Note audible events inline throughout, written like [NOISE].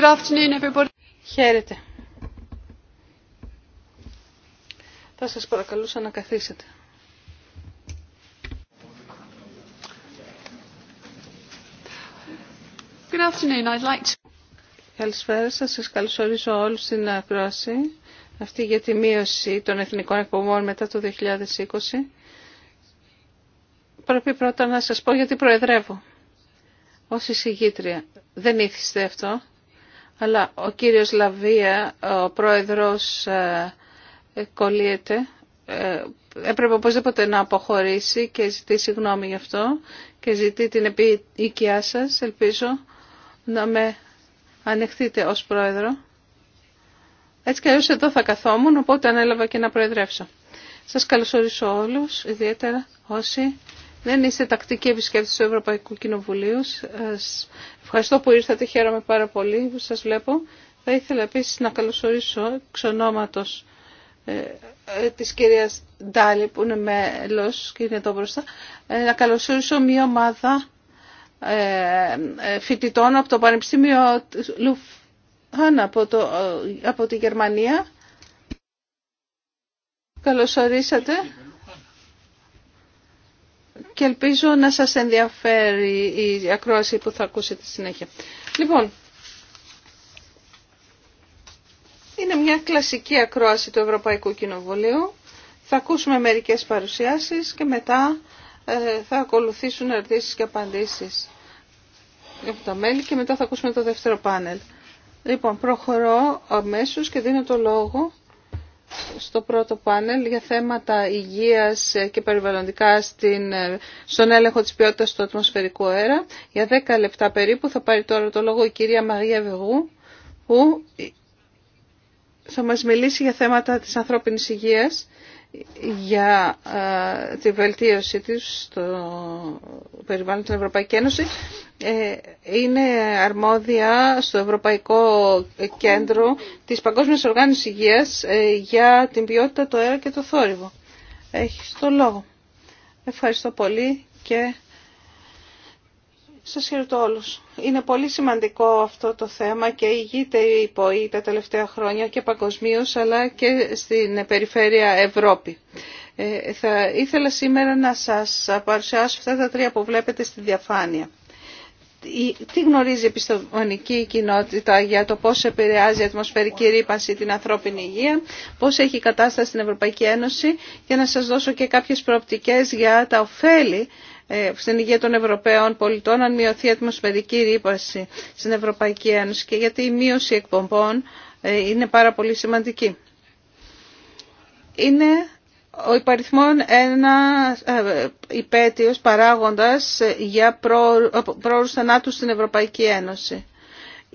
Good afternoon, everybody. Χαίρετε. Θα σας παρακαλούσα να καθίσετε. Good afternoon. I'd like to... Καλησπέρα σας. Σας καλωσορίζω όλους στην ακρόαση. Αυτή για τη μείωση των εθνικών εκπομπών μετά το 2020. Πρέπει πρώτα να σας πω γιατί προεδρεύω ως εισηγήτρια. Δεν ήθιστε αυτό αλλά ο κύριος Λαβία, ο πρόεδρος ε, ε, κολλείεται. Ε, έπρεπε οπωσδήποτε να αποχωρήσει και ζητεί συγγνώμη γι' αυτό και ζητεί την επίοικιά σας. Ελπίζω να με ανεχθείτε ως πρόεδρο. Έτσι και αλλιώς εδώ θα καθόμουν, οπότε ανέλαβα και να προεδρεύσω. Σας καλωσορίσω όλους, ιδιαίτερα όσοι δεν είστε τακτικοί επισκέπτες του Ευρωπαϊκού Κοινοβουλίου. ευχαριστώ που ήρθατε, χαίρομαι πάρα πολύ που σας βλέπω. Θα ήθελα επίσης να καλωσορίσω εξ ονόματος ε, ε, της κυρίας Ντάλη που είναι μέλος και είναι εδώ μπροστά ε, να καλωσορίσω μια ομάδα φοιτητών από το Πανεπιστήμιο Λουφάν από τη Γερμανία. Καλωσορίσατε και ελπίζω να σας ενδιαφέρει η ακρόαση που θα ακούσετε συνέχεια. Λοιπόν, είναι μια κλασική ακρόαση του Ευρωπαϊκού Κοινοβουλίου. Θα ακούσουμε μερικές παρουσιάσεις και μετά ε, θα ακολουθήσουν ερωτήσεις και απαντήσεις από τα μέλη και μετά θα ακούσουμε το δεύτερο πάνελ. Λοιπόν, προχωρώ αμέσως και δίνω το λόγο στο πρώτο πάνελ για θέματα υγείας και περιβαλλοντικά στην, στον έλεγχο της ποιότητας του ατμοσφαιρικού αέρα. Για 10 λεπτά περίπου θα πάρει τώρα το λόγο η κυρία Μαρία Βεγού που θα μας μιλήσει για θέματα της ανθρώπινης υγείας για ε, τη βελτίωση της στο περιβάλλον της Ευρωπαϊκή Ένωση ε, είναι αρμόδια στο Ευρωπαϊκό Κέντρο της Παγκόσμιας Οργάνωσης Υγείας ε, για την ποιότητα, το αέρα και το θόρυβο. Έχει το λόγο. Ευχαριστώ πολύ και σας χαιρετώ όλους. Είναι πολύ σημαντικό αυτό το θέμα και ηγείται η ΠΟΗ τα τελευταία χρόνια και παγκοσμίω, αλλά και στην περιφέρεια Ευρώπη. Ε, θα ήθελα σήμερα να σας παρουσιάσω αυτά τα τρία που βλέπετε στη διαφάνεια. Τι γνωρίζει η επιστημονική κοινότητα για το πώς επηρεάζει η ατμοσφαιρική ρήπανση την ανθρώπινη υγεία, πώς έχει κατάσταση στην Ευρωπαϊκή Ένωση και να σας δώσω και κάποιες προοπτικές για τα ωφέλη ε, στην υγεία των Ευρωπαίων πολιτών αν μειωθεί η ατμοσφαιρική ρήπαση στην Ευρωπαϊκή Ένωση και γιατί η μείωση εκπομπών ε, είναι πάρα πολύ σημαντική. Είναι ο υπαριθμόν ένα ε, υπέτειος παράγοντας για πρόορους θανάτου στην Ευρωπαϊκή Ένωση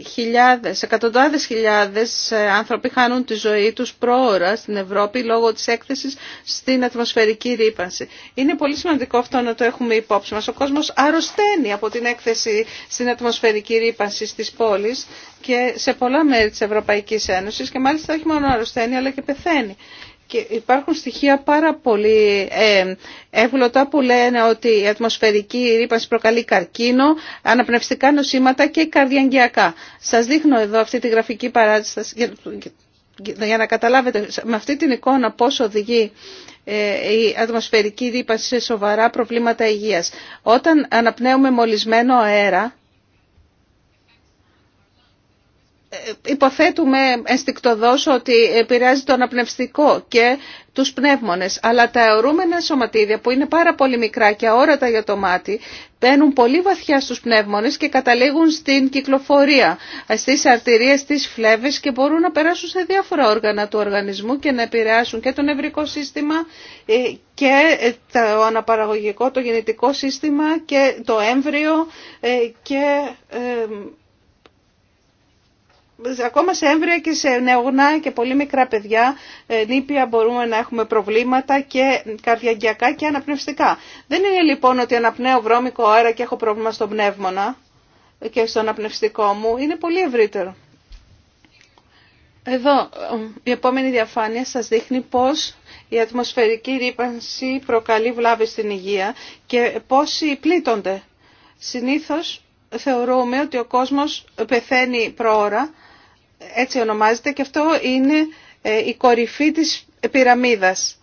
χιλιάδες, εκατοντάδες χιλιάδες ε, άνθρωποι χάνουν τη ζωή τους πρόωρα στην Ευρώπη λόγω της έκθεσης στην ατμοσφαιρική ρήπανση. Είναι πολύ σημαντικό αυτό να το έχουμε υπόψη μας. Ο κόσμος αρρωσταίνει από την έκθεση στην ατμοσφαιρική ρήπανση στις πόλεις και σε πολλά μέρη της Ευρωπαϊκής Ένωσης και μάλιστα όχι μόνο αρρωσταίνει αλλά και πεθαίνει. Και υπάρχουν στοιχεία πάρα πολύ ε, εύγλωτα που λένε ότι η ατμοσφαιρική ρήπανση προκαλεί καρκίνο, αναπνευστικά νοσήματα και καρδιαγγειακά. Σας δείχνω εδώ αυτή τη γραφική παράσταση για να καταλάβετε με αυτή την εικόνα πώς οδηγεί ε, η ατμοσφαιρική ρήπανση σε σοβαρά προβλήματα υγείας. Όταν αναπνέουμε μολυσμένο αέρα, υποθέτουμε ενστικτοδός ότι επηρεάζει το αναπνευστικό και τους πνεύμονες, αλλά τα αιωρούμενα σωματίδια που είναι πάρα πολύ μικρά και αόρατα για το μάτι, μπαίνουν πολύ βαθιά στους πνεύμονες και καταλήγουν στην κυκλοφορία, στις αρτηρίες, στις φλέβες και μπορούν να περάσουν σε διάφορα όργανα του οργανισμού και να επηρεάσουν και το νευρικό σύστημα ε, και το αναπαραγωγικό, το γεννητικό σύστημα και το έμβριο ε, και ε, ακόμα σε έμβρια και σε νεογνά και πολύ μικρά παιδιά ε, νήπια μπορούμε να έχουμε προβλήματα και καρδιαγκιακά και αναπνευστικά. Δεν είναι λοιπόν ότι αναπνέω βρώμικο αέρα και έχω πρόβλημα στον πνεύμονα και στο αναπνευστικό μου. Είναι πολύ ευρύτερο. Εδώ ε, η επόμενη διαφάνεια σας δείχνει πώς η ατμοσφαιρική ρήπανση προκαλεί βλάβη στην υγεία και πόσοι πλήττονται. Συνήθως θεωρούμε ότι ο κόσμος πεθαίνει προώρα έτσι ονομάζεται και αυτό είναι ε, η κορυφή της πυραμίδας.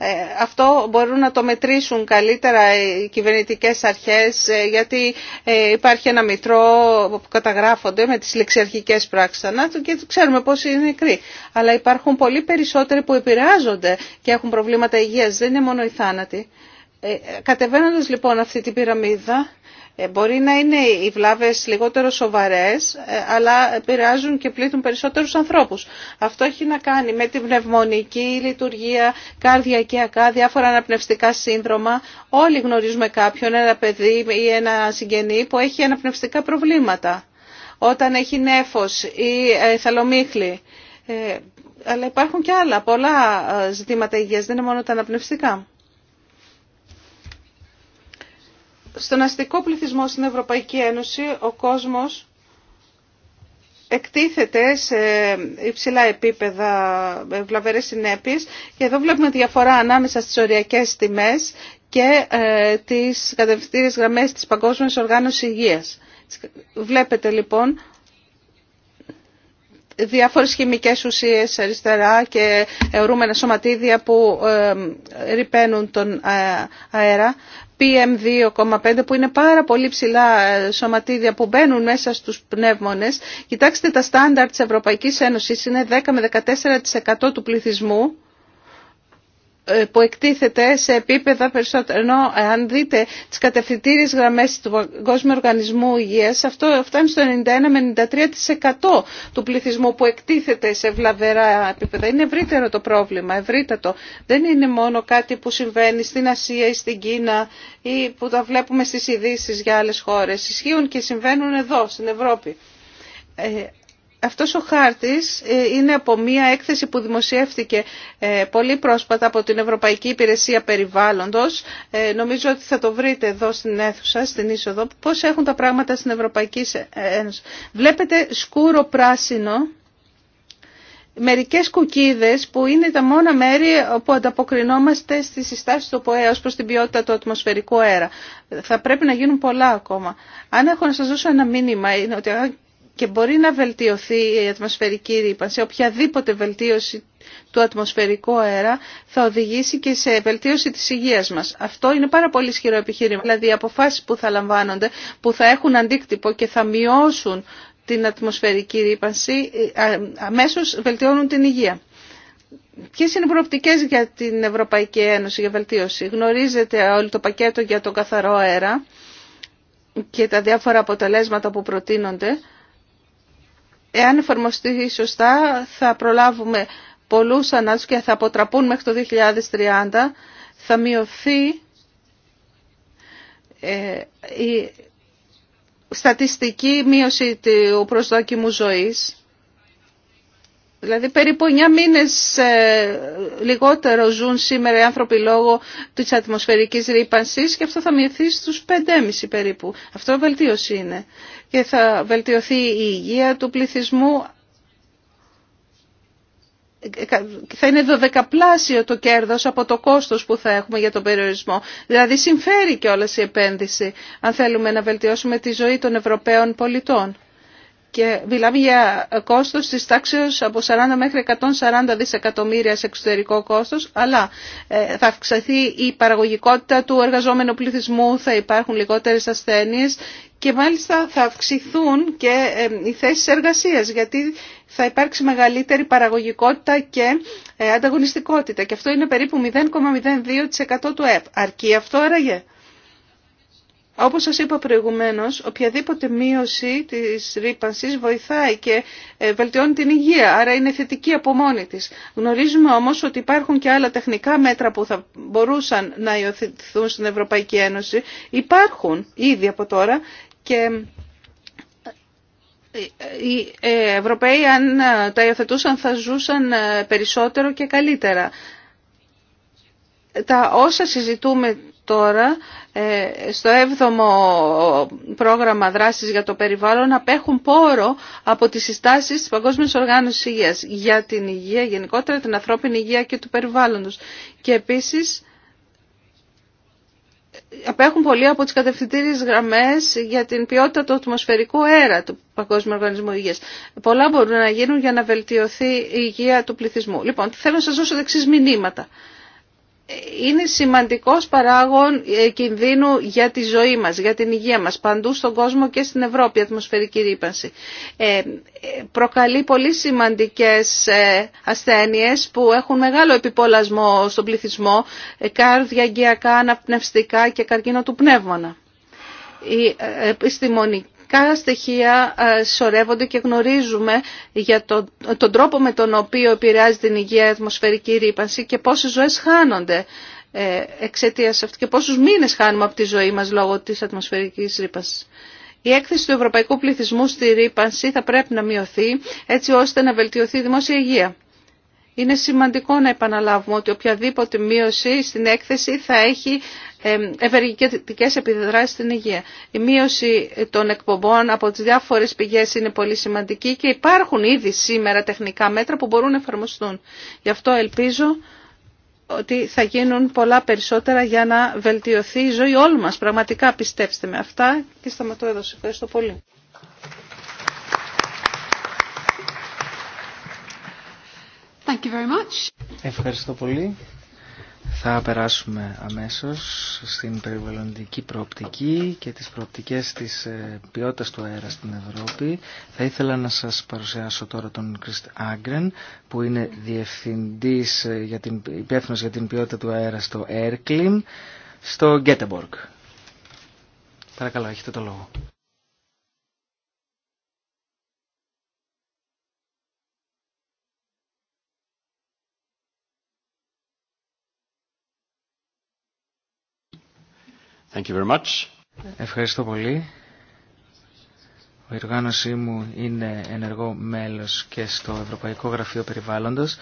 Ε, αυτό μπορούν να το μετρήσουν καλύτερα οι κυβερνητικές αρχές ε, γιατί υπάρχει ένα μητρό που καταγράφονται με τις λεξιαρχικές πράξεις θανάτου και ξέρουμε πόσοι είναι νεκροί. Αλλά υπάρχουν πολύ περισσότεροι που επηρεάζονται και έχουν προβλήματα υγείας, δεν είναι μόνο οι θάνατοι. Κατεβαίνοντας λοιπόν αυτή την πυραμίδα ε, μπορεί να είναι οι βλάβες λιγότερο σοβαρές, ε, αλλά επηρεάζουν και πλήττουν περισσότερους ανθρώπους. Αυτό έχει να κάνει με την πνευμονική λειτουργία, καρδιακιακά, διάφορα αναπνευστικά σύνδρομα. Όλοι γνωρίζουμε κάποιον, ένα παιδί ή ένα συγγενή που έχει αναπνευστικά προβλήματα. Όταν έχει νέφος ή ε, θαλομύχλη. Αλλά υπάρχουν και άλλα πολλά ζητήματα υγείας, δεν είναι μόνο τα αναπνευστικά. Στον αστικό πληθυσμό στην Ευρωπαϊκή Ένωση ο κόσμος εκτίθεται σε υψηλά επίπεδα βλαβερές συνέπειες και εδώ βλέπουμε διαφορά ανάμεσα στις οριακές τιμές και ε, τις κατευθυντήριες γραμμές της Παγκόσμιας Οργάνωσης Υγείας. Βλέπετε λοιπόν διάφορες χημικές ουσίες αριστερά και αιωρούμενα σωματίδια που ε, ρηπαίνουν τον ε, αέρα. PM2,5 που είναι πάρα πολύ ψηλά ε, σωματίδια που μπαίνουν μέσα στους πνεύμονες. Κοιτάξτε τα στάνταρ της Ευρωπαϊκής Ένωσης είναι 10 με 14% του πληθυσμού ε, που εκτίθεται σε επίπεδα περισσότερο. Ενώ αν δείτε τις κατευθυντήριε γραμμές του Παγκόσμιου Οργανισμού Υγείας, αυτό φτάνει στο 91-93% του πληθυσμού που εκτίθεται σε βλαβερά επίπεδα. Είναι ευρύτερο το πρόβλημα, ευρύτατο. Δεν είναι μόνο κάτι που συμβαίνει στην Ασία ή στην Κίνα ή που τα βλέπουμε στις ειδήσει για άλλε χώρες. Ισχύουν και συμβαίνουν εδώ, στην Ευρώπη. Ε, αυτός ο χάρτης ε, είναι από μία έκθεση που δημοσιεύτηκε ε, πολύ πρόσφατα από την Ευρωπαϊκή Υπηρεσία Περιβάλλοντος. Ε, νομίζω ότι θα το βρείτε εδώ στην αίθουσα, στην είσοδο, πώς έχουν τα πράγματα στην Ευρωπαϊκή Ένωση. Βλέπετε σκούρο πράσινο μερικές κουκίδες που είναι τα μόνα μέρη που ανταποκρινόμαστε στις συστάσεις του ΠΟΕ ως προς την ποιότητα του ατμοσφαιρικού αέρα. Θα πρέπει να γίνουν πολλά ακόμα. Αν έχω να σας δώσω ένα μήνυμα, είναι ότι και μπορεί να βελτιωθεί η ατμοσφαιρική ρήπανση. Οποιαδήποτε βελτίωση του ατμοσφαιρικού αέρα θα οδηγήσει και σε βελτίωση της υγείας μας. Αυτό είναι πάρα πολύ ισχυρό επιχείρημα. Δηλαδή οι αποφάσεις που θα λαμβάνονται, που θα έχουν αντίκτυπο και θα μειώσουν την ατμοσφαιρική ρήπανση, ε, αμέσως βελτιώνουν την υγεία. Ποιε είναι οι προοπτικέ για την Ευρωπαϊκή Ένωση για βελτίωση. Γνωρίζετε όλο το πακέτο για τον καθαρό αέρα και τα διάφορα αποτελέσματα που προτείνονται εάν εφαρμοστεί σωστά θα προλάβουμε πολλούς θανάτους και θα αποτραπούν μέχρι το 2030, θα μειωθεί ε, η στατιστική μείωση του προσδόκιμου ζωής. Δηλαδή περίπου 9 μήνες ε, λιγότερο ζουν σήμερα οι άνθρωποι λόγω της ατμοσφαιρικής ρήπανσης και αυτό θα μειωθεί στους 5,5 περίπου. Αυτό βελτίωση είναι και θα βελτιωθεί η υγεία του πληθυσμού. Θα είναι δωδεκαπλάσιο το κέρδος από το κόστος που θα έχουμε για τον περιορισμό. Δηλαδή συμφέρει και όλες η επένδυση αν θέλουμε να βελτιώσουμε τη ζωή των Ευρωπαίων πολιτών. Και μιλάμε για κόστος της τάξης από 40 μέχρι 140 δισεκατομμύρια σε εξωτερικό κόστος, αλλά ε, θα αυξαθεί η παραγωγικότητα του εργαζόμενου πληθυσμού, θα υπάρχουν λιγότερες ασθένειες και μάλιστα θα αυξηθούν και ε, οι θέσεις εργασίας, γιατί θα υπάρξει μεγαλύτερη παραγωγικότητα και ε, ανταγωνιστικότητα. Και αυτό είναι περίπου 0,02% του ΕΠ. Αρκεί αυτό άραγε. Όπως σας είπα προηγουμένως, οποιαδήποτε μείωση της ρήπανσης βοηθάει και ε, βελτιώνει την υγεία, άρα είναι θετική από μόνη της. Γνωρίζουμε όμως ότι υπάρχουν και άλλα τεχνικά μέτρα που θα μπορούσαν να υιοθετηθούν στην Ευρωπαϊκή Ένωση. Υπάρχουν ήδη από τώρα και ε, οι ε, Ευρωπαίοι αν τα υιοθετούσαν θα ζούσαν περισσότερο και καλύτερα. Τα όσα συζητούμε τώρα ε, στο 7ο πρόγραμμα δράσης για το περιβάλλον απέχουν πόρο από τις συστάσεις της Παγκόσμιας Οργάνωσης Υγείας για την υγεία γενικότερα, την ανθρώπινη υγεία και του περιβάλλοντος. Και επίσης απέχουν πολύ από τις κατευθυντήριες γραμμές για την ποιότητα του ατμοσφαιρικού αέρα του Παγκόσμιου Οργανισμού Υγείας. Πολλά μπορούν να γίνουν για να βελτιωθεί η υγεία του πληθυσμού. Λοιπόν, θέλω να σας δώσω δεξής μηνύματα είναι σημαντικός παράγων ε, κινδύνου για τη ζωή μας, για την υγεία μας, παντού στον κόσμο και στην Ευρώπη η ατμοσφαιρική ρήπανση. Ε, ε, προκαλεί πολύ σημαντικές ασθένειες που έχουν μεγάλο επιπολασμό στον πληθυσμό, κάρδια, αναπνευστικά και καρκίνο του πνεύμονα. Η επιστημονική Κάνα στοιχεία ε, σωρεύονται και γνωρίζουμε για τον, τρόπο με τον οποίο επηρεάζει την υγεία η ατμοσφαιρική ρήπανση και πόσες ζωές χάνονται ε, εξαιτία αυτού και πόσους μήνες χάνουμε από τη ζωή μας λόγω της ατμοσφαιρικής ρήπανσης. Η έκθεση του ευρωπαϊκού πληθυσμού στη ρήπανση θα πρέπει να μειωθεί έτσι ώστε να βελτιωθεί η δημόσια υγεία. Είναι σημαντικό να επαναλάβουμε ότι οποιαδήποτε μείωση στην έκθεση θα έχει ευεργετικέ επιδράσεις στην υγεία. Η μείωση των εκπομπών από τι διάφορε πηγές είναι πολύ σημαντική και υπάρχουν ήδη σήμερα τεχνικά μέτρα που μπορούν να εφαρμοστούν. Γι' αυτό ελπίζω ότι θα γίνουν πολλά περισσότερα για να βελτιωθεί η ζωή όλων μας. Πραγματικά πιστέψτε με αυτά και σταματώ εδώ. ευχαριστώ πολύ. Thank you very much. Ευχαριστώ πολύ. Θα περάσουμε αμέσως στην περιβαλλοντική προοπτική και τις προοπτικές της ε, ποιότητας του αέρα στην Ευρώπη. Θα ήθελα να σας παρουσιάσω τώρα τον Κριστ Άγκρεν, που είναι διευθυντής ε, για την, υπεύθυνος για την ποιότητα του αέρα στο Airclean, στο Γκέτεμπορκ. Παρακαλώ, έχετε το λόγο. Ευχαριστώ πολύ. Η οργάνωσή μου είναι ενεργό μέλος και στο Ευρωπαϊκό Γραφείο Περιβάλλοντος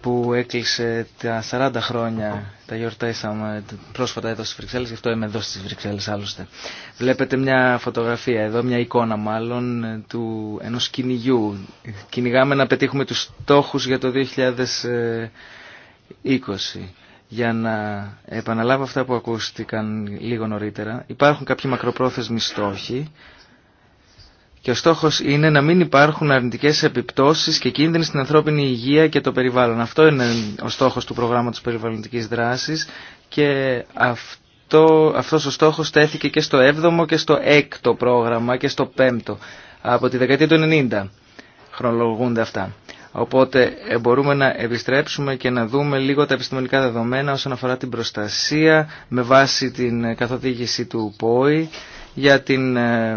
που έκλεισε τα 40 χρόνια, τα γιορτάσαμε πρόσφατα εδώ στις Βρυξέλλες, γι' αυτό είμαι εδώ στις Βρυξέλλες άλλωστε. Βλέπετε μια φωτογραφία εδώ, μια εικόνα μάλλον, του ενός κυνηγιού. Κυνηγάμε να πετύχουμε τους στόχους για το 2020 για να επαναλάβω αυτά που ακούστηκαν λίγο νωρίτερα. Υπάρχουν κάποιοι μακροπρόθεσμοι στόχοι και ο στόχος είναι να μην υπάρχουν αρνητικές επιπτώσεις και κίνδυνοι στην ανθρώπινη υγεία και το περιβάλλον. Αυτό είναι ο στόχος του προγράμματος περιβαλλοντικής δράσης και αυτό, αυτός ο στόχος τέθηκε και στο 7ο και στο 6ο πρόγραμμα και στο 5ο από τη δεκαετία του 90 χρονολογούνται αυτά. Οπότε ε, μπορούμε να επιστρέψουμε και να δούμε λίγο τα επιστημονικά δεδομένα όσον αφορά την προστασία με βάση την ε, καθοδήγηση του ΠΟΗ για την ε,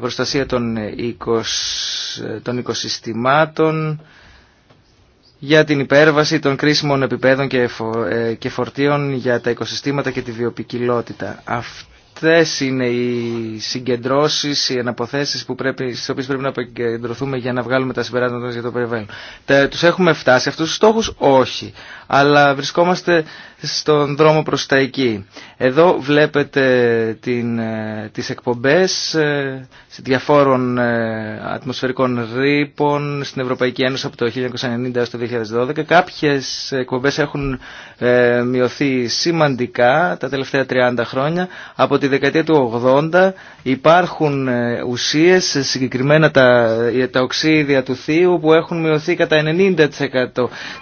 προστασία των, οικοσυστημάτων, για την υπέρβαση των κρίσιμων επιπέδων και φορτίων για τα οικοσυστήματα και τη βιοπικιλότητα. Αυτές είναι οι συγκεντρώσεις, οι αναποθέσεις που πρέπει, στις οποίες πρέπει να επικεντρωθούμε για να βγάλουμε τα συμπεράσματα για το περιβάλλον. Τους έχουμε φτάσει αυτούς τους στόχους? Όχι. Αλλά βρισκόμαστε στον δρόμο προς τα εκεί. Εδώ βλέπετε την, ε, τις εκπομπές ε, διαφόρων ε, ατμοσφαιρικών ρήπων στην Ευρωπαϊκή Ένωση από το 1990 έως το 2012. Κάποιες εκπομπές έχουν μειωθεί σημαντικά τα τελευταία 30 χρόνια. Από τη δεκαετία του 80 υπάρχουν ουσίες, συγκεκριμένα τα, τα οξύδια του θείου που έχουν μειωθεί κατά 90%.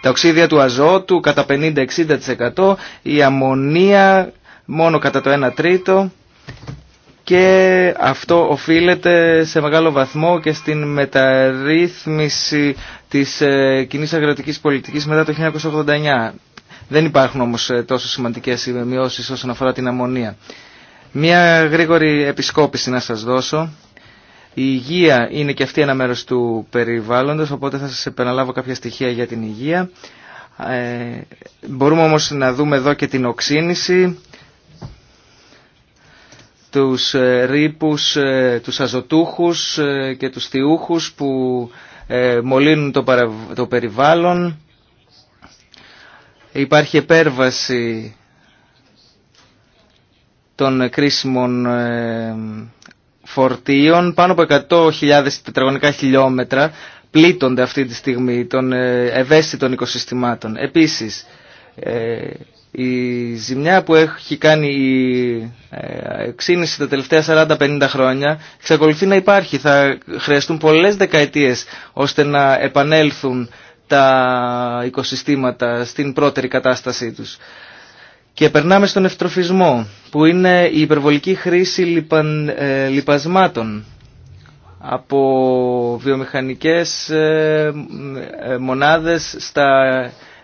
Τα οξύδια του αζότου κατά 50-60% η αμμονία μόνο κατά το 1 τρίτο και αυτό οφείλεται σε μεγάλο βαθμό και στην μεταρρύθμιση της ε, κοινή αγροτικής πολιτικής μετά το 1989. Δεν υπάρχουν όμως ε, τόσο σημαντικές μειώσεις όσον αφορά την αμμονία. Μια γρήγορη επισκόπηση να σας δώσω. Η υγεία είναι και αυτή ένα μέρος του περιβάλλοντος, οπότε θα σας επαναλάβω κάποια στοιχεία για την υγεία. Ε, μπορούμε όμως να δούμε εδώ και την οξύνηση, τους ε, ρήπους, ε, τους αζωτούχους ε, και τους θιούχους που μολύνουν το, το περιβάλλον. Υπάρχει επέρβαση των κρίσιμων φορτίων πάνω από 100.000 τετραγωνικά χιλιόμετρα πλήττονται αυτή τη στιγμή των ε, ευαίσθητων οικοσυστημάτων. Επίσης, ε, η ζημιά που έχει κάνει η ε, ξύνηση τα τελευταία 40-50 χρόνια εξακολουθεί να υπάρχει. Θα χρειαστούν πολλές δεκαετίες ώστε να επανέλθουν τα οικοσυστήματα στην πρώτερη κατάστασή τους. Και περνάμε στον ευτροφισμό που είναι η υπερβολική χρήση λιπαν, λιπασμάτων από βιομηχανικές ε, ε, μονάδες στα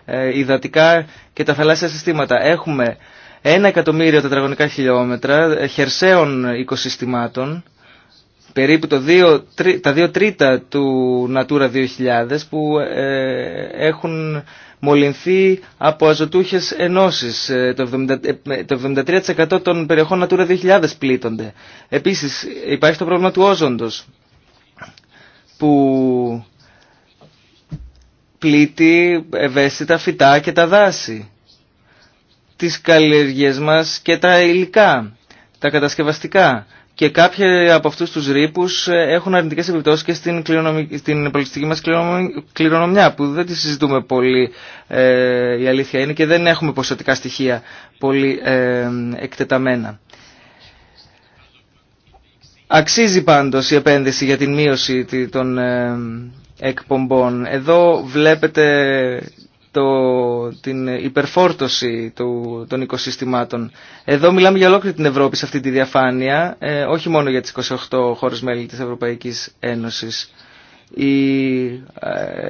ε, υδατικά και τα θαλάσσια συστήματα. Έχουμε ένα εκατομμύριο τετραγωνικά χιλιόμετρα χερσαίων οικοσυστημάτων, περίπου το δύο, τα δύο τρίτα του Natura 2000 που έχουν μολυνθεί από αζωτούχες ενώσεις. Το 73% των περιοχών Natura 2000 πλήττονται. Επίσης υπάρχει το πρόβλημα του όζοντος που πλήττει ευαίσθητα φυτά και τα δάση, τις καλλιεργίες μας και τα υλικά, τα κατασκευαστικά. Και κάποιοι από αυτούς τους ρήπους έχουν αρνητικές επιπτώσεις και στην, στην πολιτιστική μας κληρονομιά που δεν τη συζητούμε πολύ ε, η αλήθεια είναι και δεν έχουμε ποσοτικά στοιχεία πολύ ε, εκτεταμένα. Αξίζει πάντως η επένδυση για την μείωση των ε, εκπομπών. Εδώ βλέπετε το, την υπερφόρτωση του, των οικοσυστημάτων. Εδώ μιλάμε για ολόκληρη την Ευρώπη σε αυτή τη διαφάνεια, ε, όχι μόνο για τις 28 χώρες μέλη της Ευρωπαϊκής Ένωσης. Οι ε,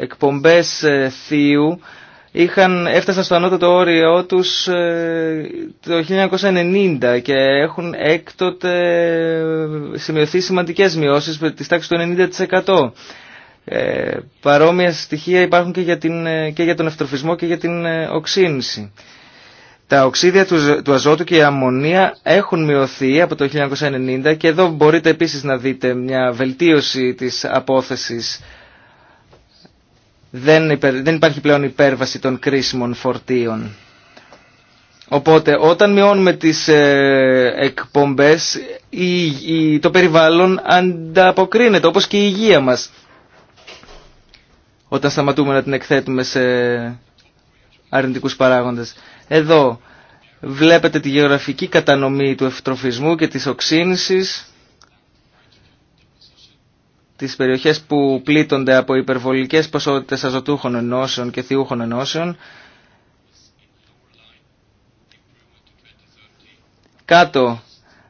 εκπομπές ε, θείου είχαν, έφτασαν στο ανώτατο όριό τους ε, το 1990 και έχουν έκτοτε σημειωθεί σημαντικές μειώσεις της τάξης του 90%. Ε, παρόμοια στοιχεία υπάρχουν και για, την, ε, και τον ευτροφισμό και για την ε, οξύνηση. Τα οξύδια του, του αζότου και η αμμονία έχουν μειωθεί από το 1990 και εδώ μπορείτε επίσης να δείτε μια βελτίωση της απόθεσης δεν, δεν υπάρχει πλέον υπέρβαση των κρίσιμων φορτίων. Οπότε όταν μειώνουμε τις ε, εκπομπές η, το περιβάλλον ανταποκρίνεται όπως και η υγεία μας. Όταν σταματούμε να την εκθέτουμε σε αρνητικούς παράγοντες. Εδώ βλέπετε τη γεωγραφική κατανομή του ευτροφισμού και της οξύνησης τις περιοχές που πλήττονται από υπερβολικές ποσότητες αζωτούχων ενώσεων και θιούχων ενώσεων κάτω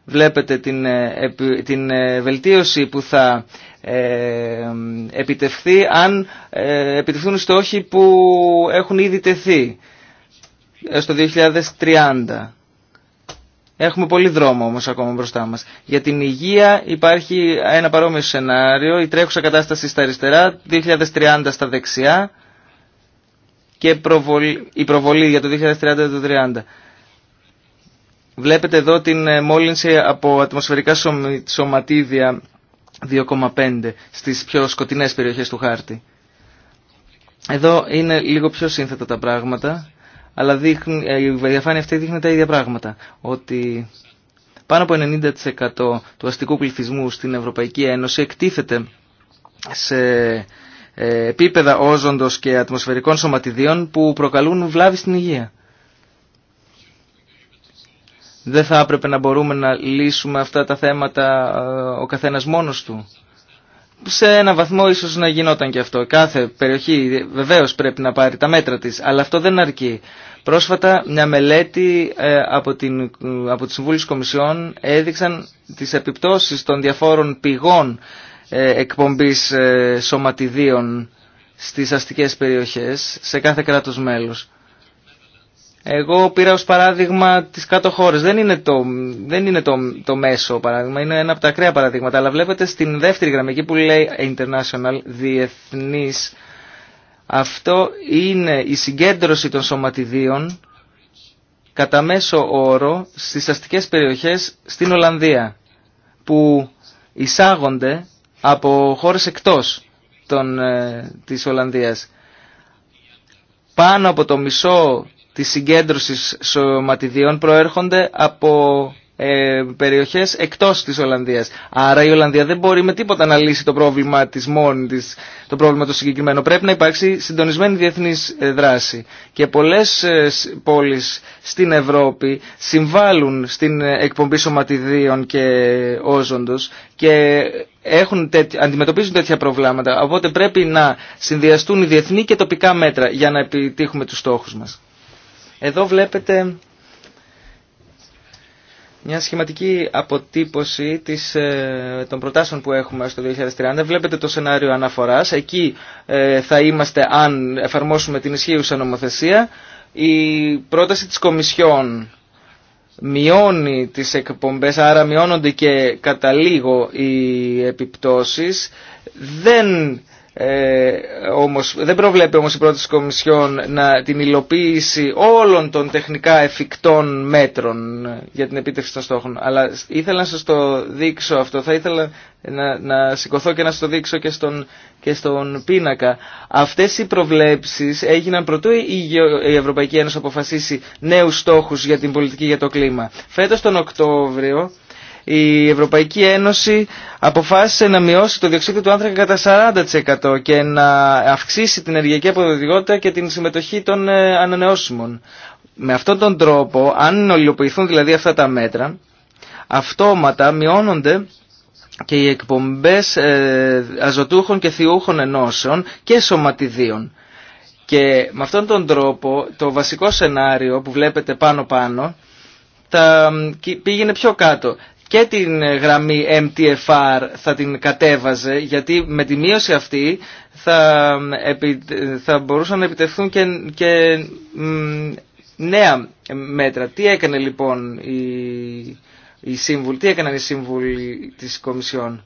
βλέπετε την, ε, ε, βελτίωση που θα ε, επιτευχθεί αν ε, επιτευχθούν στόχοι που έχουν ήδη τεθεί στο 2030. Έχουμε πολύ δρόμο όμως ακόμα μπροστά μας. Για την υγεία υπάρχει ένα παρόμοιο σενάριο, η τρέχουσα κατάσταση στα αριστερά, 2030 στα δεξιά και η προβολή για το 2030 το Βλέπετε εδώ την ε, μόλυνση από ατμοσφαιρικά σωματίδια 2,5 στις πιο σκοτεινές περιοχές του χάρτη. Εδώ είναι λίγο πιο σύνθετα τα πράγματα αλλά ε, η διαφάνεια αυτή δείχνει τα ίδια πράγματα. Ότι πάνω από 90% του αστικού πληθυσμού στην Ευρωπαϊκή Ένωση εκτίθεται σε ε, επίπεδα όζοντος και ατμοσφαιρικών σωματιδίων που προκαλούν βλάβη στην υγεία. Δεν θα έπρεπε να μπορούμε να λύσουμε αυτά τα θέματα ε, ο καθένας μόνος του σε ένα βαθμό ίσως να γινόταν και αυτό. Κάθε περιοχή βεβαίως πρέπει να πάρει τα μέτρα της, αλλά αυτό δεν αρκεί. Πρόσφατα μια μελέτη ε, από, την, από τις Συμβούλες Κομισιών έδειξαν τις επιπτώσεις των διαφόρων πηγών ε, εκπομπής ε, σωματιδίων στις αστικές περιοχές σε κάθε κράτος μέλος. Εγώ πήρα ως παράδειγμα τις κάτω χώρες. Δεν είναι, το, δεν είναι το, το μέσο παράδειγμα, είναι ένα από τα ακραία παραδείγματα. Αλλά βλέπετε στην δεύτερη γραμμή, εκεί που λέει international, διεθνής, αυτό είναι η συγκέντρωση των σωματιδίων κατά μέσο όρο στις αστικές περιοχές στην Ολλανδία που εισάγονται από χώρες εκτός των, ε, της Ολλανδίας. Πάνω από το μισό της συγκέντρωσης σωματιδίων προέρχονται από ε, περιοχές εκτός της Ολλανδίας. Άρα η Ολλανδία δεν μπορεί με τίποτα να λύσει το πρόβλημα της μόνη της, το πρόβλημα το συγκεκριμένο. Πρέπει να υπάρξει συντονισμένη διεθνής ε, δράση. Και πολλές ε, πόλεις στην Ευρώπη συμβάλλουν στην ε, εκπομπή σωματιδίων και όζοντος και έχουν τέτοι, αντιμετωπίζουν τέτοια προβλήματα. Οπότε πρέπει να συνδυαστούν οι διεθνή και τοπικά μέτρα για να επιτύχουμε τους στόχους μας. Εδώ βλέπετε μια σχηματική αποτύπωση της, ε, των προτάσεων που έχουμε στο 2030. Βλέπετε το σενάριο αναφοράς. Εκεί ε, θα είμαστε αν εφαρμόσουμε την ισχύουσα νομοθεσία. Η πρόταση της Κομισιόν μειώνει τις εκπομπές, άρα μειώνονται και κατά λίγο οι επιπτώσεις. Δεν ε, όμως, δεν προβλέπει όμως η πρόταση Κομισιόν να την υλοποίηση όλων των τεχνικά εφικτών μέτρων για την επίτευξη των στόχων. Αλλά ήθελα να σας το δείξω αυτό. Θα ήθελα να, να σηκωθώ και να σας το δείξω και στον, και στον πίνακα. Αυτές οι προβλέψεις έγιναν πρωτού η, η Ευρωπαϊκή Ένωση αποφασίσει νέους στόχους για την πολιτική για το κλίμα. Φέτος τον Οκτώβριο η Ευρωπαϊκή Ένωση αποφάσισε να μειώσει το διοξείδιο του άνθρακα κατά 40% και να αυξήσει την ενεργειακή αποδοτικότητα και την συμμετοχή των ε, ανανεώσιμων. Με αυτόν τον τρόπο, αν ολιοποιηθούν, δηλαδή αυτά τα μέτρα, αυτόματα μειώνονται και οι εκπομπές ε, αζωτούχων και θιούχων ενώσεων και σωματιδίων. Και με αυτόν τον τρόπο το βασικό σενάριο που βλέπετε πάνω-πάνω πήγαινε πιο κάτω και την ε, γραμμή MTFR θα την κατέβαζε γιατί με τη μείωση αυτή θα, θα μπορούσαν να επιτευχθούν και, και νέα μέτρα. Τι έκανε λοιπόν η, η σύμβουλη, τι έκαναν οι σύμβουλοι της Κομισιόν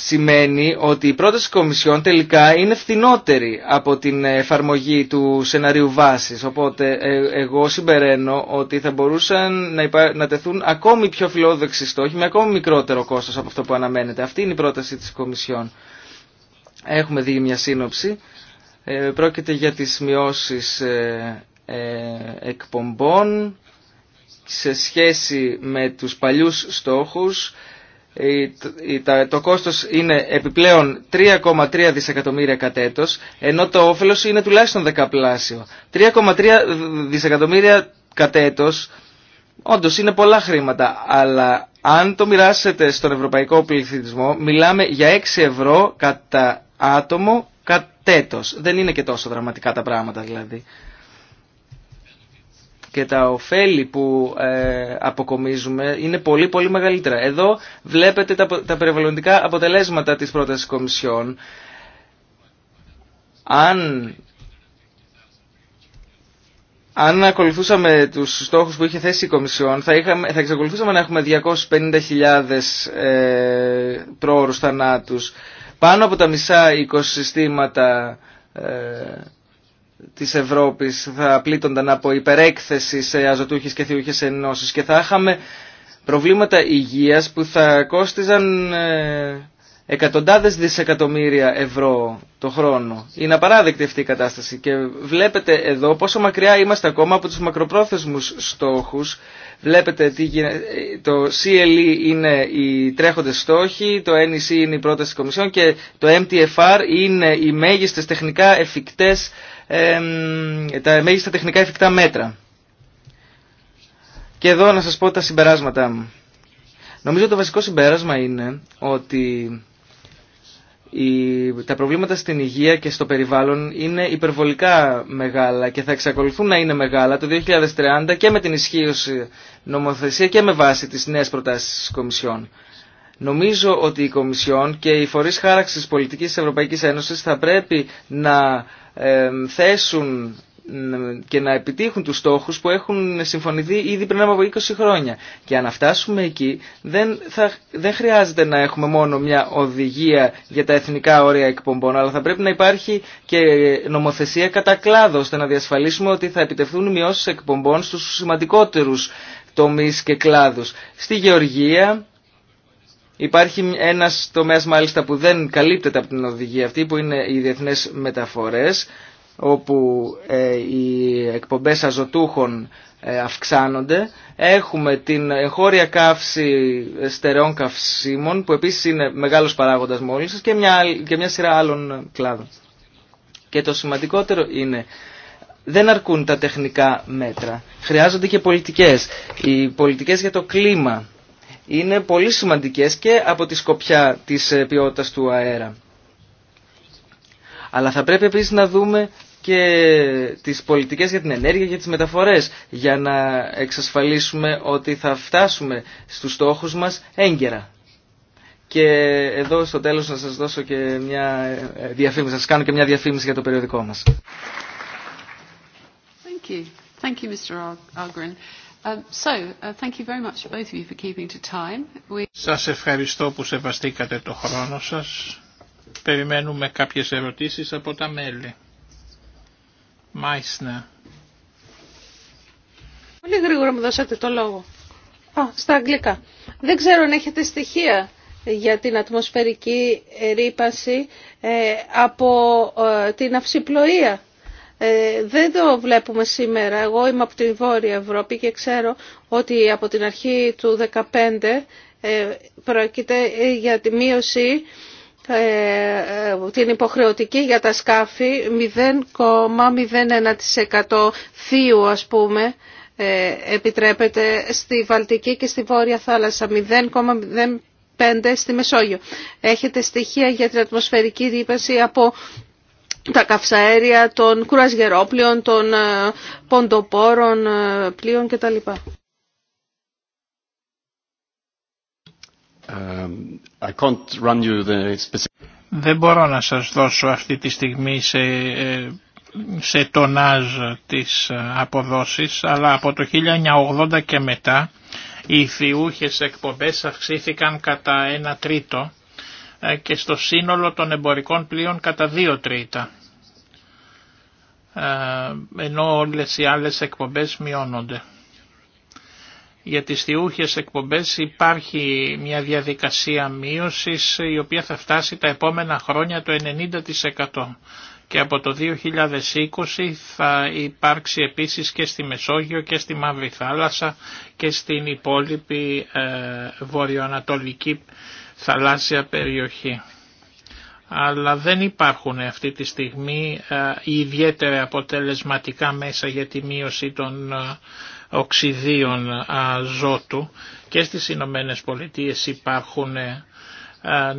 σημαίνει ότι η πρόταση Κομισιόν τελικά είναι φθηνότερη από την εφαρμογή του σενάριου βάσης. Οπότε ε, εγώ συμπεραίνω ότι θα μπορούσαν να, να τεθούν ακόμη πιο φιλόδοξοι στόχοι με ακόμη μικρότερο κόστος από αυτό που αναμένεται. Αυτή είναι η πρόταση της Κομισιόν. Έχουμε δει μια σύνοψη. Ε, πρόκειται για τις μειώσεις ε, εκπομπών σε σχέση με τους παλιούς στόχους το κόστος είναι επιπλέον 3,3 δισεκατομμύρια κατ' ενώ το όφελος είναι τουλάχιστον δεκαπλάσιο. 3,3 δισεκατομμύρια κατ' όντως είναι πολλά χρήματα, αλλά αν το μοιράσετε στον ευρωπαϊκό πληθυσμό, μιλάμε για 6 ευρώ κατά άτομο κατ' Δεν είναι και τόσο δραματικά τα πράγματα δηλαδή και τα ωφέλη που ε, αποκομίζουμε είναι πολύ πολύ μεγαλύτερα. Εδώ βλέπετε τα περιβαλλοντικά αποτελέσματα της πρότασης Κομισιόν. Αν αν ακολουθούσαμε τους στόχους που είχε θέσει η Κομισιόν, θα, είχαμε, θα εξακολουθούσαμε να έχουμε 250.000 ε, πρόωρους θανάτους. Πάνω από τα μισά οικοσυστήματα ε, της Ευρώπης θα πλήττονταν από υπερέκθεση σε αζωτούχες και θειούχες ενώσεις και θα είχαμε προβλήματα υγείας που θα κόστιζαν ε, εκατοντάδες δισεκατομμύρια ευρώ το χρόνο. Είναι απαράδεκτη αυτή η κατάσταση και βλέπετε εδώ πόσο μακριά είμαστε ακόμα από τους μακροπρόθεσμους στόχους. Βλέπετε τι το CLE είναι οι τρέχοντες στόχοι, το NEC είναι η πρόταση της Κομισιόν και το MTFR είναι οι μέγιστες τεχνικά εφικτές τα μέγιστα τεχνικά εφικτά μέτρα. Και εδώ να σας πω τα συμπεράσματά μου. Νομίζω το βασικό συμπέρασμα είναι ότι τα προβλήματα στην υγεία και στο περιβάλλον είναι υπερβολικά μεγάλα και θα εξακολουθούν να είναι μεγάλα το 2030 και με την ισχύωση νομοθεσία και με βάση τις νέες προτάσεις της Κομισιόν. Νομίζω ότι η Κομισιόν και οι φορείς χάραξης πολιτικής της Ευρωπαϊκής Ένωσης θα πρέπει να θέσουν και να επιτύχουν τους στόχους που έχουν συμφωνηθεί ήδη πριν από 20 χρόνια. Και αν φτάσουμε εκεί δεν, θα, δεν χρειάζεται να έχουμε μόνο μια οδηγία για τα εθνικά όρια εκπομπών, αλλά θα πρέπει να υπάρχει και νομοθεσία κατά κλάδο, ώστε να διασφαλίσουμε ότι θα επιτευθούν μειώσεις εκπομπών στους σημαντικότερους τομείς και κλάδους. Στη γεωργία, Υπάρχει ένας τομέα μάλιστα που δεν καλύπτεται από την οδηγία αυτή που είναι οι διεθνέ μεταφορές όπου ε, οι εκπομπές αζωτούχων ε, αυξάνονται. Έχουμε την εγχώρια καύση στερεών καυσίμων που επίσης είναι μεγάλος παράγοντας μόλις και μια, και μια σειρά άλλων κλάδων. Και το σημαντικότερο είναι δεν αρκούν τα τεχνικά μέτρα. Χρειάζονται και πολιτικές. Οι πολιτικές για το κλίμα είναι πολύ σημαντικές και από τη σκοπιά της ε, ποιότητας του αέρα. Αλλά θα πρέπει επίσης να δούμε και τις πολιτικές για την ενέργεια και τις μεταφορές για να εξασφαλίσουμε ότι θα φτάσουμε στους στόχους μας έγκαιρα. Και εδώ στο τέλος να σας δώσω και μια ε, διαφήμιση, σας κάνω και μια διαφήμιση για το περιοδικό μας. Thank you. Thank you, σας ευχαριστώ που σεβαστήκατε το χρόνο σας. Περιμένουμε κάποιες ερωτήσεις από τα μέλη. Μάισνα. Πολύ γρήγορα μου δώσατε το λόγο. Α, στα αγγλικά. Δεν ξέρω αν έχετε στοιχεία για την ατμοσφαιρική ρήπαση ε, από ε, την αυσιπλοεία. Ε, δεν το βλέπουμε σήμερα. Εγώ είμαι από τη Βόρεια Ευρώπη και ξέρω ότι από την αρχή του 2015 ε, πρόκειται ε, για τη μείωση ε, την υποχρεωτική για τα σκάφη 0,01% θείου ας πούμε επιτρέπεται στη Βαλτική και στη Βόρεια Θάλασσα 0,05% στη Μεσόγειο. Έχετε στοιχεία για την ατμοσφαιρική ρήπαση από τα καυσαέρια των κουρασγερόπλιων, των ε, ποντοπόρων ε, πλοίων κτλ. Um, I can't Δεν μπορώ να σας δώσω αυτή τη στιγμή σε, ε, τονάζ της αποδόσεις, αλλά από το 1980 και μετά οι θιούχες εκπομπές αυξήθηκαν κατά ένα τρίτο και στο σύνολο των εμπορικών πλοίων κατά δύο τρίτα. Ε, ενώ όλες οι άλλες εκπομπές μειώνονται. Για τις θιούχες εκπομπές υπάρχει μια διαδικασία μείωσης η οποία θα φτάσει τα επόμενα χρόνια το 90% και από το 2020 θα υπάρξει επίσης και στη Μεσόγειο και στη Μαύρη Θάλασσα και στην υπόλοιπη ε, βορειοανατολική θαλάσσια περιοχή αλλά δεν υπάρχουν αυτή τη στιγμή ε, ιδιαίτερα αποτελεσματικά μέσα για τη μείωση των ε, οξυδίων ε, ζώτου και στις Ηνωμένε Πολιτείε υπάρχουν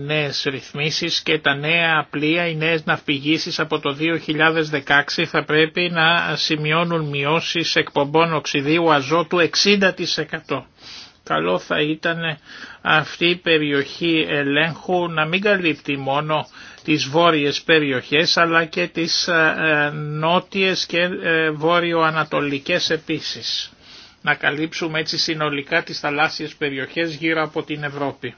νέες ρυθμίσεις και τα νέα πλοία, οι νέες ναυπηγήσεις από το 2016 θα πρέπει να σημειώνουν μειώσεις εκπομπών οξυδίου αζότου 60% καλό θα ήταν αυτή η περιοχή ελέγχου να μην καλύπτει μόνο τις βόρειες περιοχές αλλά και τις ε, ε, νότιες και ε, βόρειο-ανατολικές επίσης. Να καλύψουμε έτσι συνολικά τις θαλάσσιες περιοχές γύρω από την Ευρώπη.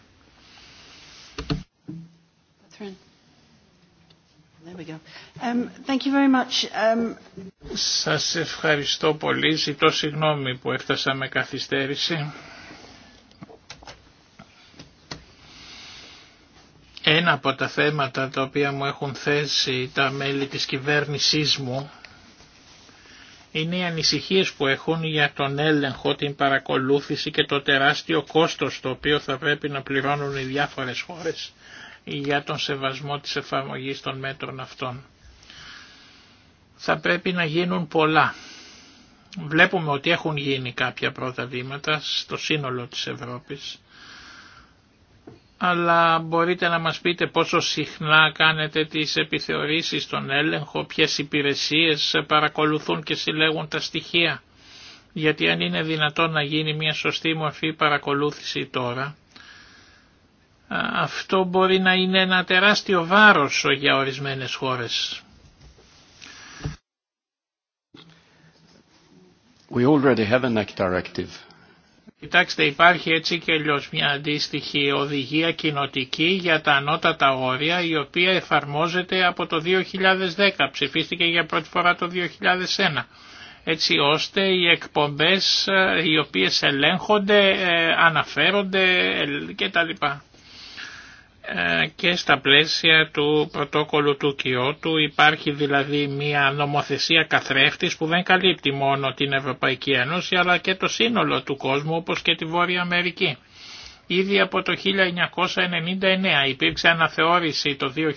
Um, um, Σας ευχαριστώ πολύ. Ζητώ συγγνώμη που έφτασα με καθυστέρηση. Ένα από τα θέματα τα οποία μου έχουν θέσει τα μέλη της κυβέρνησής μου είναι οι ανησυχίες που έχουν για τον έλεγχο, την παρακολούθηση και το τεράστιο κόστος το οποίο θα πρέπει να πληρώνουν οι διάφορες χώρες για τον σεβασμό της εφαρμογής των μέτρων αυτών. Θα πρέπει να γίνουν πολλά. Βλέπουμε ότι έχουν γίνει κάποια πρώτα βήματα στο σύνολο της Ευρώπης αλλά μπορείτε να μας πείτε πόσο συχνά κάνετε τις επιθεωρήσεις στον έλεγχο, ποιες υπηρεσίες παρακολουθούν και συλλέγουν τα στοιχεία. Γιατί αν είναι δυνατόν να γίνει μια σωστή μορφή παρακολούθηση τώρα, αυτό μπορεί να είναι ένα τεράστιο βάρος για ορισμένες χώρες. We already have Κοιτάξτε, υπάρχει έτσι και αλλιώ μια αντίστοιχη οδηγία κοινοτική για τα ανώτατα όρια η οποία εφαρμόζεται από το 2010, ψηφίστηκε για πρώτη φορά το 2001 έτσι ώστε οι εκπομπές ε, οι οποίες ελέγχονται, ε, αναφέρονται ε, και τα λοιπά. Ε, και στα πλαίσια του πρωτόκολλου του Κιώτου υπάρχει δηλαδή μια νομοθεσία καθρέφτης που δεν καλύπτει μόνο την Ευρωπαϊκή Ένωση αλλά και το σύνολο του κόσμου όπως και τη Βόρεια Αμερική. Ήδη από το 1999 υπήρξε αναθεώρηση το 2012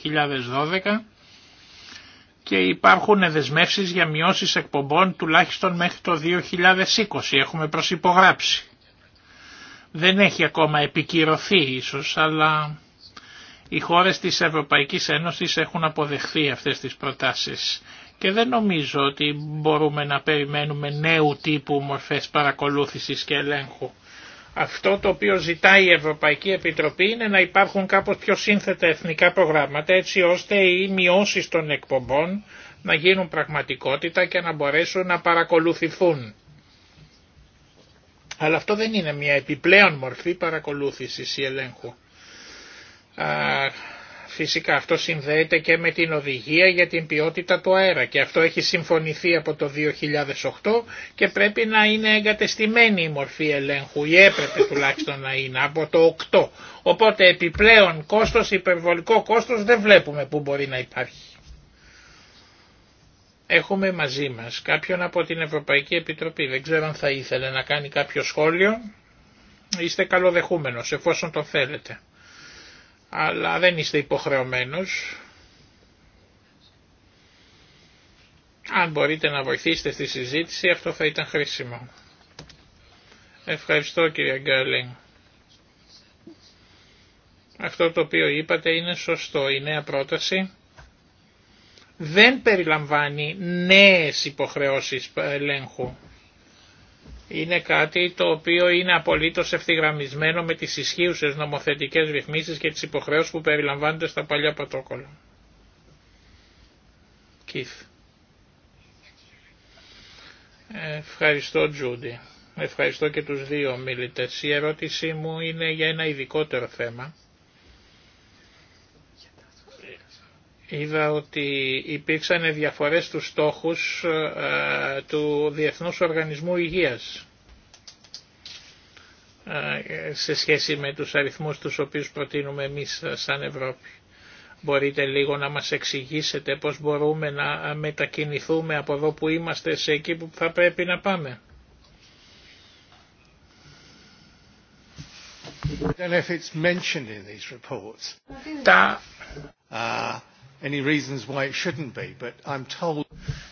και υπάρχουν δεσμεύσεις για μειώσεις εκπομπών τουλάχιστον μέχρι το 2020. Έχουμε προσυπογράψει. Δεν έχει ακόμα επικυρωθεί ίσως, αλλά οι χώρες της Ευρωπαϊκής Ένωσης έχουν αποδεχθεί αυτές τις προτάσεις και δεν νομίζω ότι μπορούμε να περιμένουμε νέου τύπου μορφές παρακολούθησης και ελέγχου. Αυτό το οποίο ζητάει η Ευρωπαϊκή Επιτροπή είναι να υπάρχουν κάπως πιο σύνθετα εθνικά προγράμματα έτσι ώστε οι μειώσεις των εκπομπών να γίνουν πραγματικότητα και να μπορέσουν να παρακολουθηθούν. Αλλά αυτό δεν είναι μια επιπλέον μορφή παρακολούθησης ή ελέγχου. Φυσικά αυτό συνδέεται και με την οδηγία για την ποιότητα του αέρα και αυτό έχει συμφωνηθεί από το 2008 και πρέπει να είναι εγκατεστημένη η μορφή ελέγχου ή έπρεπε τουλάχιστον να είναι από το 8. Οπότε επιπλέον κόστος, υπερβολικό κόστος δεν βλέπουμε που μπορεί να υπάρχει. Έχουμε μαζί μας κάποιον από την Ευρωπαϊκή Επιτροπή. Δεν ξέρω αν θα ήθελε να κάνει κάποιο σχόλιο. Είστε καλοδεχούμενος εφόσον το θέλετε αλλά δεν είστε υποχρεωμένος. Αν μπορείτε να βοηθήσετε στη συζήτηση αυτό θα ήταν χρήσιμο. Ευχαριστώ κύριε Γκέρλινγκ. Αυτό το οποίο είπατε είναι σωστό. Η νέα πρόταση δεν περιλαμβάνει νέες υποχρεώσεις ελέγχου είναι κάτι το οποίο είναι απολύτως ευθυγραμμισμένο με τις ισχύουσες νομοθετικές ρυθμίσεις και τις υποχρεώσεις που περιλαμβάνονται στα παλιά πρωτόκολλα. Ευχαριστώ Τζούντι. Ευχαριστώ και τους δύο μίλητες. Η ερώτησή μου είναι για ένα ειδικότερο θέμα είδα ότι υπήρξαν διαφορές στους στόχους ε, του Διεθνούς Οργανισμού Υγείας ε, σε σχέση με τους αριθμούς τους οποίους προτείνουμε εμείς σαν Ευρώπη. Μπορείτε λίγο να μας εξηγήσετε πώς μπορούμε να μετακινηθούμε από εδώ που είμαστε σε εκεί που θα πρέπει να πάμε. Τα uh,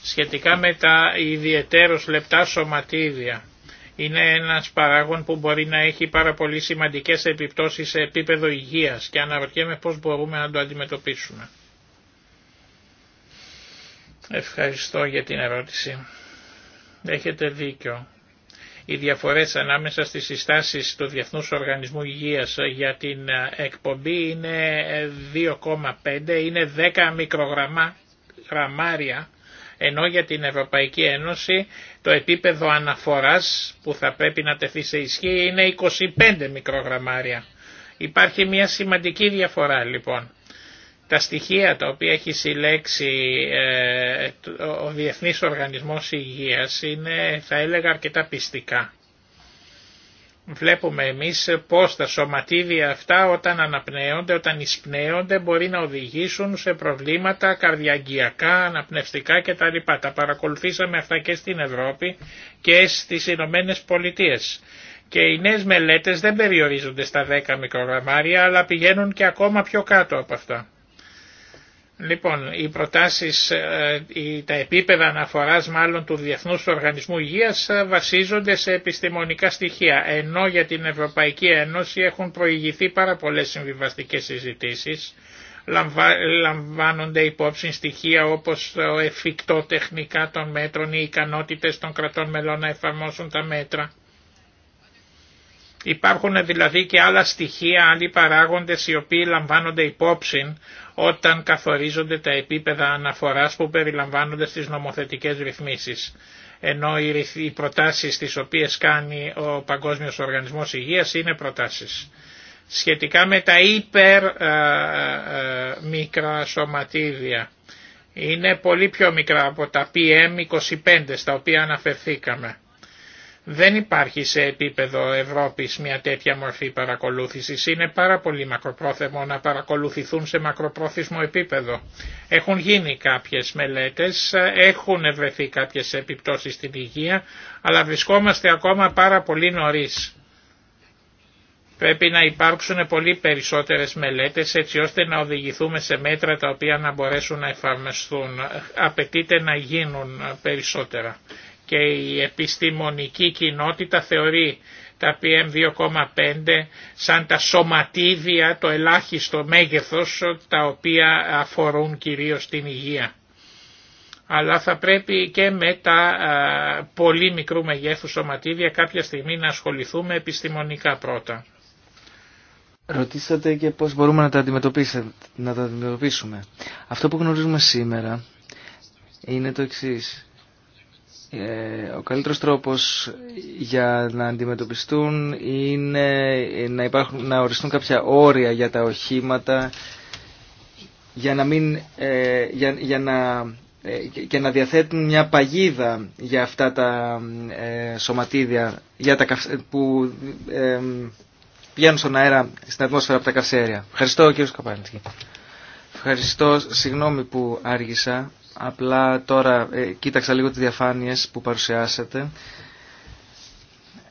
Σχετικά με τα ιδιαιτέρως λεπτά σωματίδια, είναι ένας παράγον που μπορεί να έχει πάρα πολύ σημαντικές επιπτώσεις σε επίπεδο υγείας και αναρωτιέμαι πώς μπορούμε να το αντιμετωπίσουμε. Ευχαριστώ για την ερώτηση. Έχετε δίκιο οι διαφορές ανάμεσα στις συστάσεις του Διεθνούς Οργανισμού Υγείας για την ε, εκπομπή είναι 2,5, ε, είναι 10 μικρογραμμάρια, ενώ για την Ευρωπαϊκή Ένωση το επίπεδο αναφοράς που θα πρέπει να τεθεί σε ισχύ είναι 25 μικρογραμμάρια. Υπάρχει μια σημαντική διαφορά λοιπόν. Τα στοιχεία τα οποία έχει συλλέξει ε, ο Διεθνής Οργανισμός Υγείας είναι θα έλεγα αρκετά πιστικά. Βλέπουμε εμείς πώς τα σωματίδια αυτά όταν αναπνέονται, όταν εισπνέονται μπορεί να οδηγήσουν σε προβλήματα καρδιαγγειακά, αναπνευστικά κτλ. Τα παρακολουθήσαμε αυτά και στην Ευρώπη και στις Ηνωμένε Πολιτείες. Και οι νέες μελέτες δεν περιορίζονται στα 10 μικρογραμμάρια αλλά πηγαίνουν και ακόμα πιο κάτω από αυτά. Λοιπόν, οι προτάσεις, ε, τα επίπεδα αναφοράς μάλλον του Διεθνούς Οργανισμού Υγείας ε, βασίζονται σε επιστημονικά στοιχεία, ενώ για την Ευρωπαϊκή Ένωση έχουν προηγηθεί πάρα πολλές συμβιβαστικές συζητήσεις, λαμβάνονται υπόψη στοιχεία όπως το εφικτό τεχνικά των μέτρων, οι ικανότητες των κρατών μελών να εφαρμόσουν τα μέτρα. Υπάρχουν δηλαδή και άλλα στοιχεία, άλλοι παράγοντες οι οποίοι λαμβάνονται υπόψη όταν καθορίζονται τα επίπεδα αναφοράς που περιλαμβάνονται στις νομοθετικές ρυθμίσεις. Ενώ οι προτάσεις τις οποίες κάνει ο Παγκόσμιος Οργανισμός Υγείας είναι προτάσεις. Σχετικά με τα υπερ σωματίδια, είναι πολύ πιο μικρά από τα PM25 στα οποία αναφερθήκαμε. Δεν υπάρχει σε επίπεδο Ευρώπης μια τέτοια μορφή παρακολούθησης. Είναι πάρα πολύ μακροπρόθεμο να παρακολουθηθούν σε μακροπρόθεσμο επίπεδο. Έχουν γίνει κάποιες μελέτες, έχουν βρεθεί κάποιες επιπτώσεις στην υγεία, αλλά βρισκόμαστε ακόμα πάρα πολύ νωρίς. Πρέπει να υπάρξουν πολύ περισσότερες μελέτες έτσι ώστε να οδηγηθούμε σε μέτρα τα οποία να μπορέσουν να εφαρμοστούν. Απαιτείται να γίνουν περισσότερα και η επιστημονική κοινότητα θεωρεί τα PM2,5 σαν τα σωματίδια, το ελάχιστο μέγεθος, τα οποία αφορούν κυρίως την υγεία. Αλλά θα πρέπει και με τα πολύ μικρού μεγέθου σωματίδια κάποια στιγμή να ασχοληθούμε επιστημονικά πρώτα. Ρωτήσατε και πώς μπορούμε να τα, να τα αντιμετωπίσουμε. Αυτό που γνωρίζουμε σήμερα είναι το εξής. Ε, ο καλύτερος τρόπος για να αντιμετωπιστούν είναι να, υπάρχουν, να οριστούν κάποια όρια για τα οχήματα για να μην, ε, για, να, ε, και να διαθέτουν μια παγίδα για αυτά τα σωματίδια για τα, που πηγαίνουν στον αέρα στην ατμόσφαιρα από τα καυσαέρια. Ευχαριστώ κύριο Καπάντη. Ευχαριστώ, συγγνώμη που άργησα Απλά τώρα ε, κοίταξα λίγο τις διαφάνειες που παρουσιάσατε.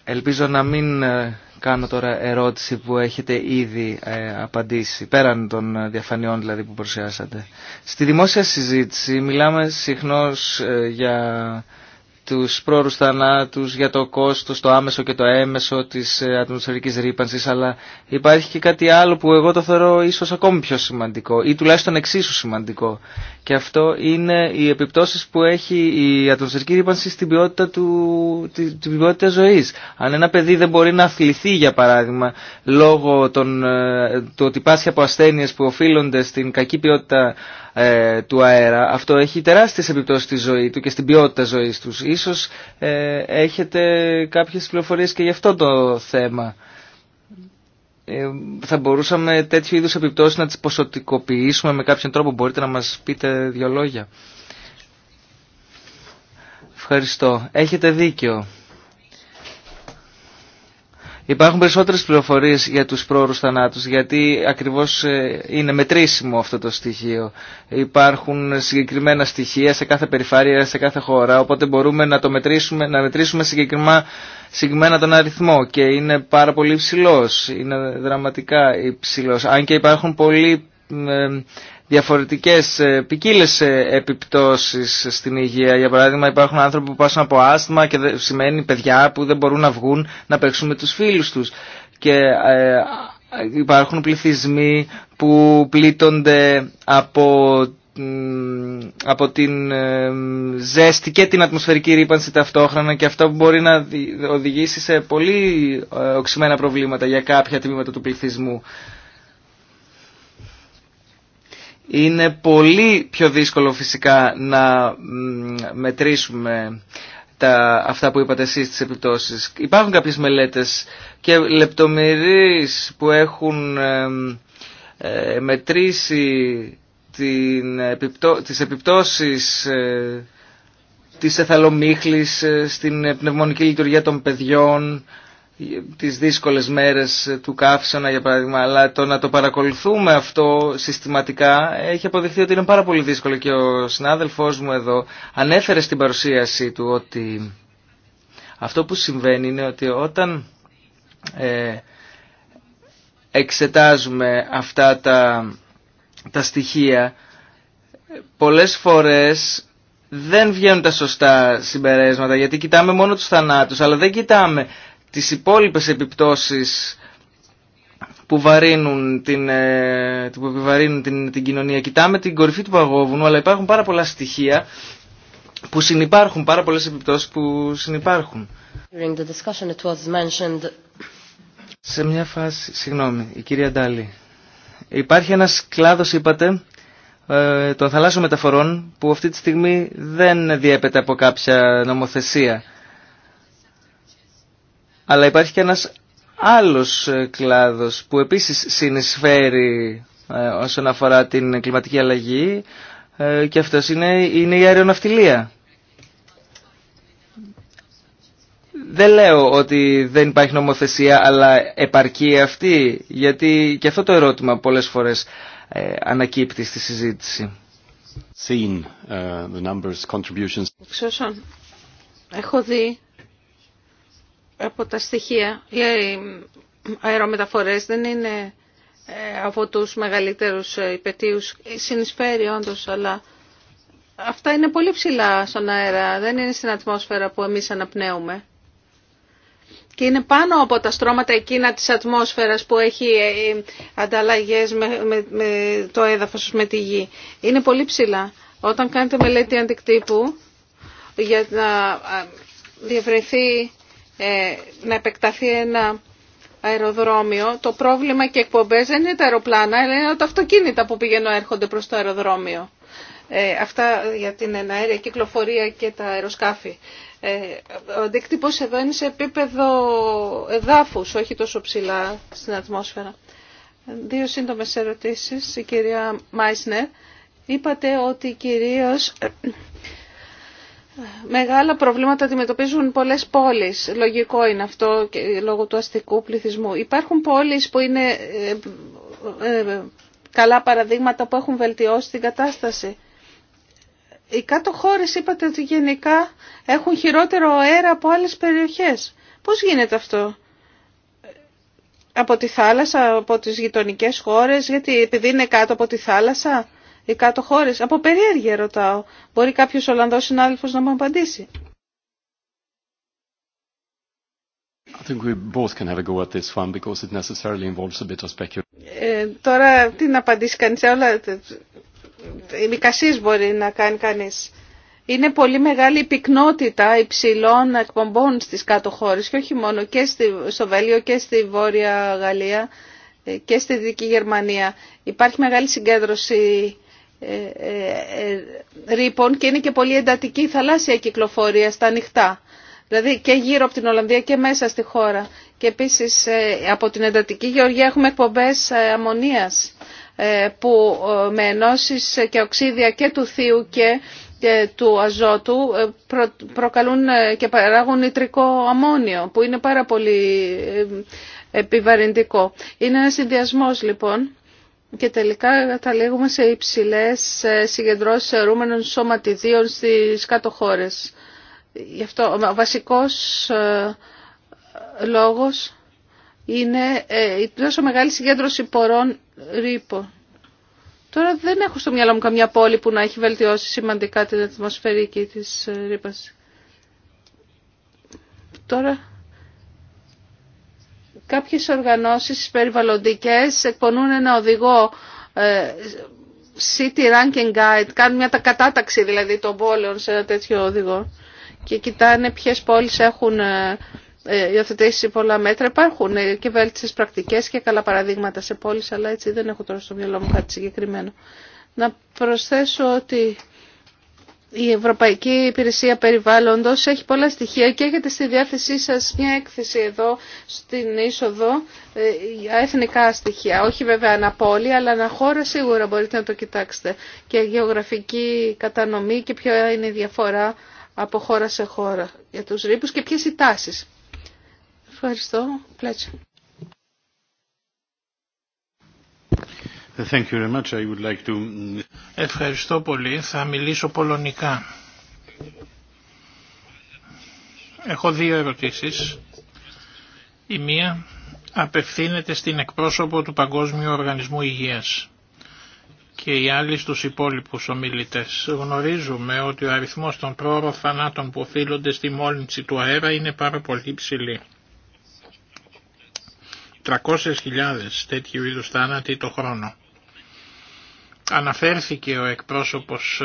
Ελπίζω να μην ε, κάνω τώρα ερώτηση που έχετε ήδη ε, απαντήσει, πέραν των διαφανειών δηλαδή που παρουσιάσατε. Στη δημόσια συζήτηση μιλάμε συχνώς για τους πρόρους θανάτους, για το κόστος, το άμεσο και το έμεσο της ε, ατμοσφαιρικής ρήπανσης, αλλά υπάρχει και κάτι άλλο που εγώ το θεωρώ ίσως ακόμη πιο σημαντικό ή τουλάχιστον εξίσου σημαντικό. Και αυτό είναι οι επιπτώσεις που έχει η ατμοσφαιρική ρήπανση στην ποιότητα, του, την ποιότητα ζωής. Αν ένα παιδί δεν μπορεί να αθληθεί, για παράδειγμα, λόγω ε, του ότι πάσχει από ασθένειες που οφείλονται στην κακή ποιότητα ε, του αέρα. Αυτό έχει τεράστιες επιπτώσεις στη ζωή του και στην ποιότητα ζωής τους. Ίσως ε, έχετε κάποιες πληροφορίες και γι' αυτό το θέμα. Ε, θα μπορούσαμε τέτοιου είδους επιπτώσεις να τις ποσοτικοποιήσουμε με κάποιον τρόπο. Μπορείτε να μας πείτε δύο λόγια. Ευχαριστώ. Έχετε δίκιο. Υπάρχουν περισσότερες πληροφορίες για τους πρόωρου θανάτου, γιατί ακριβώς ε, είναι μετρήσιμο αυτό το στοιχείο. Υπάρχουν συγκεκριμένα στοιχεία σε κάθε περιφάρεια, σε κάθε χώρα, οπότε μπορούμε να το μετρήσουμε, να μετρήσουμε συγκεκριμένα, τον αριθμό και είναι πάρα πολύ υψηλό, είναι δραματικά υψηλό. Αν και υπάρχουν πολλοί ε, διαφορετικές ε, ποικίλε ε, επιπτώσεις στην υγεία. Για παράδειγμα υπάρχουν άνθρωποι που πάσουν από άσθμα και σημαίνει παιδιά που δεν μπορούν να βγουν να παίξουν με τους φίλους τους. Και ε, υπάρχουν πληθυσμοί που πλήττονται από από την ζέστη και την ατμοσφαιρική ρήπανση ταυτόχρονα και αυτό μπορεί να οδηγήσει σε πολύ οξυμένα προβλήματα για κάποια τμήματα του πληθυσμού. Είναι πολύ πιο δύσκολο φυσικά να μετρήσουμε τα, αυτά που είπατε εσείς τις επιπτώσεις. Υπάρχουν κάποιες μελέτες και λεπτομερείς που έχουν ε, μετρήσει την επιπτώ, τις επιπτώσεις ε, της εθαλομίχλης ε, στην πνευμονική λειτουργία των παιδιών τις δύσκολες μέρες του καύσωνα για παράδειγμα, αλλά το να το παρακολουθούμε αυτό συστηματικά έχει αποδειχθεί ότι είναι πάρα πολύ δύσκολο και ο συνάδελφός μου εδώ ανέφερε στην παρουσίασή του ότι αυτό που συμβαίνει είναι ότι όταν ε, εξετάζουμε αυτά τα, τα στοιχεία πολλές φορές δεν βγαίνουν τα σωστά συμπερέσματα γιατί κοιτάμε μόνο τους θανάτους αλλά δεν κοιτάμε τις υπόλοιπες επιπτώσεις που βαρύνουν την, ε, που επιβαρύνουν την, την κοινωνία. Κοιτάμε την κορυφή του παγόβουνου, αλλά υπάρχουν πάρα πολλά στοιχεία που συνεπάρχουν, πάρα πολλές επιπτώσεις που συνεπάρχουν. mentioned... Σε μια φάση, συγγνώμη, η κυρία Ντάλη. Υπάρχει ένας κλάδος, είπατε, ε, των θαλάσσιων μεταφορών που αυτή τη στιγμή δεν διέπεται από κάποια νομοθεσία. Αλλά υπάρχει και ένας άλλος ε, κλάδος που επίσης συνεισφέρει ε, όσον αφορά την κλιματική αλλαγή ε, και αυτός είναι, η αεροναυτιλία. Δεν λέω ότι δεν υπάρχει νομοθεσία αλλά επαρκεί αυτή γιατί και αυτό το ερώτημα πολλές φορές ανακύπτει στη συζήτηση. Uh, έχω δει από τα στοιχεία. Οι αερομεταφορές δεν είναι ε, από τους μεγαλύτερους ε, υπετίους. Συνεισφέρει όντως, αλλά αυτά είναι πολύ ψηλά στον αέρα. Δεν είναι στην ατμόσφαιρα που εμείς αναπνέουμε. Και είναι πάνω από τα στρώματα εκείνα της ατμόσφαιρας που έχει ε, ανταλλαγές με το έδαφος, με τη γη. Είναι πολύ ψηλά. Όταν κάνετε μελέτη αντικτύπου για να διευρεθεί. Ε, να επεκταθεί ένα αεροδρόμιο. Το πρόβλημα και εκπομπέ δεν είναι τα αεροπλάνα, αλλά είναι τα αυτοκίνητα που πηγαίνουν έρχονται προς το αεροδρόμιο. Ε, αυτά για την αέρια κυκλοφορία και τα αεροσκάφη. Ε, ο αντίκτυπος εδώ είναι σε επίπεδο εδάφους, όχι τόσο ψηλά στην ατμόσφαιρα. Δύο σύντομε ερωτήσεις, η κυρία Μάισνερ. Είπατε ότι κυρίως Μεγάλα προβλήματα αντιμετωπίζουν πολλές πόλεις. Λογικό είναι αυτό λόγω του αστικού πληθυσμού. Υπάρχουν πόλεις που είναι ε, ε, καλά παραδείγματα που έχουν βελτιώσει την κατάσταση. Οι κάτω χώρες είπατε ότι γενικά έχουν χειρότερο αέρα από άλλες περιοχές. Πώς γίνεται αυτό από τη θάλασσα, από τις γειτονικές χώρες, γιατί επειδή είναι κάτω από τη θάλασσα οι κάτω χώρες. Από περίεργεια ρωτάω. Μπορεί κάποιος Ολλανδός συνάδελφος να μου απαντήσει. Τώρα τι να απαντήσει κανείς, όλα ημικασίες μπορεί να κάνει κανείς. Είναι πολύ μεγάλη η πυκνότητα υψηλών εκπομπών στις κάτω χώρες και όχι μόνο και στο Βέλιο και στη Βόρεια Γαλλία ε, και στη Δυτική Γερμανία. Υπάρχει μεγάλη συγκέντρωση ε, ε, ε, ρήπων και είναι και πολύ εντατική η θαλάσσια κυκλοφορία στα ανοιχτά. Δηλαδή και γύρω από την Ολλανδία και μέσα στη χώρα. Και επίσης από την εντατική γεωργία έχουμε εκπομπές αμμονίας που με ενώσεις και οξύδια και του θείου και του αζότου προκαλούν και παράγουν νητρικό αμμόνιο που είναι πάρα πολύ επιβαρυντικό. Είναι ένα συνδυασμός λοιπόν και τελικά καταλήγουμε σε υψηλές ε, συγκεντρώσεις αιρούμενων σωματιδίων στις κάτω χώρες. Γι' αυτό ο βασικός ε, λόγος είναι ε, η τόσο μεγάλη συγκέντρωση πορών ρήπων. Τώρα δεν έχω στο μυαλό μου καμιά πόλη που να έχει βελτιώσει σημαντικά την ατμοσφαιρική της ρήπαση. Τώρα Κάποιες οργανώσεις περιβαλλοντικές εκπονούν ένα οδηγό ε, City Ranking Guide, κάνουν μια κατάταξη δηλαδή των πόλεων σε ένα τέτοιο οδηγό και κοιτάνε ποιες πόλεις έχουν ε, ε, υιοθετήσει πολλά μέτρα. Υπάρχουν και βέλτιστες πρακτικές και καλά παραδείγματα σε πόλεις, αλλά έτσι δεν έχω τώρα στο μυαλό μου κάτι συγκεκριμένο. Να προσθέσω ότι η Ευρωπαϊκή Υπηρεσία Περιβάλλοντος έχει πολλά στοιχεία και έχετε στη διάθεσή σας μια έκθεση εδώ στην είσοδο ε, για εθνικά στοιχεία. Όχι βέβαια πόλη, αλλά χώρο σίγουρα μπορείτε να το κοιτάξετε. Και γεωγραφική κατανομή και ποια είναι η διαφορά από χώρα σε χώρα για τους ρήπους και ποιες οι τάσεις. Ευχαριστώ. Mm, Ευχαριστώ πολύ. Θα μιλήσω πολωνικά. Έχω δύο ερωτήσεις. Η μία απευθύνεται στην εκπρόσωπο του Παγκόσμιου Οργανισμού Υγείας και οι άλλοι στους υπόλοιπους ομιλητές. Γνωρίζουμε ότι ο αριθμός των πρόωρων θανάτων που οφείλονται στη μόλυνση του αέρα είναι πάρα πολύ ψηλή. 300.000 τέτοιου είδους θάνατοι το χρόνο. Αναφέρθηκε ο εκπρόσωπος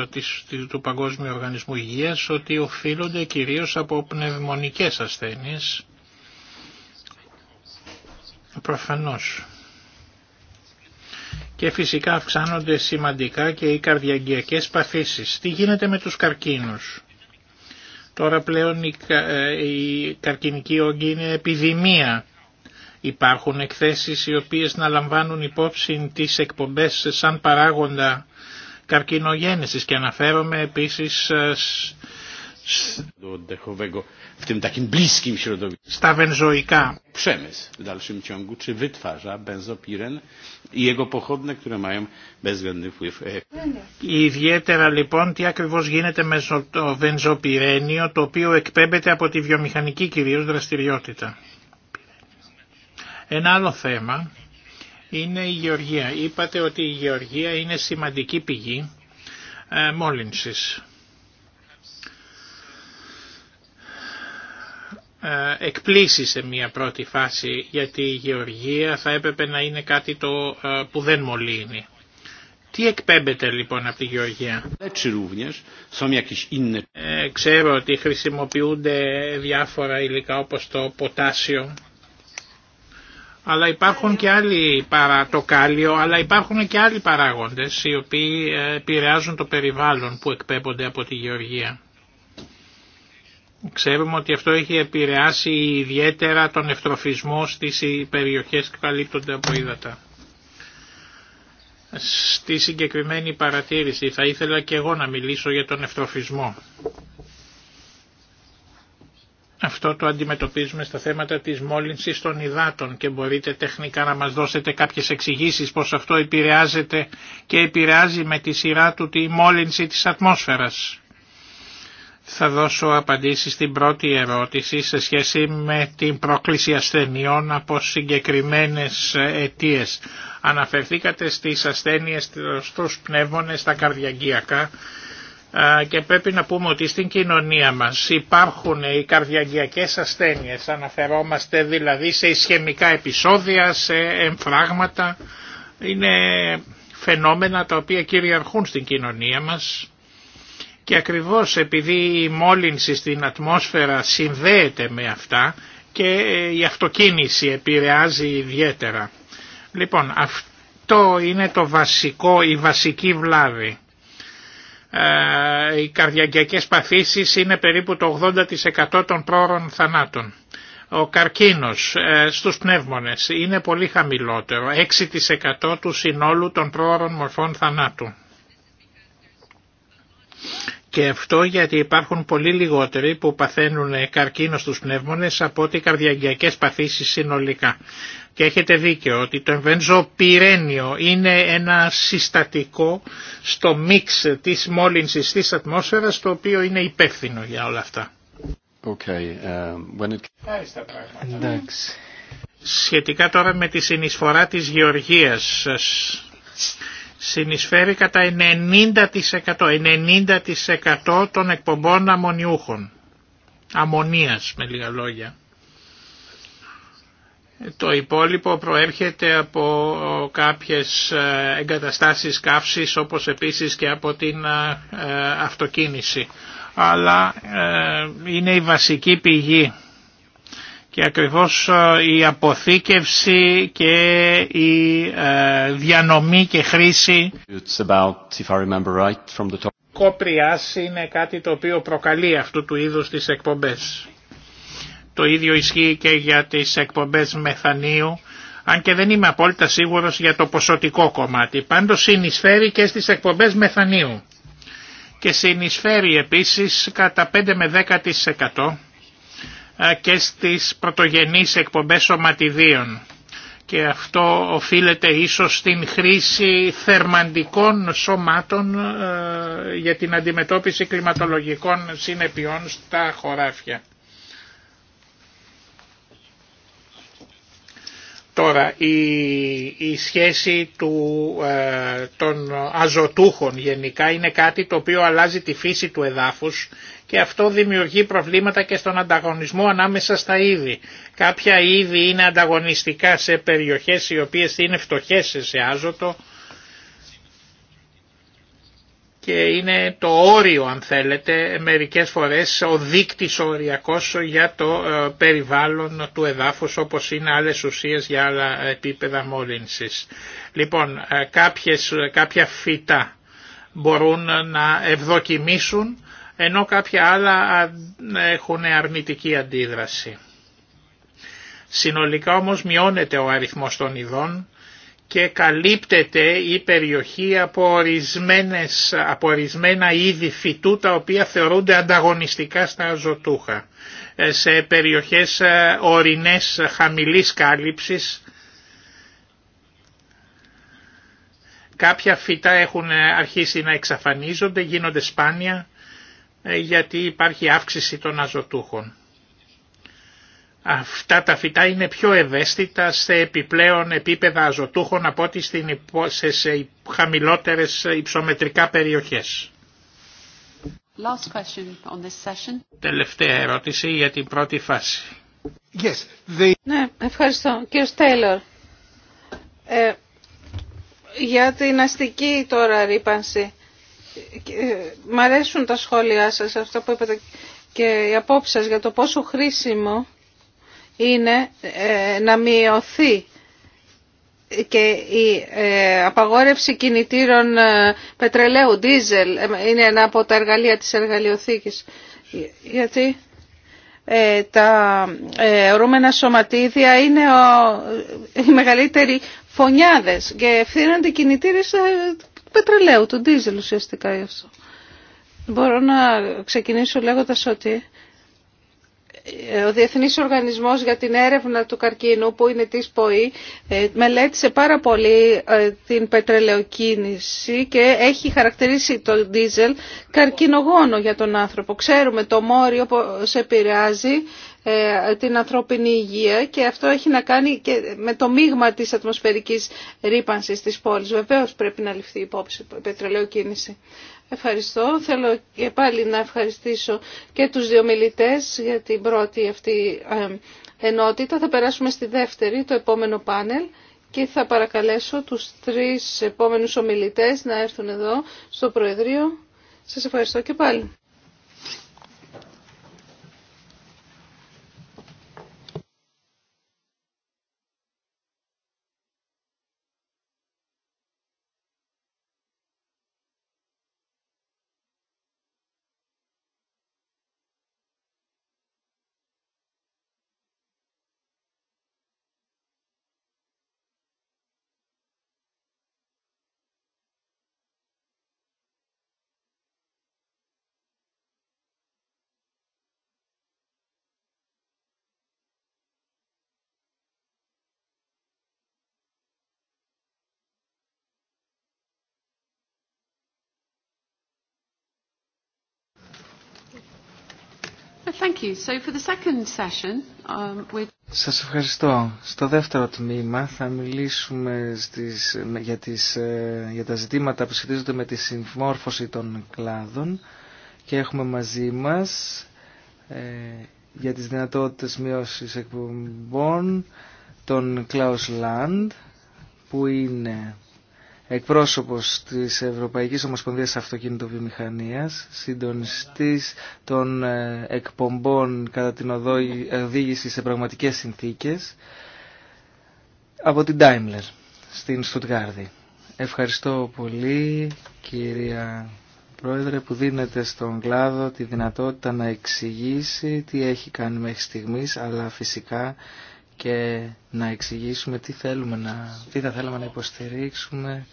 του Παγκόσμιου Οργανισμού Υγείας ότι οφείλονται κυρίως από πνευμονικές ασθένειες. Προφανώς. Και φυσικά αυξάνονται σημαντικά και οι καρδιαγγειακές παθήσεις. Τι γίνεται με τους καρκίνους. Τώρα πλέον η, ε, η καρκινική όγκη είναι επιδημία Υπάρχουν εκθέσεις οι οποίες να λαμβάνουν υπόψη τις εκπομπές σαν παράγοντα καρκινογένεσης και αναφέρομαι επίσης ε, στα βενζοϊκά. Ιδιαίτερα λοιπόν τι ακριβώς γίνεται με το βενζοπυρένιο το οποίο εκπέμπεται από τη βιομηχανική κυρίως δραστηριότητα. Ένα άλλο θέμα είναι η γεωργία. Είπατε ότι η γεωργία είναι σημαντική πηγή ε, μόλυνσης. Ε, εκπλήσει σε μια πρώτη φάση γιατί η γεωργία θα έπρεπε να είναι κάτι το ε, που δεν μολύνει. Τι εκπέμπεται λοιπόν από τη γεωργία. Ε, ξέρω ότι χρησιμοποιούνται διάφορα υλικά όπως το ποτάσιο αλλά υπάρχουν και άλλοι παρά το κάλιο, αλλά υπάρχουν και άλλοι παράγοντες οι οποίοι ε, επηρεάζουν το περιβάλλον που εκπέμπονται από τη γεωργία. Ξέρουμε ότι αυτό έχει επηρεάσει ιδιαίτερα τον ευτροφισμό στις περιοχές που καλύπτονται από ύδατα. Στη συγκεκριμένη παρατήρηση θα ήθελα και εγώ να μιλήσω για τον ευτροφισμό. Αυτό το αντιμετωπίζουμε στα θέματα της μόλυνσης των υδάτων και μπορείτε τεχνικά να μας δώσετε κάποιες εξηγήσεις πως αυτό επηρεάζεται και επηρεάζει με τη σειρά του τη μόλυνση της ατμόσφαιρας. Θα δώσω απαντήσεις στην πρώτη ερώτηση σε σχέση με την πρόκληση ασθενειών από συγκεκριμένες αιτίες. Αναφερθήκατε στις ασθένειες στους πνεύμονες, στα καρδιαγγειακά και πρέπει να πούμε ότι στην κοινωνία μας υπάρχουν οι καρδιαγγειακές ασθένειες, αναφερόμαστε δηλαδή σε ισχυμικά επεισόδια, σε εμφράγματα, είναι φαινόμενα τα οποία κυριαρχούν στην κοινωνία μας και ακριβώς επειδή η μόλυνση στην ατμόσφαιρα συνδέεται με αυτά και η αυτοκίνηση επηρεάζει ιδιαίτερα. Λοιπόν, αυτό είναι το βασικό, η βασική βλάβη ε, οι καρδιακιακές παθήσεις είναι περίπου το 80% των πρόωρων θανάτων. Ο καρκίνος ε, στους πνεύμονες είναι πολύ χαμηλότερο, 6% του συνόλου των πρόωρων μορφών θανάτου. Και αυτό γιατί υπάρχουν πολύ λιγότεροι που παθαίνουν καρκίνο στους πνεύμονες από ό,τι καρδιακιακές παθήσεις συνολικά. Και έχετε δίκιο ότι το βενζοπυρένιο είναι ένα συστατικό στο μίξ της μόλυνσης της ατμόσφαιρας το οποίο είναι υπεύθυνο για όλα αυτά. Okay, um, when it... Σχετικά τώρα με τη συνεισφορά της γεωργίας σας. Συνεισφέρει κατά 90%, 90 των εκπομπών αμμονιούχων. Αμμονίας με λίγα λόγια. Το υπόλοιπο προέρχεται από κάποιες ε, εγκαταστάσεις καύσης όπως επίσης και από την ε, ε, αυτοκίνηση. Αλλά είναι η βασική πηγή και ακριβώς η αποθήκευση και η διανομή και χρήση It's είναι κάτι το οποίο προκαλεί αυτού του είδους τις εκπομπές. Το ίδιο ισχύει και για τις εκπομπές μεθανίου, αν και δεν είμαι απόλυτα σίγουρος για το ποσοτικό κομμάτι. Πάντως συνεισφέρει και στις εκπομπές μεθανίου και συνεισφέρει επίσης κατά 5 με 10% και στις πρωτογενείς εκπομπές σωματιδίων. Και αυτό οφείλεται ίσως στην χρήση θερμαντικών σωμάτων για την αντιμετώπιση κλιματολογικών συνεπειών στα χωράφια. Τώρα η, σχέση του, ε, των αζωτούχων γενικά είναι κάτι το οποίο αλλάζει τη φύση του εδάφους και αυτό δημιουργεί προβλήματα και στον ανταγωνισμό ανάμεσα στα είδη. Κάποια είδη είναι ανταγωνιστικά σε περιοχές οι οποίες είναι φτωχές σε άζωτο και είναι το όριο αν θέλετε μερικές φορές ο δίκτυς οριακός για το ε, περιβάλλον του εδάφους όπως είναι άλλες ουσίες για άλλα επίπεδα μόλυνσης. Λοιπόν ε, κάποιες, κάποια φυτά μπορούν να ευδοκιμήσουν ενώ κάποια άλλα ε, έχουν αρνητική αντίδραση. Συνολικά όμως μειώνεται ο αριθμός των ειδών και καλύπτεται η περιοχή από, ορισμένες, από ορισμένα είδη φυτού τα οποία θεωρούνται ανταγωνιστικά στα αζωτούχα. Ε, σε περιοχές ε, ορεινές χαμηλής κάλυψης κάποια φυτά έχουν ε, αρχίσει να εξαφανίζονται, γίνονται σπάνια γιατί υπάρχει αύξηση των αζωτούχων αυτά τα φυτά είναι πιο ευαίσθητα σε επιπλέον επίπεδα αζωτούχων από ό,τι σε χαμηλότερες υψομετρικά περιοχές. Τελευταία ερώτηση για την πρώτη φάση. Yes, Ναι, ευχαριστώ. Κύριο Τέιλορ, ε, για την αστική τώρα ρήπανση, ε, μ' αρέσουν τα σχόλιά σας, αυτό που είπατε και οι απόψεις για το πόσο χρήσιμο είναι ε, να μειωθεί και η ε, απαγόρευση κινητήρων ε, πετρελαίου, δίζελ, είναι ένα από τα εργαλεία της εργαλειοθήκης. Γιατί τα ορούμενα σωματίδια είναι οι μεγαλύτεροι φωνιάδες και ευθύνονται κινητήρες του πετρελαίου, του δίζελ ουσιαστικά. Μπορώ να ξεκινήσω λέγοντας ότι ο Διεθνής Οργανισμός για την Έρευνα του Καρκίνου, που είναι της ΠΟΗ, ε, μελέτησε πάρα πολύ ε, την πετρελαιοκίνηση και έχει χαρακτηρίσει το ντίζελ καρκινογόνο για τον άνθρωπο. Ξέρουμε το μόριο σε επηρεάζει ε, την ανθρώπινη υγεία και αυτό έχει να κάνει και με το μείγμα της ατμοσφαιρικής ρήπανσης της πόλης. Βεβαίως πρέπει να ληφθεί υπόψη η πετρελαιοκίνηση. Ευχαριστώ. Θέλω και πάλι να ευχαριστήσω και τους δύο μιλητές για την πρώτη αυτή ε, ενότητα. Θα περάσουμε στη δεύτερη, το επόμενο πάνελ και θα παρακαλέσω τους τρεις επόμενους ομιλητές να έρθουν εδώ στο Προεδρείο. Σας ευχαριστώ και πάλι. Σα um, Σας ευχαριστώ. Στο δεύτερο τμήμα θα μιλήσουμε ε, για, τα ζητήματα που σχετίζονται με τη συμμόρφωση των κλάδων και έχουμε μαζί μας ε, για τις δυνατότητες μείωσης εκπομπών τον Klaus Land που είναι εκπρόσωπος της Ευρωπαϊκής Ομοσπονδίας Αυτοκινητοβιομηχανίας, συντονιστής των ε, εκπομπών κατά την οδήγηση σε πραγματικές συνθήκες από την Daimler στην Στουτγάρδη. Ευχαριστώ πολύ κυρία Πρόεδρε που δίνετε στον κλάδο τη δυνατότητα να εξηγήσει τι έχει κάνει μέχρι στιγμής αλλά φυσικά και να εξηγήσουμε τι, θέλουμε να, τι θα θέλαμε να υποστηρίξουμε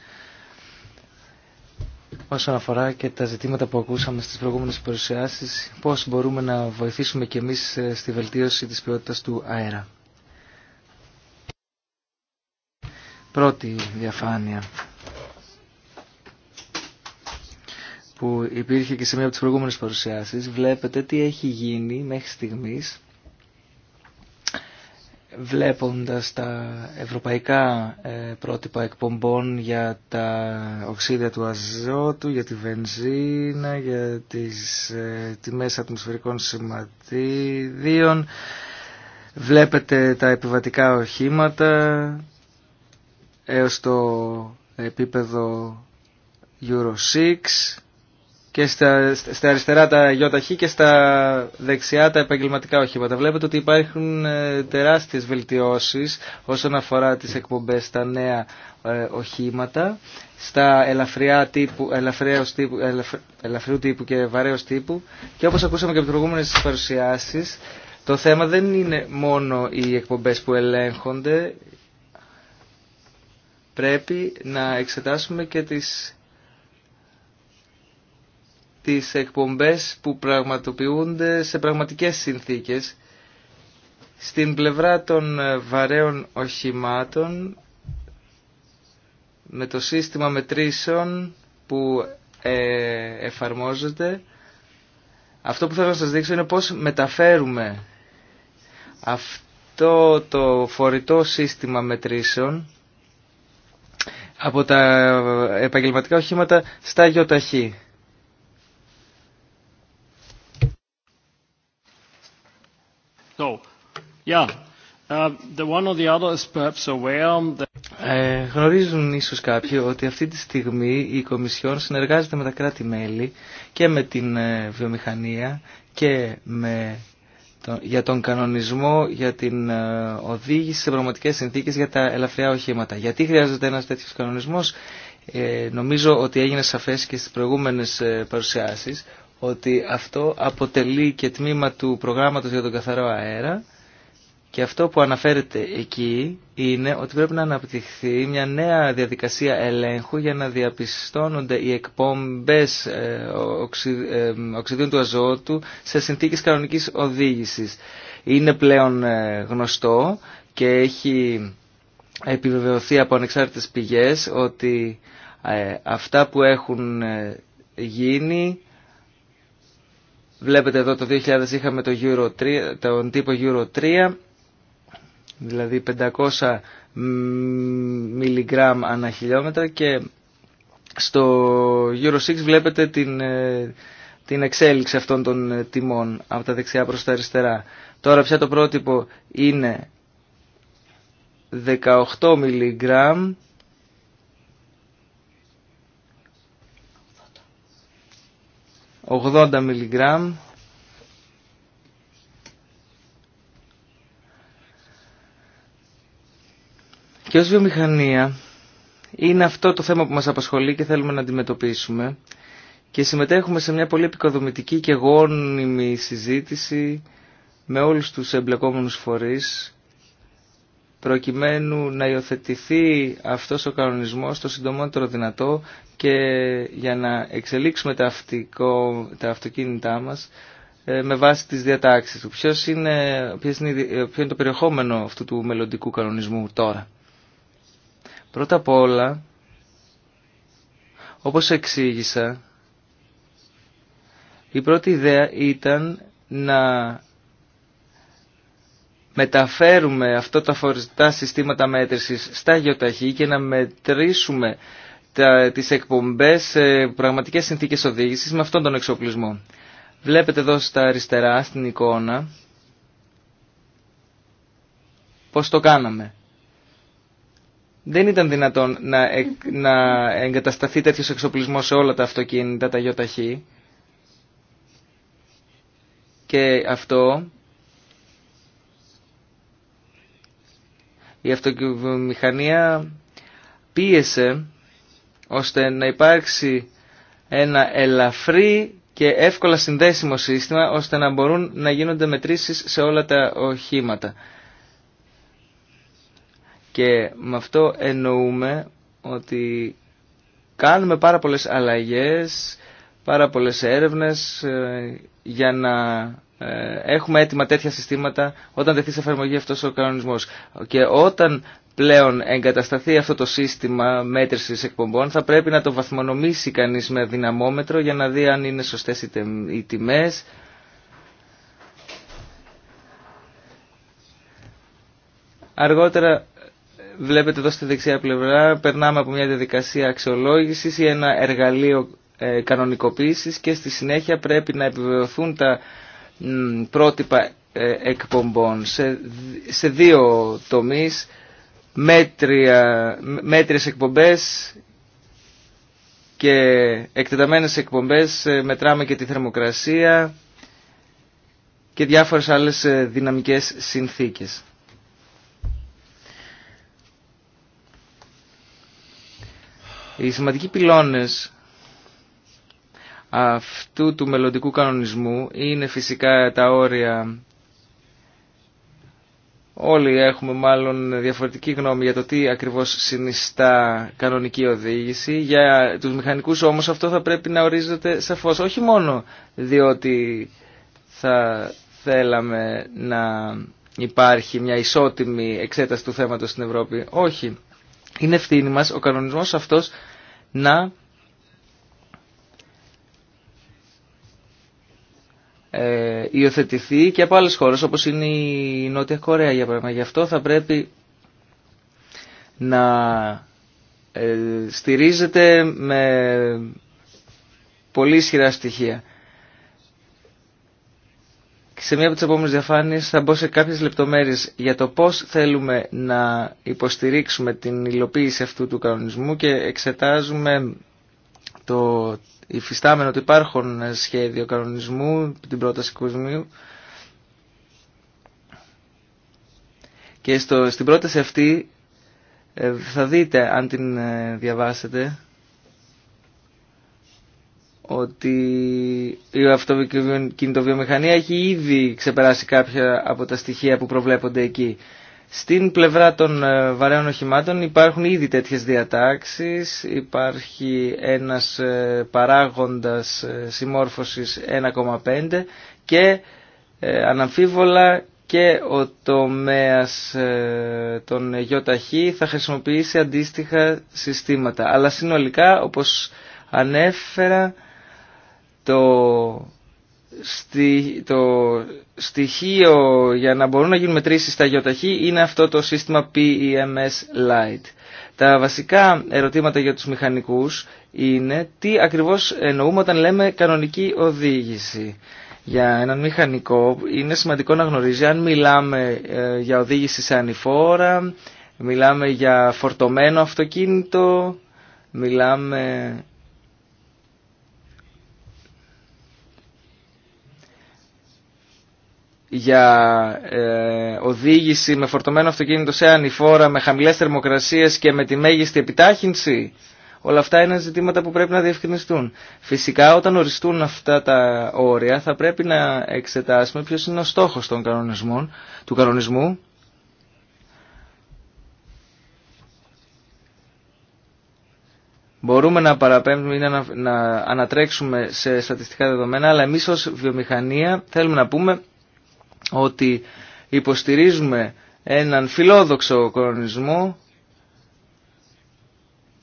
όσον αφορά και τα ζητήματα που ακούσαμε στις προηγούμενες παρουσιάσεις, πώς μπορούμε να βοηθήσουμε και εμείς στη βελτίωση της ποιότητας του αέρα. Πρώτη διαφάνεια που υπήρχε και σε μία από τις προηγούμενες παρουσιάσεις, βλέπετε τι έχει γίνει μέχρι στιγμής βλέποντας τα ευρωπαϊκά ε, πρότυπα εκπομπών για τα οξύδια του αζότου, για τη βενζίνα, για τις ε, τιμές ατμοσφαιρικών σηματίδίων. Βλέπετε τα επιβατικά οχήματα έως το επίπεδο Euro 6 και στα, αριστερά τα ΙΧ και στα δεξιά τα επαγγελματικά οχήματα. Βλέπετε ότι υπάρχουν ε, τεράστιες βελτιώσεις όσον αφορά τις εκπομπές στα νέα ε, οχήματα, στα ελαφριά τύπου, τύπου, ελαφριού τύπου και βαρέως τύπου και όπως ακούσαμε και από τις προηγούμενες παρουσιάσεις, το θέμα δεν είναι μόνο οι εκπομπές που ελέγχονται, πρέπει να εξετάσουμε και τις τις εκπομπές που πραγματοποιούνται σε πραγματικές συνθήκες. Στην πλευρά των βαρέων οχημάτων με το σύστημα μετρήσεων που ε, εφαρμόζεται αυτό που θέλω να σας δείξω είναι πώς μεταφέρουμε αυτό το φορητό σύστημα μετρήσεων από τα επαγγελματικά οχήματα στα γιοταχή. γνωρίζουν ίσως κάποιοι ότι αυτή τη στιγμή η Κομισιόν συνεργάζεται με τα κράτη-μέλη και με την ε, βιομηχανία και με το, για τον κανονισμό, για την ε, οδήγηση σε πραγματικές συνθήκες για τα ελαφριά οχήματα. Γιατί χρειάζεται ένας τέτοιος κανονισμός. Ε, νομίζω ότι έγινε σαφές και στις προηγούμενες παρουσιάσεις ότι αυτό αποτελεί και τμήμα του προγράμματος για τον καθαρό αέρα και αυτό που αναφέρεται εκεί είναι ότι πρέπει να αναπτυχθεί μια νέα διαδικασία ελέγχου για να διαπιστώνονται οι εκπομπές ε, ε, οξυδίων του αζότου σε συνθήκες κανονικής οδήγησης. Είναι πλέον ε, γνωστό και έχει επιβεβαιωθεί από ανεξάρτητες πηγές ότι αυτά που έχουν γίνει Βλέπετε εδώ το 2000 είχαμε το Euro 3, τον τύπο Euro 3 δηλαδή 500 μιλιγκράμμ ανά χιλιόμετρα και στο Euro 6 βλέπετε την, ε, την εξέλιξη αυτών των ε, τιμών από τα δεξιά προς τα αριστερά. Τώρα πια το πρότυπο είναι 18 μιλιγκράμμ ...80 μιλιγκράμμ Και ως βιομηχανία είναι αυτό το θέμα που μας απασχολεί και θέλουμε να αντιμετωπίσουμε και συμμετέχουμε σε μια πολύ επικοδομητική και γόνιμη συζήτηση με όλους τους εμπλεκόμενους φορείς προκειμένου να υιοθετηθεί αυτός ο κανονισμός το συντομότερο δυνατό και για να εξελίξουμε τα, αυτοκίνητά μας ε, με βάση τις διατάξεις του. είναι, είναι, είναι το περιεχόμενο αυτού του μελλοντικού κανονισμού τώρα. Πρώτα απ' όλα, όπως εξήγησα, η πρώτη ιδέα ήταν να μεταφέρουμε αυτά τα φορητά συστήματα μέτρησης στα γεωταχή και να μετρήσουμε τα, τις εκπομπές σε πραγματικές συνθήκες οδήγησης με αυτόν τον εξοπλισμό. Βλέπετε εδώ στα αριστερά στην εικόνα πώς το κάναμε δεν ήταν δυνατόν να, να εγκατασταθεί τέτοιος εξοπλισμός σε όλα τα αυτοκίνητα, τα Και αυτό η αυτοκινητομηχανία πίεσε ώστε να υπάρξει ένα ελαφρύ και εύκολα συνδέσιμο σύστημα ώστε να μπορούν να γίνονται μετρήσεις σε όλα τα οχήματα. Και με αυτό εννοούμε ότι κάνουμε πάρα πολλές αλλαγές, πάρα πολλές έρευνες ε, για να ε, έχουμε έτοιμα τέτοια συστήματα όταν δεθεί σε εφαρμογή αυτός ο κανονισμός. Και όταν πλέον εγκατασταθεί αυτό το σύστημα μέτρησης εκπομπών θα πρέπει να το βαθμονομήσει κανείς με δυναμόμετρο για να δει αν είναι σωστές οι τιμές. Αργότερα Βλέπετε εδώ στη δεξιά πλευρά, περνάμε από μια διαδικασία αξιολόγησης ή ένα εργαλείο ε, κανονικοποίησης και στη συνέχεια πρέπει να επιβεβαιωθούν τα πρότυπα ε, εκπομπών σε δύο τομείς, μέτρια, μέτριες εκπομπές και εκτεταμένες εκπομπές, ε, μετράμε και τη θερμοκρασία και διάφορες άλλες δυναμικές συνθήκες. Οι σημαντικοί πυλώνες αυτού του μελλοντικού κανονισμού είναι φυσικά τα όρια. Όλοι έχουμε μάλλον διαφορετική γνώμη για το τι ακριβώς συνιστά κανονική οδήγηση. Για τους μηχανικούς όμως αυτό θα πρέπει να ορίζεται σαφώς. Όχι μόνο διότι θα θέλαμε να υπάρχει μια ισότιμη εξέταση του θέματος στην Ευρώπη. Όχι είναι ευθύνη μας ο κανονισμός αυτός να ε, υιοθετηθεί και από άλλες χώρες όπως είναι η Νότια Κορέα για παράδειγμα. Γι' αυτό θα πρέπει να ε, στηρίζεται με πολύ ισχυρά στοιχεία σε μία από τις επόμενες διαφάνειες θα μπω σε κάποιες λεπτομέρειες για το πώς θέλουμε να υποστηρίξουμε την υλοποίηση αυτού του κανονισμού και εξετάζουμε το υφιστάμενο του υπάρχον σχέδιο κανονισμού, την πρόταση κοσμίου. Και στο, στην πρόταση αυτή ε, θα δείτε αν την ε, διαβάσετε ότι η αυτοκινητοβιομηχανία έχει ήδη ξεπεράσει κάποια από τα στοιχεία που προβλέπονται εκεί. Στην πλευρά των ε, βαρέων οχημάτων υπάρχουν ήδη τέτοιες διατάξεις, υπάρχει ένας ε, παράγοντας ε, συμμόρφωσης 1,5 και αναμφίβολα και ο τομέας των γιοταχή θα χρησιμοποιήσει αντίστοιχα συστήματα. Αλλά συνολικά, όπως ανέφερα, το, το στοιχείο για να μπορούν να γίνουν μετρήσεις στα γεωταχή είναι αυτό το σύστημα PEMS Lite. Τα βασικά ερωτήματα για τους μηχανικούς είναι τι ακριβώς εννοούμε όταν λέμε κανονική οδήγηση. Για έναν μηχανικό είναι σημαντικό να γνωρίζει αν μιλάμε ε, για οδήγηση σε ανηφόρα, μιλάμε για φορτωμένο αυτοκίνητο, μιλάμε για ε, οδήγηση με φορτωμένο αυτοκίνητο σε ανηφόρα, με χαμηλές θερμοκρασίες και με τη μέγιστη επιτάχυνση. Όλα αυτά είναι ζητήματα που πρέπει να διευκρινιστούν. Φυσικά όταν οριστούν αυτά τα όρια θα πρέπει να εξετάσουμε ποιος είναι ο στόχος των κανονισμών, του κανονισμού. Μπορούμε να παραπέμπουμε ή να, να ανατρέξουμε σε στατιστικά δεδομένα, αλλά εμείς ως βιομηχανία θέλουμε να πούμε ότι υποστηρίζουμε έναν φιλόδοξο κορονισμό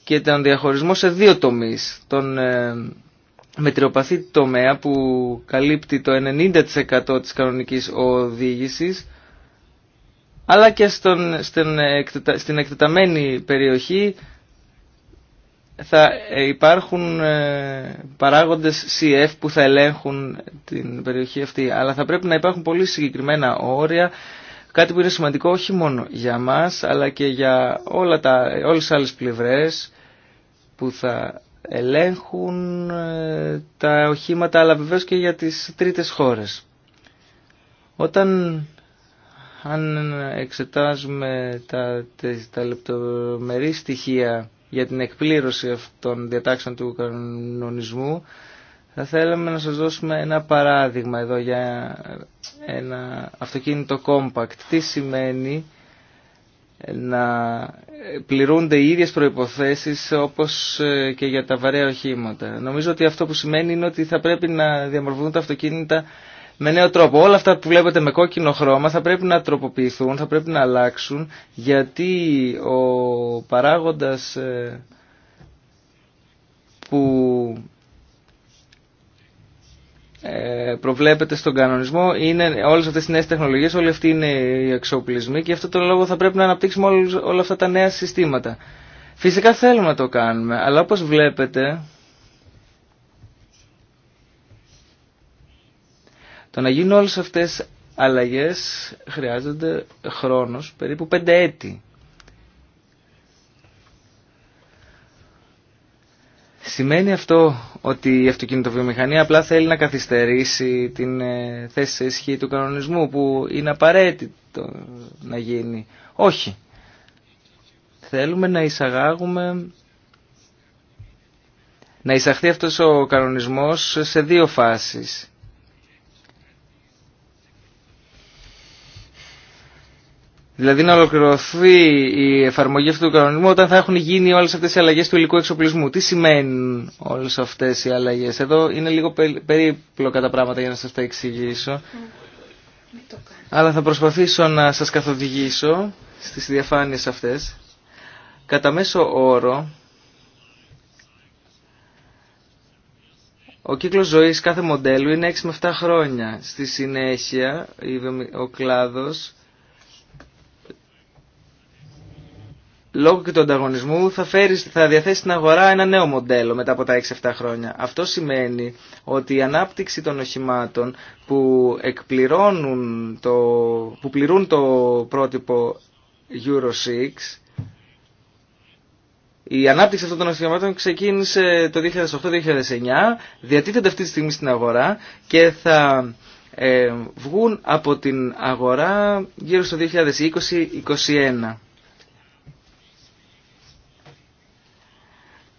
και τον διαχωρισμό σε δύο τομείς. Τον ε, μετριοπαθή τομέα που καλύπτει το 90% της κανονικής οδήγησης αλλά και στον, στην εκτεταμένη περιοχή θα ε, υπάρχουν ε, παράγοντες CF που θα ελέγχουν την περιοχή αυτή, αλλά θα πρέπει να υπάρχουν πολύ συγκεκριμένα όρια, κάτι που είναι σημαντικό όχι μόνο για μας, αλλά και για όλα τα, όλες τις άλλες πλευρές που θα ελέγχουν ε, τα οχήματα, αλλά βεβαίως και για τις τρίτες χώρες. Όταν αν εξετάζουμε τα, τα λεπτομερή στοιχεία για την εκπλήρωση αυτών των διατάξεων του κανονισμού. Θα θέλαμε να σας δώσουμε ένα παράδειγμα εδώ για ένα αυτοκίνητο compact. Τι σημαίνει να πληρούνται οι ίδιες προϋποθέσεις όπως ε, και για τα βαρέα οχήματα. Νομίζω ότι αυτό που σημαίνει είναι ότι θα πρέπει να διαμορφωθούν τα αυτοκίνητα με νέο τρόπο. Όλα αυτά που βλέπετε με κόκκινο χρώμα θα πρέπει να τροποποιηθούν, θα πρέπει να αλλάξουν γιατί ο παράγοντας ε, που ε, προβλέπεται στον κανονισμό είναι όλες αυτές οι νέες τεχνολογίες, όλοι αυτοί είναι οι εξοπλισμοί και αυτό τον λόγο θα πρέπει να αναπτύξουμε όλα αυτά τα νέα συστήματα. Φυσικά θέλουμε να το κάνουμε, αλλά όπως βλέπετε Το να γίνουν όλες αυτές αλλαγές χρειάζονται χρόνος, περίπου πέντε έτη. Σημαίνει αυτό ότι η αυτοκινητοβιομηχανία απλά θέλει να καθυστερήσει την ε, θέση σε ισχύ του κανονισμού που είναι απαραίτητο να γίνει. Όχι. Θέλουμε να εισαγάγουμε να εισαχθεί αυτός ο κανονισμός σε δύο φάσεις. Δηλαδή να ολοκληρωθεί η εφαρμογή αυτού του κανονισμού όταν θα έχουν γίνει όλες αυτές οι αλλαγές του υλικού εξοπλισμού. Τι σημαίνουν όλες αυτές οι αλλαγές. Εδώ είναι λίγο περίπλοκα τα πράγματα για να σας τα εξηγήσω. Αλλά θα προσπαθήσω να σας καθοδηγήσω στις διαφάνειες αυτές. Κατά μέσο όρο, ο κύκλος ζωής κάθε μοντέλου είναι 6 με 7 χρόνια. Στη συνέχεια, ο κλάδος λόγω και του ανταγωνισμού θα, φέρει, θα διαθέσει στην αγορά ένα νέο μοντέλο μετά από τα 6-7 χρόνια. Αυτό σημαίνει ότι η ανάπτυξη των οχημάτων που, εκπληρώνουν το, που πληρούν το πρότυπο Euro 6 η ανάπτυξη αυτών των οχημάτων ξεκίνησε το 2008-2009, διατίθεται αυτή τη στιγμή στην αγορά και θα ε, βγουν από την αγορά γύρω στο 2020-2021.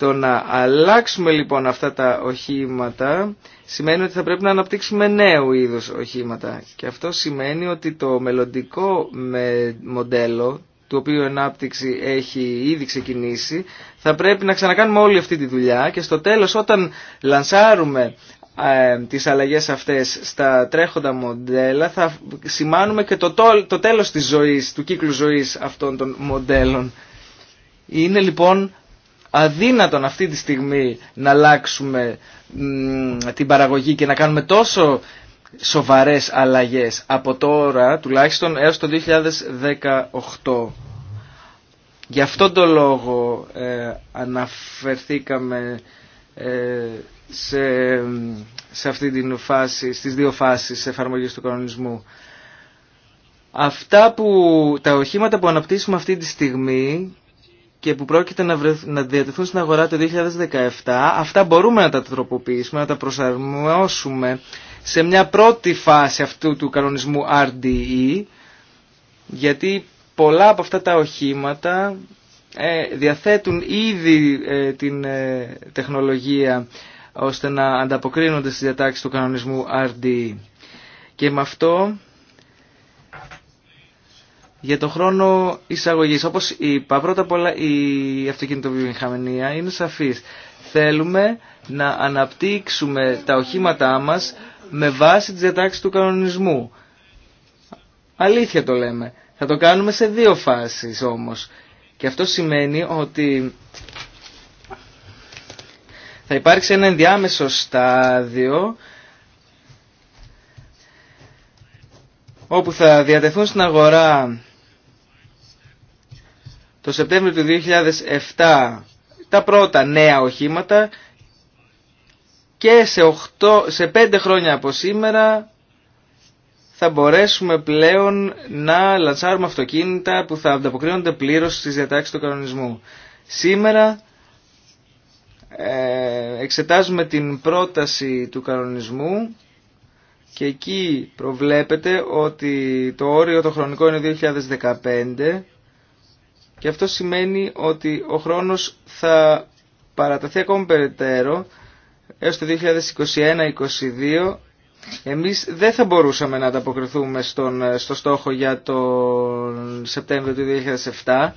Το να αλλάξουμε λοιπόν αυτά τα οχήματα σημαίνει ότι θα πρέπει να αναπτύξουμε νέου είδους οχήματα και αυτό σημαίνει ότι το μελλοντικό μοντέλο του οποίου η ανάπτυξη έχει ήδη ξεκινήσει θα πρέπει να ξανακάνουμε όλη αυτή τη δουλειά και στο τέλος όταν λανσάρουμε ε, τις αλλαγές αυτές στα τρέχοντα μοντέλα θα σημάνουμε και το, το, το τέλος της ζωής, του κύκλου ζωής αυτών των μοντέλων. Είναι λοιπόν αδύνατον αυτή τη στιγμή να αλλάξουμε την παραγωγή και να κάνουμε τόσο σοβαρές αλλαγές από τώρα τουλάχιστον έως το 2018. Γι' αυτόν τον λόγο ε, αναφερθήκαμε ε, σε, σε αυτή την φάση, στις δύο φάσεις εφαρμογής του κανονισμού. Αυτά που, τα οχήματα που αναπτύσσουμε αυτή τη στιγμή και που πρόκειται να, βρεθ, να διατεθούν στην αγορά το 2017, αυτά μπορούμε να τα τροποποιήσουμε, να τα προσαρμόσουμε σε μια πρώτη φάση αυτού του κανονισμού RDE, γιατί πολλά από αυτά τα οχήματα ε, διαθέτουν ήδη ε, την ε, τεχνολογία ώστε να ανταποκρίνονται στις διατάξεις του κανονισμού RDE. Και με αυτό για το χρόνο εισαγωγή, όπω είπα, πρώτα απ' όλα η αυτοκινητοβιομηχανία είναι σαφή. Θέλουμε να αναπτύξουμε τα οχήματά μα με βάση τι διατάξει του κανονισμού. Αλήθεια το λέμε. Θα το κάνουμε σε δύο φάσεις όμως. Και αυτό σημαίνει ότι θα υπάρξει ένα ενδιάμεσο στάδιο όπου θα διατεθούν στην αγορά το Σεπτέμβριο του 2007 τα πρώτα νέα οχήματα και σε, 8, σε 5 χρόνια από σήμερα θα μπορέσουμε πλέον να λανσάρουμε αυτοκίνητα που θα ανταποκρίνονται πλήρως στις διατάξεις του κανονισμού. Σήμερα ε, εξετάζουμε την πρόταση του κανονισμού και εκεί προβλέπεται ότι το όριο το χρονικό είναι 2015 και αυτό σημαίνει ότι ο χρόνος θα παραταθεί ακόμα περαιτέρω έως το 2021-2022 εμείς δεν θα μπορούσαμε να ανταποκριθούμε στον, στο στόχο για τον Σεπτέμβριο του 2007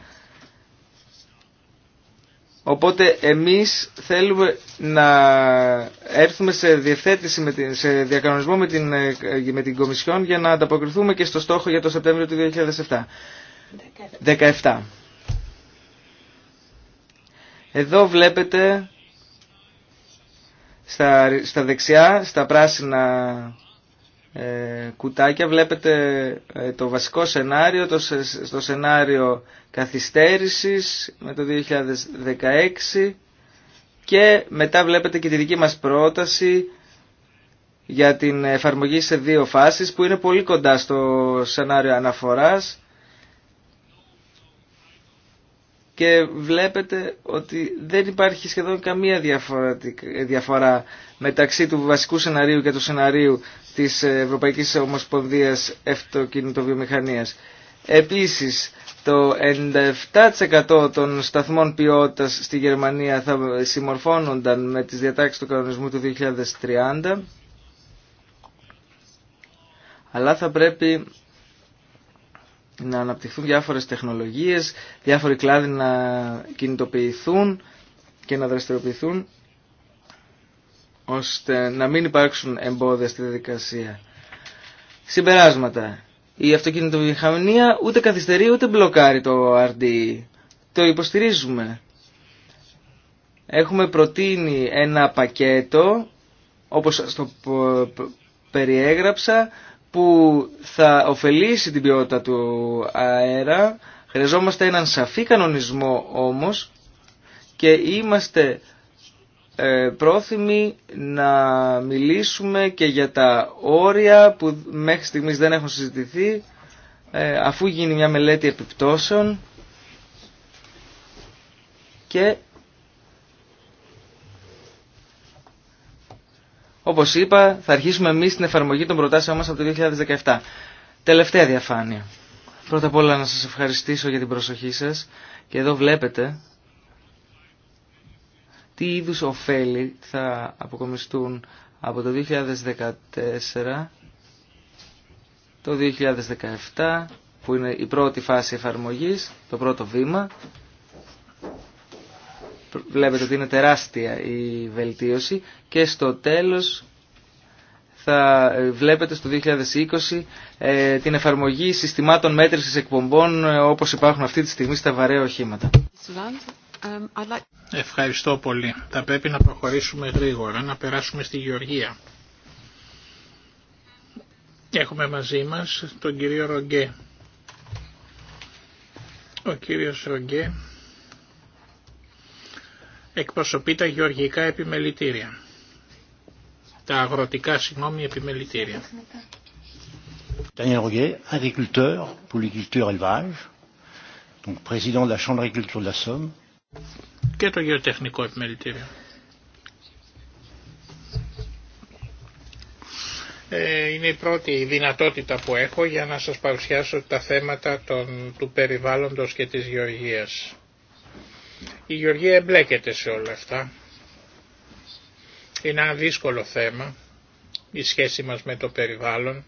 Οπότε εμείς θέλουμε να έρθουμε σε διευθέτηση, με την, σε διακανονισμό με την, με την Κομισιόν για να ανταποκριθούμε και στο στόχο για τον Σεπτέμβριο του 2007. 17. Εδώ βλέπετε στα, στα δεξιά, στα πράσινα ε, κουτάκια βλέπετε ε, το βασικό σενάριο, το, στο σενάριο καθυστέρησης με το 2016 και μετά βλέπετε και τη δική μας πρόταση για την εφαρμογή σε δύο φάσεις που είναι πολύ κοντά στο σενάριο αναφοράς και βλέπετε ότι δεν υπάρχει σχεδόν καμία διαφορά μεταξύ του βασικού σενάριου και του σενάριου της Ευρωπαϊκής Ομοσπονδίας Ευτοκινητοβιομηχανίας. Επίσης, το 97% των σταθμών ποιότητας στη Γερμανία θα συμμορφώνονταν με τις διατάξεις του κανονισμού του 2030, αλλά θα πρέπει να αναπτυχθούν διάφορες τεχνολογίες, διάφοροι κλάδοι να κινητοποιηθούν και να δραστηριοποιηθούν ώστε να μην υπάρξουν εμπόδια στη διαδικασία. Συμπεράσματα. Η αυτοκινητοβιομηχανία ούτε καθυστερεί ούτε μπλοκάρει το RDE. Το υποστηρίζουμε. Έχουμε προτείνει ένα πακέτο, όπως το περιέγραψα, που θα ωφελήσει την ποιότητα του αέρα. Χρειαζόμαστε έναν σαφή κανονισμό όμως και είμαστε ε, πρόθυμοι να μιλήσουμε και για τα όρια που μέχρι στιγμής δεν έχουν συζητηθεί ε, αφού γίνει μια μελέτη επιπτώσεων και Όπως είπα, θα αρχίσουμε εμείς την εφαρμογή των προτάσεων μας από το 2017. Τελευταία διαφάνεια. Πρώτα απ' όλα να σας ευχαριστήσω για την προσοχή σας και εδώ βλέπετε τι είδους ωφέλη θα αποκομιστούν από το 2014, το 2017 που είναι η πρώτη φάση εφαρμογής, το πρώτο βήμα βλέπετε ότι είναι τεράστια η βελτίωση και στο τέλος θα ε, βλέπετε στο 2020 ε, την εφαρμογή συστημάτων μέτρησης εκπομπών ε, όπως υπάρχουν αυτή τη στιγμή στα βαρέα οχήματα. Ευχαριστώ πολύ. Θα πρέπει να προχωρήσουμε γρήγορα, να περάσουμε στη Γεωργία. Έχουμε μαζί μας τον κύριο Ρογκέ. Ο κύριος Ρογκέ εκπροσωπεί τα γεωργικά επιμελητήρια. Τα αγροτικά, συγγνώμη, επιμελητήρια. Daniel Roguet, agriculteur, polyculture, élevage, donc président de la Chambre d'agriculture de la Somme. Και το γεωτεχνικό επιμελητήριο. Ε, είναι η πρώτη δυνατότητα που έχω για να σας παρουσιάσω τα θέματα των, του περιβάλλοντος και της γεωργίας. Η Γεωργία εμπλέκεται σε όλα αυτά. Είναι ένα δύσκολο θέμα η σχέση μας με το περιβάλλον,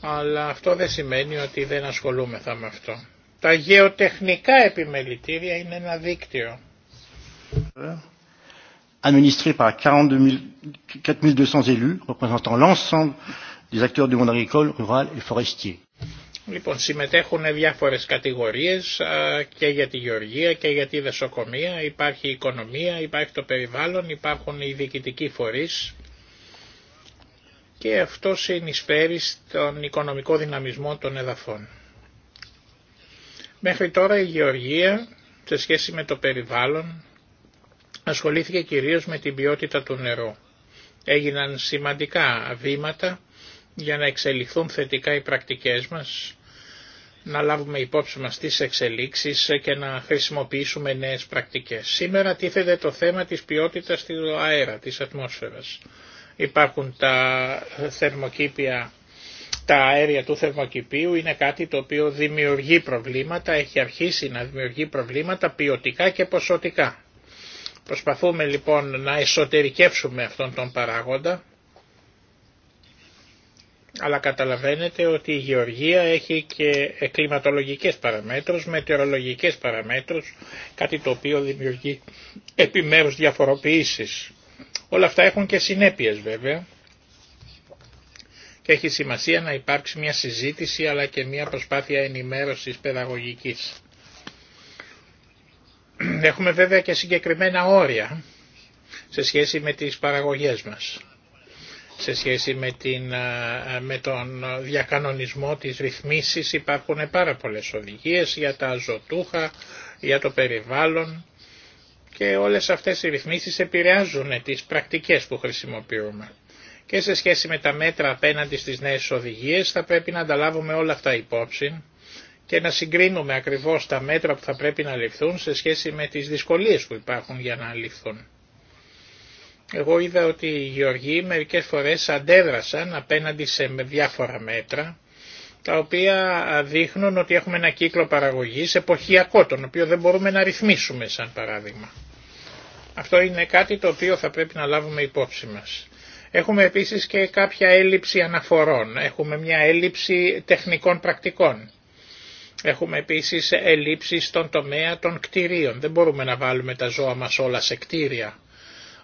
αλλά αυτό δεν σημαίνει ότι δεν ασχολούμεθα με αυτό. Τα γεωτεχνικά επιμελητήρια είναι ένα δίκτυο. Administré par 4200 élus représentant l'ensemble des acteurs du monde agricole, rural et forestier. Λοιπόν, συμμετέχουν διάφορες κατηγορίες και για τη γεωργία και για τη δεσοκομεία. Υπάρχει η οικονομία, υπάρχει το περιβάλλον, υπάρχουν οι διοικητικοί φορείς και αυτό συνεισφέρει στον οικονομικό δυναμισμό των εδαφών. Μέχρι τώρα η γεωργία σε σχέση με το περιβάλλον ασχολήθηκε κυρίως με την ποιότητα του νερού. Έγιναν σημαντικά βήματα για να εξελιχθούν θετικά οι πρακτικές μας να λάβουμε υπόψη μας τις εξελίξεις και να χρησιμοποιήσουμε νέες πρακτικές. Σήμερα τίθεται το θέμα της ποιότητας του αέρα, της ατμόσφαιρας. Υπάρχουν τα θερμοκήπια, τα αέρια του θερμοκηπίου είναι κάτι το οποίο δημιουργεί προβλήματα, έχει αρχίσει να δημιουργεί προβλήματα ποιοτικά και ποσοτικά. Προσπαθούμε λοιπόν να εσωτερικεύσουμε αυτόν τον παράγοντα αλλά καταλαβαίνετε ότι η γεωργία έχει και κλιματολογικές παραμέτρους, μετεωρολογικές παραμέτρους, κάτι το οποίο δημιουργεί επιμέρους διαφοροποιήσεις. Όλα αυτά έχουν και συνέπειες βέβαια και έχει σημασία να υπάρξει μια συζήτηση αλλά και μια προσπάθεια ενημέρωσης παιδαγωγικής. Έχουμε βέβαια και συγκεκριμένα όρια σε σχέση με τις παραγωγές μας σε σχέση με, την, με τον διακανονισμό της ρυθμίσης υπάρχουν πάρα πολλές οδηγίες για τα ζωτούχα, για το περιβάλλον και όλες αυτές οι ρυθμίσεις επηρεάζουν τις πρακτικές που χρησιμοποιούμε. Και σε σχέση με τα μέτρα απέναντι στις νέες οδηγίες θα πρέπει να ανταλάβουμε όλα αυτά υπόψη και να συγκρίνουμε ακριβώς τα μέτρα που θα πρέπει να ληφθούν σε σχέση με τις δυσκολίες που υπάρχουν για να ληφθούν. Εγώ είδα ότι οι Γεωργοί μερικές φορές αντέδρασαν απέναντι σε διάφορα μέτρα τα οποία δείχνουν ότι έχουμε ένα κύκλο παραγωγής εποχιακό τον οποίο δεν μπορούμε να ρυθμίσουμε σαν παράδειγμα. Αυτό είναι κάτι το οποίο θα πρέπει να λάβουμε υπόψη μας. Έχουμε επίσης και κάποια έλλειψη αναφορών, έχουμε μια έλλειψη τεχνικών πρακτικών. Έχουμε επίσης έλλειψη στον τομέα των κτηρίων. Δεν μπορούμε να βάλουμε τα ζώα μας όλα σε κτίρια.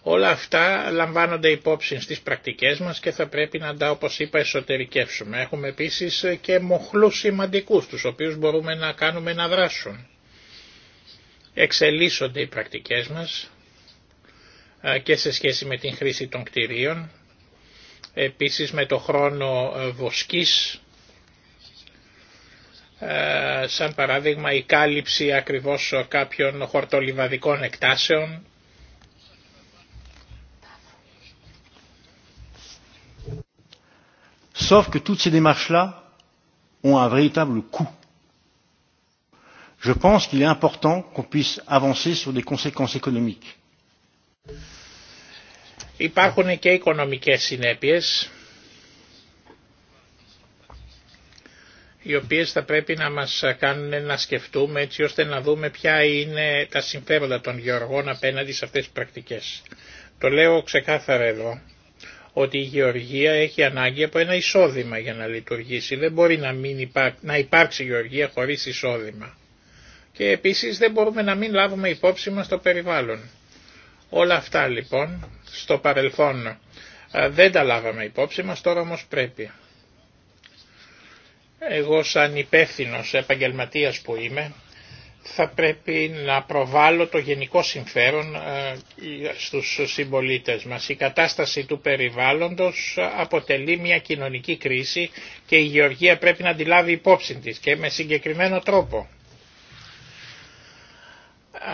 Όλα αυτά λαμβάνονται υπόψη στις πρακτικές μας και θα πρέπει να τα, όπως είπα, εσωτερικεύσουμε. Έχουμε επίσης και μοχλούς σημαντικούς, τους οποίους μπορούμε να κάνουμε να δράσουν. Εξελίσσονται οι πρακτικές μας και σε σχέση με την χρήση των κτηρίων, επίσης με το χρόνο ε, βοσκής, ε, σαν παράδειγμα η κάλυψη ακριβώς κάποιων χορτολιβαδικών εκτάσεων, Sauf que toutes ces démarches-là ont un véritable coût. Je pense qu'il est important qu'on puisse avancer sur des conséquences économiques. Υπάρχουν και οικονομικές συνέπειες οι οποίες θα πρέπει να μας κάνουν να σκεφτούμε έτσι ώστε να δούμε ποια είναι τα συμφέροντα των γεωργών απέναντι σε αυτές τις πρακτικές. Το λέω ξεκάθαρα εδώ ότι η γεωργία έχει ανάγκη από ένα εισόδημα για να λειτουργήσει. Δεν μπορεί να, μην υπάρξει γεωργία χωρίς εισόδημα. Και επίσης δεν μπορούμε να μην λάβουμε υπόψη μας το περιβάλλον. Όλα αυτά λοιπόν στο παρελθόν δεν τα λάβαμε υπόψη μας, τώρα όμως πρέπει. Εγώ σαν υπεύθυνο επαγγελματίας που είμαι, θα πρέπει να προβάλλω το γενικό συμφέρον ε, στους συμπολίτες μας. Η κατάσταση του περιβάλλοντος αποτελεί μια κοινωνική κρίση και η γεωργία πρέπει να αντιλάβει υπόψη της και με συγκεκριμένο τρόπο.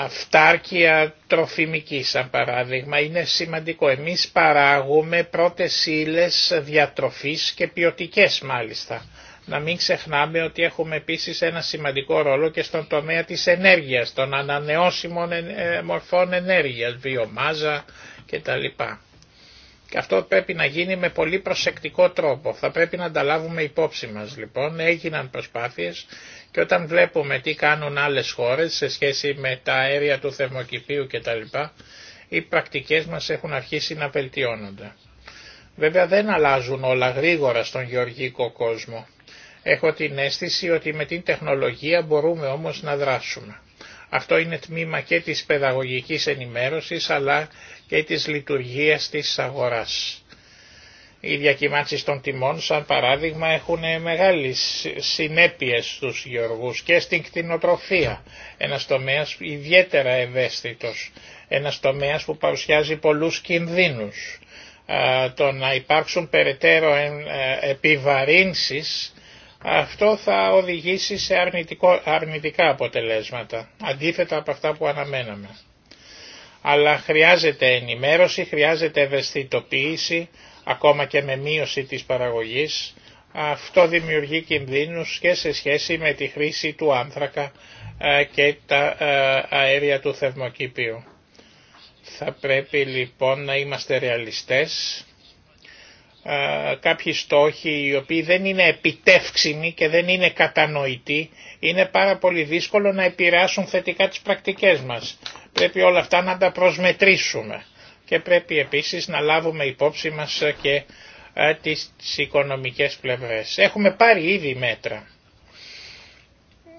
Αυτάρκεια τροφιμική σαν παράδειγμα είναι σημαντικό. Εμείς παράγουμε πρώτες ύλες διατροφής και ποιοτικές μάλιστα να μην ξεχνάμε ότι έχουμε επίσης ένα σημαντικό ρόλο και στον τομέα της ενέργειας, των ανανεώσιμων ε, μορφών ενέργειας, βιομάζα κτλ. Και αυτό πρέπει να γίνει με πολύ προσεκτικό τρόπο. Θα πρέπει να ανταλάβουμε υπόψη μας λοιπόν. Έγιναν προσπάθειες και όταν βλέπουμε τι κάνουν άλλες χώρες σε σχέση με τα αέρια του θερμοκηπίου κτλ. Οι πρακτικές μας έχουν αρχίσει να βελτιώνονται. Βέβαια δεν αλλάζουν όλα γρήγορα στον γεωργικό κόσμο. Έχω την αίσθηση ότι με την τεχνολογία μπορούμε όμως να δράσουμε. Αυτό είναι τμήμα και της παιδαγωγικής ενημέρωσης αλλά και της λειτουργίας της αγοράς. Οι διακυμάνσεις των τιμών σαν παράδειγμα έχουν μεγάλες συνέπειες στους γεωργούς και στην κτηνοτροφία. Ένας τομέας ιδιαίτερα ευαίσθητος, ένας τομέας που παρουσιάζει πολλούς κινδύνους. Το να υπάρξουν περαιτέρω ε, επιβαρύνσεις αυτό θα οδηγήσει σε αρνητικό, αρνητικά αποτελέσματα, αντίθετα από αυτά που αναμέναμε. Αλλά χρειάζεται ενημέρωση, χρειάζεται ευαισθητοποίηση, ακόμα και με μείωση της παραγωγής. Αυτό δημιουργεί κινδύνους και σε σχέση με τη χρήση του άνθρακα ε, και τα ε, αέρια του θερμοκήπιου. Θα πρέπει λοιπόν να είμαστε ρεαλιστές κάποιοι στόχοι οι οποίοι δεν είναι επιτεύξιμοι και δεν είναι κατανοητοί είναι πάρα πολύ δύσκολο να επηρεάσουν θετικά τις πρακτικές μας. Πρέπει όλα αυτά να τα προσμετρήσουμε και πρέπει επίσης να λάβουμε υπόψη μας και τις οικονομικές πλευρές. Έχουμε πάρει ήδη μέτρα.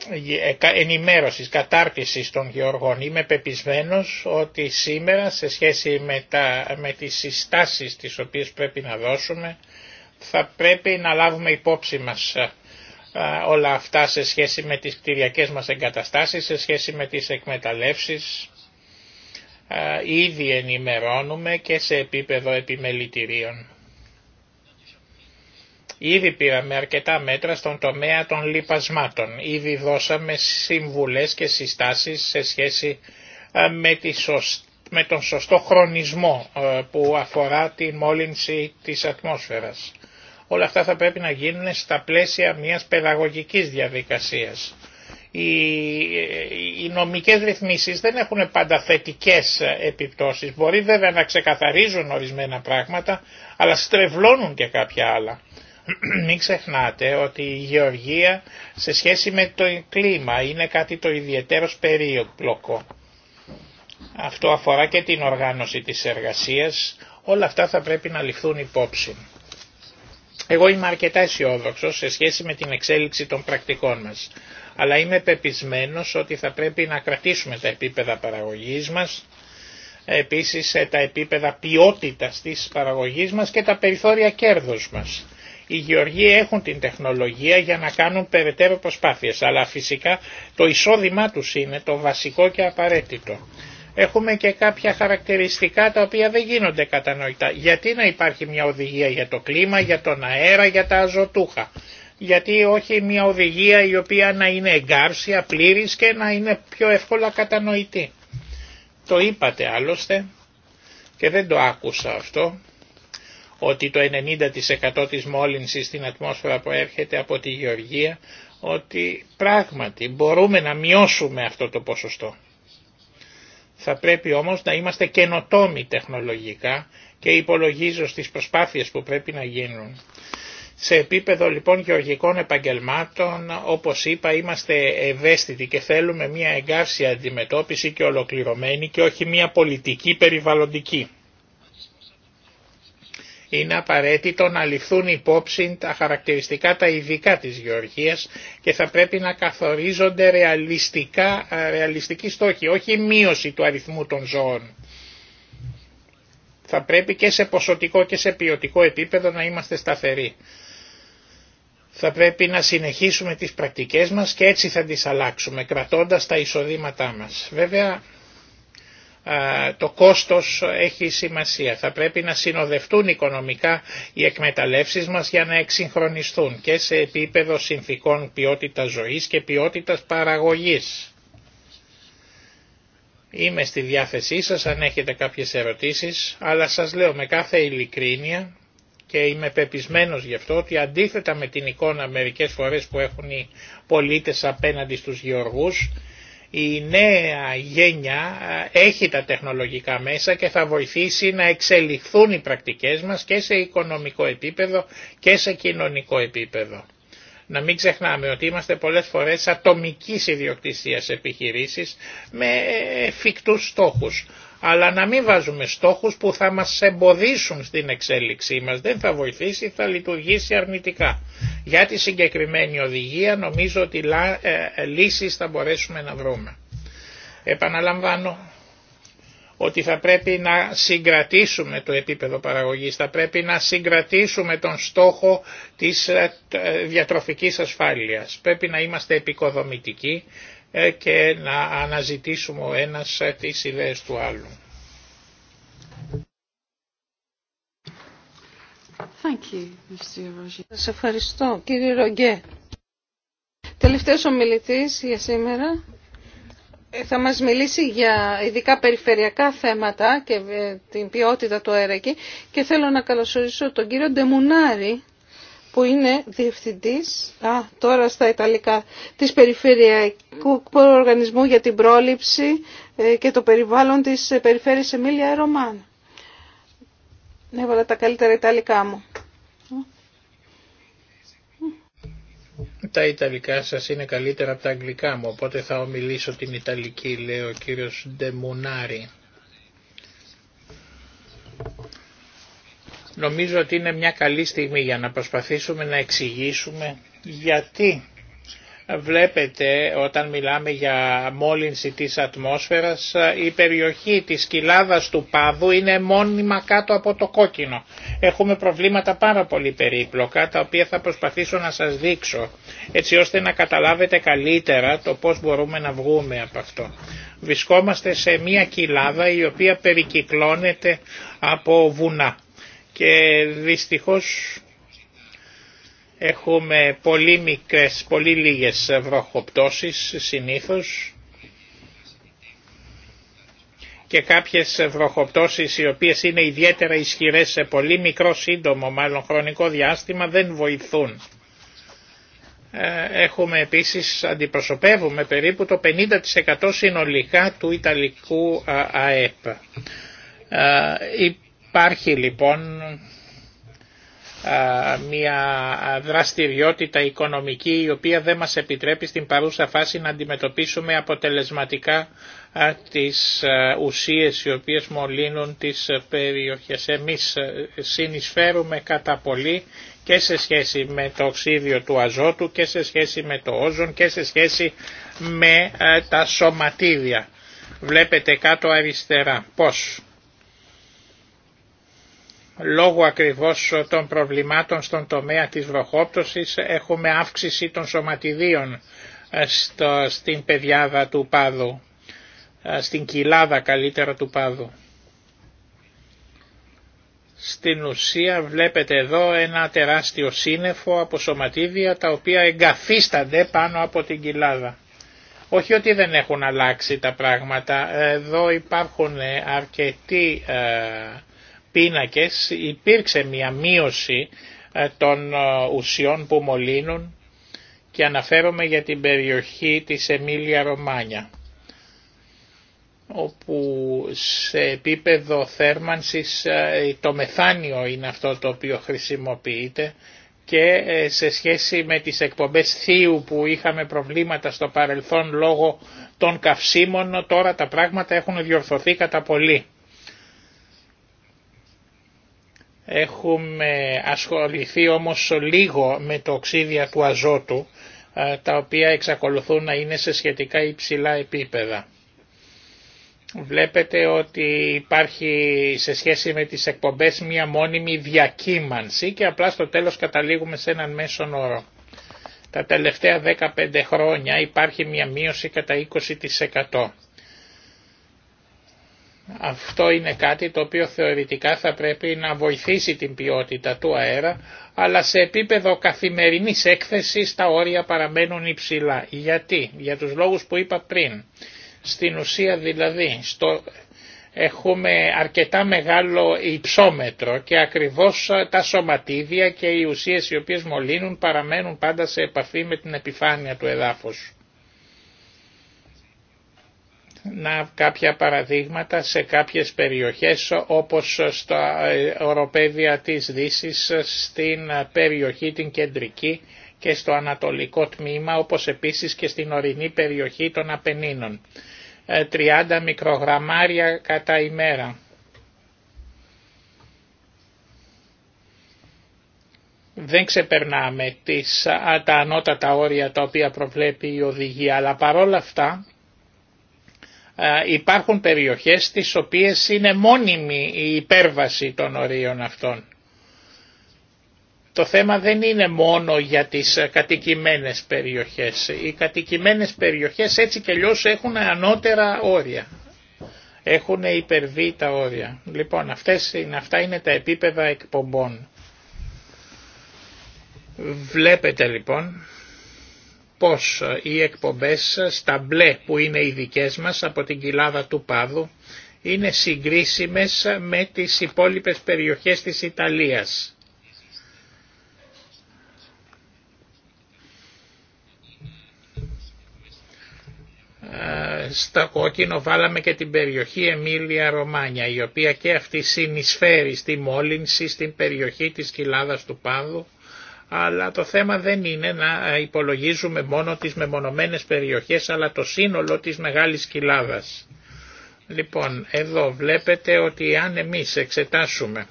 Ε, ε, ενημέρωσης, κατάρτισης των γεωργών. Είμαι πεπισμένος ότι σήμερα σε σχέση με, τα, με τις συστάσεις τις οποίες πρέπει να δώσουμε θα πρέπει να λάβουμε υπόψη μας ε, όλα αυτά σε σχέση με τις κτηριακές μας εγκαταστάσεις, σε σχέση με τις εκμεταλλεύσεις. Ήδη ενημερώνουμε και σε επίπεδο επιμελητηρίων. Ήδη πήραμε αρκετά μέτρα στον τομέα των λοιπασμάτων. Ήδη δώσαμε συμβουλές και συστάσεις σε σχέση με, τον σωστό χρονισμό που αφορά τη μόλυνση της ατμόσφαιρας. Όλα αυτά θα πρέπει να γίνουν στα πλαίσια μιας παιδαγωγικής διαδικασίας. Οι, οι νομικές ρυθμίσεις δεν έχουν πάντα θετικέ επιπτώσεις. Μπορεί βέβαια να ξεκαθαρίζουν ορισμένα πράγματα, αλλά στρεβλώνουν και κάποια άλλα. [CLEARS THROAT] Μην ξεχνάτε ότι η γεωργία σε σχέση με το κλίμα είναι κάτι το ιδιαίτερο περίπλοκο. Αυτό αφορά και την οργάνωση της εργασίας. Όλα αυτά θα πρέπει να ληφθούν υπόψη. Εγώ είμαι αρκετά αισιόδοξο σε σχέση με την εξέλιξη των πρακτικών μας. Αλλά είμαι πεπισμένος ότι θα πρέπει να κρατήσουμε τα επίπεδα παραγωγής μας, επίσης ε, τα επίπεδα ποιότητας της παραγωγής μας και τα περιθώρια κέρδους μας. Οι γεωργοί έχουν την τεχνολογία για να κάνουν περαιτέρω προσπάθειες, αλλά φυσικά το εισόδημά τους είναι το βασικό και απαραίτητο. Έχουμε και κάποια χαρακτηριστικά τα οποία δεν γίνονται κατανοητά. Γιατί να υπάρχει μια οδηγία για το κλίμα, για τον αέρα, για τα αζωτούχα. Γιατί όχι μια οδηγία η οποία να είναι εγκάρσια, πλήρης και να είναι πιο εύκολα κατανοητή. Το είπατε άλλωστε και δεν το άκουσα αυτό ότι το 90% της μόλυνσης στην ατμόσφαιρα προέρχεται από τη γεωργία, ότι πράγματι μπορούμε να μειώσουμε αυτό το ποσοστό. Θα πρέπει όμως να είμαστε καινοτόμοι τεχνολογικά και υπολογίζω στις προσπάθειες που πρέπει να γίνουν. Σε επίπεδο λοιπόν γεωργικών επαγγελμάτων, όπως είπα, είμαστε ευαίσθητοι και θέλουμε μια εγκάρσια αντιμετώπιση και ολοκληρωμένη και όχι μια πολιτική περιβαλλοντική είναι απαραίτητο να ληφθούν υπόψη τα χαρακτηριστικά τα ειδικά της γεωργίας και θα πρέπει να καθορίζονται ρεαλιστικά, ρεαλιστικοί στόχοι, όχι μείωση του αριθμού των ζώων. Θα πρέπει και σε ποσοτικό και σε ποιοτικό επίπεδο να είμαστε σταθεροί. Θα πρέπει να συνεχίσουμε τις πρακτικές μας και έτσι θα τις αλλάξουμε, κρατώντας τα εισοδήματά μας. Βέβαια το κόστος έχει σημασία. Θα πρέπει να συνοδευτούν οικονομικά οι εκμεταλλεύσεις μας για να εξυγχρονιστούν και σε επίπεδο συνθήκων ποιότητας ζωής και ποιότητας παραγωγής. Είμαι στη διάθεσή σας αν έχετε κάποιες ερωτήσεις, αλλά σας λέω με κάθε ειλικρίνεια και είμαι πεπισμένος γι' αυτό ότι αντίθετα με την εικόνα μερικές φορές που έχουν οι πολίτες απέναντι στους γεωργούς, η νέα γένια ε, έχει τα τεχνολογικά μέσα και θα βοηθήσει να εξελιχθούν οι πρακτικές μας και σε οικονομικό επίπεδο και σε κοινωνικό επίπεδο. Να μην ξεχνάμε ότι είμαστε πολλές φορές ατομικής ιδιοκτησίας επιχειρήσεις με εφικτούς στόχους αλλά να μην βάζουμε στόχους που θα μας εμποδίσουν στην εξέλιξή μας. Δεν θα βοηθήσει, θα λειτουργήσει αρνητικά. Για τη συγκεκριμένη οδηγία νομίζω ότι ε, ε, λύσεις θα μπορέσουμε να βρούμε. Επαναλαμβάνω ότι θα πρέπει να συγκρατήσουμε το επίπεδο παραγωγής, θα πρέπει να συγκρατήσουμε τον στόχο της ε, διατροφικής ασφάλειας. Πρέπει να είμαστε επικοδομητικοί ε, και να αναζητήσουμε ο ένας ε, τις ιδέες του άλλου. Thank ευχαριστώ κύριε Ρογκέ. Τελευταίος ομιλητής για σήμερα ε, θα μας μιλήσει για ειδικά περιφερειακά θέματα και την ποιότητα του αέρα και θέλω να καλωσορίσω τον κύριο Ντεμουνάρη που είναι διευθυντής, α, τώρα στα Ιταλικά, της Περιφερειακού Οργανισμού για την Πρόληψη ε, και το Περιβάλλον της Περιφέρειας Εμίλια Ρωμάν. Έβαλα τα καλύτερα Ιταλικά μου. Τα Ιταλικά σας είναι καλύτερα από τα Αγγλικά μου, οπότε θα ομιλήσω την Ιταλική, λέει ο κύριος Ντεμουνάρη. Νομίζω ότι είναι μια καλή στιγμή για να προσπαθήσουμε να εξηγήσουμε γιατί βλέπετε όταν μιλάμε για μόλυνση της ατμόσφαιρας η περιοχή της κοιλάδας του πάδου είναι μόνιμα κάτω από το κόκκινο. Έχουμε προβλήματα πάρα πολύ περίπλοκα τα οποία θα προσπαθήσω να σας δείξω έτσι ώστε να καταλάβετε καλύτερα το πώς μπορούμε να βγούμε από αυτό. Βρισκόμαστε σε μια κοιλάδα η οποία περικυκλώνεται από βουνά και δυστυχώς έχουμε πολύ μικρές, πολύ λίγες βροχοπτώσεις συνήθως και κάποιες βροχοπτώσεις οι οποίες είναι ιδιαίτερα ισχυρές σε πολύ μικρό σύντομο μάλλον χρονικό διάστημα δεν βοηθούν. Ε, έχουμε επίσης, αντιπροσωπεύουμε περίπου το 50% συνολικά του Ιταλικού ε, ΑΕΠ. Ε, Υπάρχει λοιπόν μια δραστηριότητα οικονομική η οποία δεν μας επιτρέπει στην παρούσα φάση να αντιμετωπίσουμε αποτελεσματικά τις ουσίες οι οποίες μολύνουν τις περιοχές. Εμείς ε, συνεισφέρουμε κατά πολύ και σε σχέση με το οξύδιο του αζότου και σε σχέση με το όζον και σε σχέση με τα σωματίδια. Βλέπετε κάτω αριστερά πώς λόγω ακριβώς των προβλημάτων στον τομέα της βροχόπτωσης έχουμε αύξηση των σωματιδίων ε, στο, στην πεδιάδα του πάδου, ε, στην κοιλάδα καλύτερα του πάδου. Στην ουσία βλέπετε εδώ ένα τεράστιο σύννεφο από σωματίδια τα οποία εγκαθίστανται πάνω από την κοιλάδα. Όχι ότι δεν έχουν αλλάξει τα πράγματα, εδώ υπάρχουν αρκετοί ε, πίνακες υπήρξε μια μείωση ε, των ε, ουσιών που μολύνουν και αναφέρομαι για την περιοχή της Εμίλια Ρωμάνια όπου σε επίπεδο θέρμανσης ε, το μεθάνιο είναι αυτό το οποίο χρησιμοποιείται και σε σχέση με τις εκπομπές θείου που είχαμε προβλήματα στο παρελθόν λόγω των καυσίμων τώρα τα πράγματα έχουν διορθωθεί κατά πολύ. Έχουμε ασχοληθεί όμως λίγο με το οξύδια του αζότου, ε, τα οποία εξακολουθούν να είναι σε σχετικά υψηλά επίπεδα. Βλέπετε ότι υπάρχει σε σχέση με τις εκπομπές μία μόνιμη διακύμανση και απλά στο τέλος καταλήγουμε σε έναν μέσον όρο. Τα τελευταία 15 χρόνια υπάρχει μία μείωση κατά 20%. Αυτό είναι κάτι το οποίο θεωρητικά θα πρέπει να βοηθήσει την ποιότητα του αέρα, αλλά σε επίπεδο καθημερινής έκθεσης τα όρια παραμένουν υψηλά. Γιατί, για τους λόγους που είπα πριν, στην ουσία δηλαδή στο, έχουμε αρκετά μεγάλο υψόμετρο και ακριβώς ε, τα σωματίδια και οι ουσίες οι οποίες μολύνουν παραμένουν πάντα σε επαφή με την επιφάνεια του εδάφους να κάποια παραδείγματα σε κάποιες περιοχές όπως στα ε, οροπέδια της Δύσης, στην περιοχή την κεντρική και στο ανατολικό τμήμα όπως επίσης και στην ορεινή περιοχή των Απενίνων. 30 ε, μικρογραμμάρια κατά ημέρα. δεν ξεπερνάμε τις, τα ανώτατα όρια τα οποία προβλέπει η οδηγία, αλλά παρόλα αυτά ε, υπάρχουν περιοχές στις οποίες είναι μόνιμη η υπέρβαση των ορίων αυτών. Το θέμα δεν είναι μόνο για τις ε, κατοικημένες περιοχές. Οι κατοικημένες περιοχές έτσι και αλλιώς έχουν ανώτερα όρια. Έχουν υπερβεί τα όρια. Λοιπόν, αυτές αυτά είναι τα επίπεδα εκπομπών. Βλέπετε λοιπόν πως ε, οι εκπομπές ε, στα μπλε που είναι οι δικές μας από την κοιλάδα του Πάδου είναι συγκρίσιμες ε, με τις υπόλοιπες περιοχές της Ιταλίας. Στα κόκκινο βάλαμε και την περιοχή Εμίλια Ρωμάνια, η οποία και αυτή συνεισφέρει στη μόλυνση στην περιοχή της κοιλάδας του Πάδου αλλά το θέμα δεν είναι να υπολογίζουμε μόνο τις μεμονωμένες περιοχές αλλά το σύνολο της μεγάλης κοιλάδας. Λοιπόν, εδώ βλέπετε ότι αν εμείς εξετάσουμε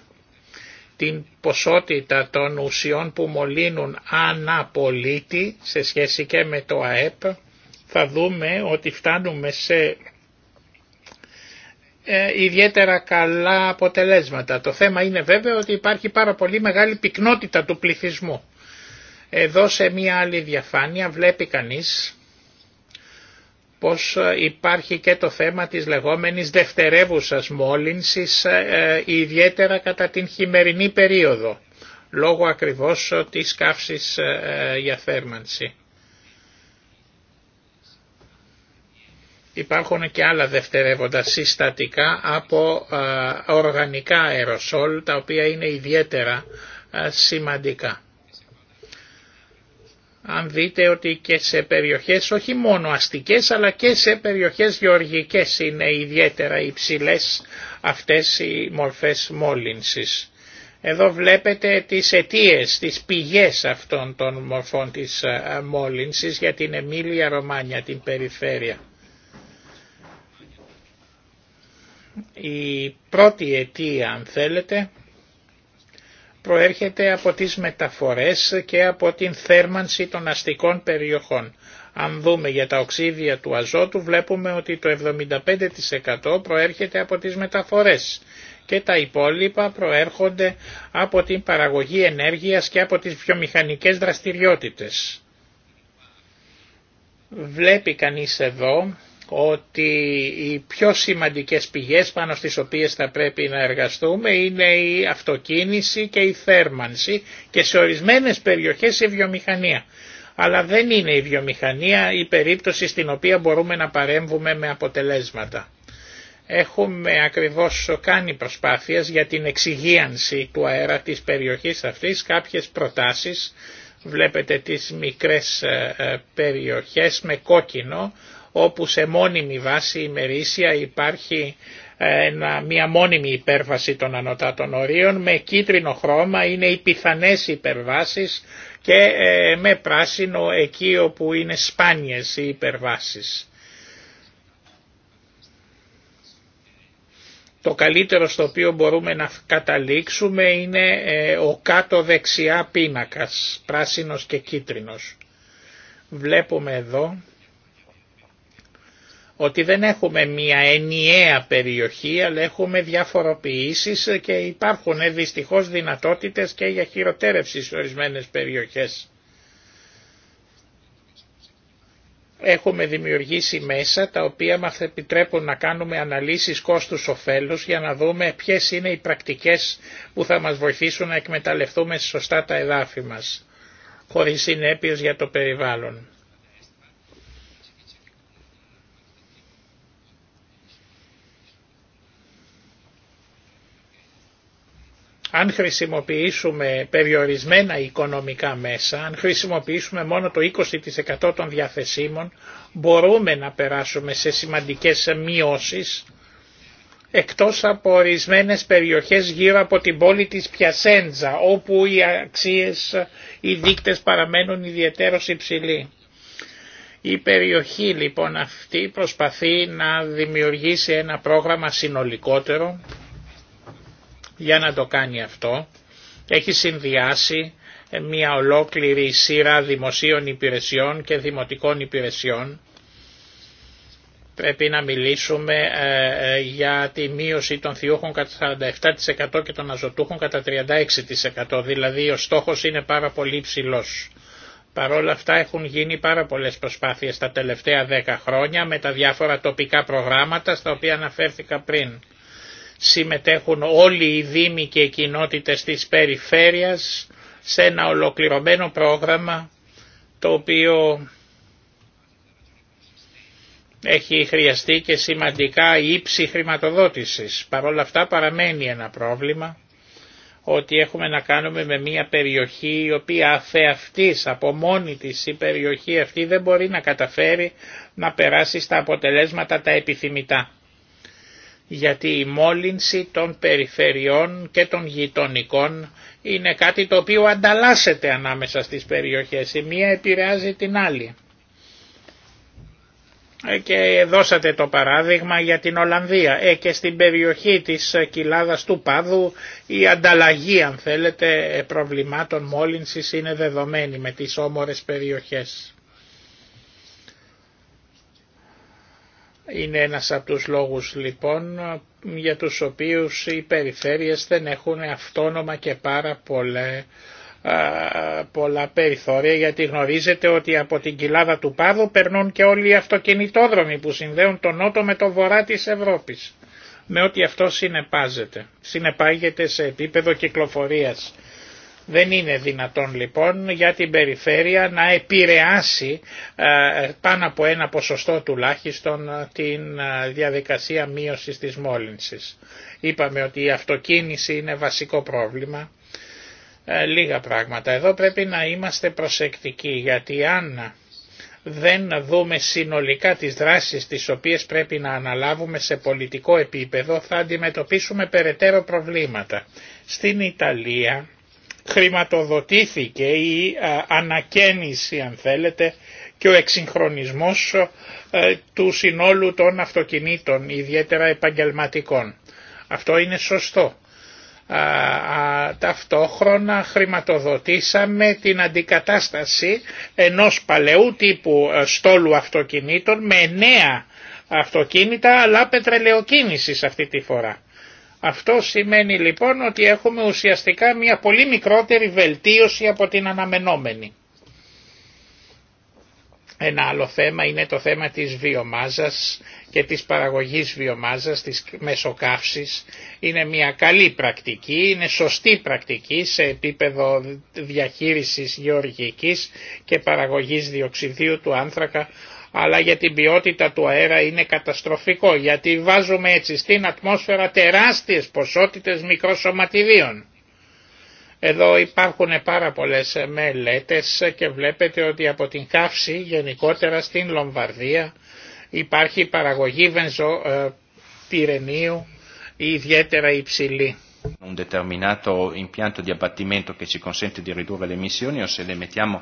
την ποσότητα των ουσιών που μολύνουν αναπολίτη σε σχέση και με το ΑΕΠ, θα δούμε ότι φτάνουμε σε ε, ιδιαίτερα καλά αποτελέσματα. Το θέμα είναι βέβαια ότι υπάρχει πάρα πολύ μεγάλη πυκνότητα του πληθυσμού. Εδώ σε μία άλλη διαφάνεια βλέπει κανείς πως ε, υπάρχει και το θέμα της λεγόμενης δευτερεύουσας μόλυνσης, ε, ε, ιδιαίτερα κατά την χειμερινή περίοδο, λόγω ακριβώς της καύσης για θέρμανση. Υπάρχουν και άλλα δευτερεύοντα συστατικά από οργανικά αεροσόλ, τα οποία είναι ιδιαίτερα σημαντικά αν δείτε ότι και σε περιοχές όχι μόνο αστικές αλλά και σε περιοχές γεωργικές είναι ιδιαίτερα υψηλές αυτές οι μορφές μόλυνσης. Εδώ βλέπετε τις αιτίες, τις πηγές αυτών των μορφών της ε, μόλυνσης για την Εμίλια Ρωμάνια, την περιφέρεια. Η πρώτη αιτία αν θέλετε προέρχεται από τις μεταφορές και από την θέρμανση των αστικών περιοχών. Αν δούμε για τα οξύδια του αζότου βλέπουμε ότι το 75% προέρχεται από τις μεταφορές και τα υπόλοιπα προέρχονται από την παραγωγή ενέργειας και από τις βιομηχανικές δραστηριότητες. Βλέπει κανείς εδώ ότι οι πιο σημαντικές πηγές πάνω στις οποίες θα πρέπει να εργαστούμε είναι η αυτοκίνηση και η θέρμανση και σε ορισμένες περιοχές η βιομηχανία. Αλλά δεν είναι η βιομηχανία η περίπτωση στην οποία μπορούμε να παρέμβουμε με αποτελέσματα. Έχουμε ακριβώς κάνει προσπάθειες για την εξυγίανση του αέρα της περιοχής αυτής, κάποιες προτάσεις, βλέπετε τις μικρές ε, ε, περιοχές με κόκκινο, όπου σε μόνιμη βάση ημερήσια υπάρχει μια ε, μόνιμη υπέρβαση των ανωτάτων ορίων, με κίτρινο χρώμα είναι οι πιθανές υπερβάσεις και ε, με πράσινο εκεί όπου είναι σπάνιες οι υπερβάσεις. Το καλύτερο στο οποίο μπορούμε να καταλήξουμε είναι ε, ο κάτω δεξιά πίνακας, πράσινος και κίτρινος. Βλέπουμε εδώ ότι δεν έχουμε μία ενιαία περιοχή αλλά έχουμε διαφοροποιήσεις και υπάρχουν ε, δυστυχώς δυνατότητες και για χειροτέρευση σε ορισμένες περιοχές. Έχουμε δημιουργήσει μέσα τα οποία μας επιτρέπουν να κάνουμε αναλύσεις κόστους-οφέλους για να δούμε ποιες είναι οι πρακτικές που θα μας βοηθήσουν να εκμεταλλευτούμε σωστά τα εδάφη μας, χωρίς συνέπειες για το περιβάλλον. αν χρησιμοποιήσουμε περιορισμένα οικονομικά μέσα, αν χρησιμοποιήσουμε μόνο το 20% των διαθεσίμων, μπορούμε να περάσουμε σε σημαντικές μειώσεις, εκτός από ορισμένε περιοχές γύρω από την πόλη της Πιασέντζα, όπου οι αξίες, οι δείκτες παραμένουν ιδιαίτερως υψηλοί. Η περιοχή λοιπόν αυτή προσπαθεί να δημιουργήσει ένα πρόγραμμα συνολικότερο, για να το κάνει αυτό έχει συνδυάσει μια ολόκληρη σειρά δημοσίων υπηρεσιών και δημοτικών υπηρεσιών. Πρέπει να μιλήσουμε ε, ε, για τη μείωση των θιούχων κατά 47% και των αζωτούχων κατά 36%. Δηλαδή ο στόχος είναι πάρα πολύ ψηλός. Παρ' όλα αυτά έχουν γίνει πάρα πολλές προσπάθειες τα τελευταία 10 χρόνια με τα διάφορα τοπικά προγράμματα στα οποία αναφέρθηκα πριν συμμετέχουν όλοι οι δήμοι και οι κοινότητες της περιφέρειας σε ένα ολοκληρωμένο πρόγραμμα το οποίο έχει χρειαστεί και σημαντικά ύψη χρηματοδότησης. Παρ' όλα αυτά παραμένει ένα πρόβλημα ότι έχουμε να κάνουμε με μια περιοχή η οποία αφεαυτής από μόνη της η περιοχή αυτή δεν μπορεί να καταφέρει να περάσει στα αποτελέσματα τα επιθυμητά γιατί η μόλυνση των περιφερειών και των γειτονικών είναι κάτι το οποίο ανταλλάσσεται ανάμεσα στις περιοχές. Η μία επηρεάζει την άλλη. Ε, και δώσατε το παράδειγμα για την Ολλανδία. Ε, και στην περιοχή της κοιλάδας του Πάδου η ανταλλαγή αν θέλετε προβλημάτων μόλυνσης είναι δεδομένη με τις όμορες περιοχές. Είναι ένας από τους λόγους λοιπόν για τους οποίους οι περιφέρειες δεν έχουν αυτόνομα και πάρα πολλά, πολλά περιθώρια γιατί γνωρίζετε ότι από την κοιλάδα του Πάδου περνούν και όλοι οι αυτοκινητόδρομοι που συνδέουν τον νότο με το βορρά της Ευρώπης με ό,τι αυτό συνεπάζεται, συνεπάγεται σε επίπεδο κυκλοφορίας. Δεν είναι δυνατόν λοιπόν για την περιφέρεια να επηρεάσει ε, πάνω από ένα ποσοστό τουλάχιστον ε, την ε, διαδικασία μείωσης της μόλυνσης. Είπαμε ότι η αυτοκίνηση είναι βασικό πρόβλημα. Λίγα πράγματα. Εδώ πρέπει να είμαστε προσεκτικοί γιατί αν δεν δούμε συνολικά τις δράσεις τις οποίες πρέπει να αναλάβουμε σε πολιτικό επίπεδο θα αντιμετωπίσουμε περαιτέρω προβλήματα. Στην Ιταλία χρηματοδοτήθηκε η ε, ανακαίνιση αν θέλετε και ο εξυγχρονισμός ε, του συνόλου των αυτοκινήτων, ιδιαίτερα επαγγελματικών. Αυτό είναι σωστό. Ταυτόχρονα χρηματοδοτήσαμε την αντικατάσταση ενός παλαιού τύπου ε, στόλου αυτοκινήτων με νέα αυτοκίνητα αλλά πετρελαιοκίνησης αυτή τη φορά. Αυτό σημαίνει λοιπόν ότι έχουμε ουσιαστικά μια πολύ μικρότερη βελτίωση από την αναμενόμενη. Ένα άλλο θέμα είναι το θέμα της βιομάζας και της παραγωγής βιομάζας, της μεσοκαύσης. Είναι μια καλή πρακτική, είναι σωστή πρακτική σε επίπεδο διαχείρισης γεωργικής και παραγωγής διοξιδίου του άνθρακα, αλλά για την ποιότητα του αέρα είναι καταστροφικό γιατί βάζουμε έτσι στην ατμόσφαιρα τεράστιες ποσότητες μικροσωματιδίων. Εδώ υπάρχουν πάρα πολλές μελέτες και βλέπετε ότι από την καύση γενικότερα στην Λομβαρδία υπάρχει παραγωγή βενζο ε, πυρενίου ιδιαίτερα υψηλή. Un determinato impianto di abbattimento che ci consente di ridurre le emissioni o se le mettiamo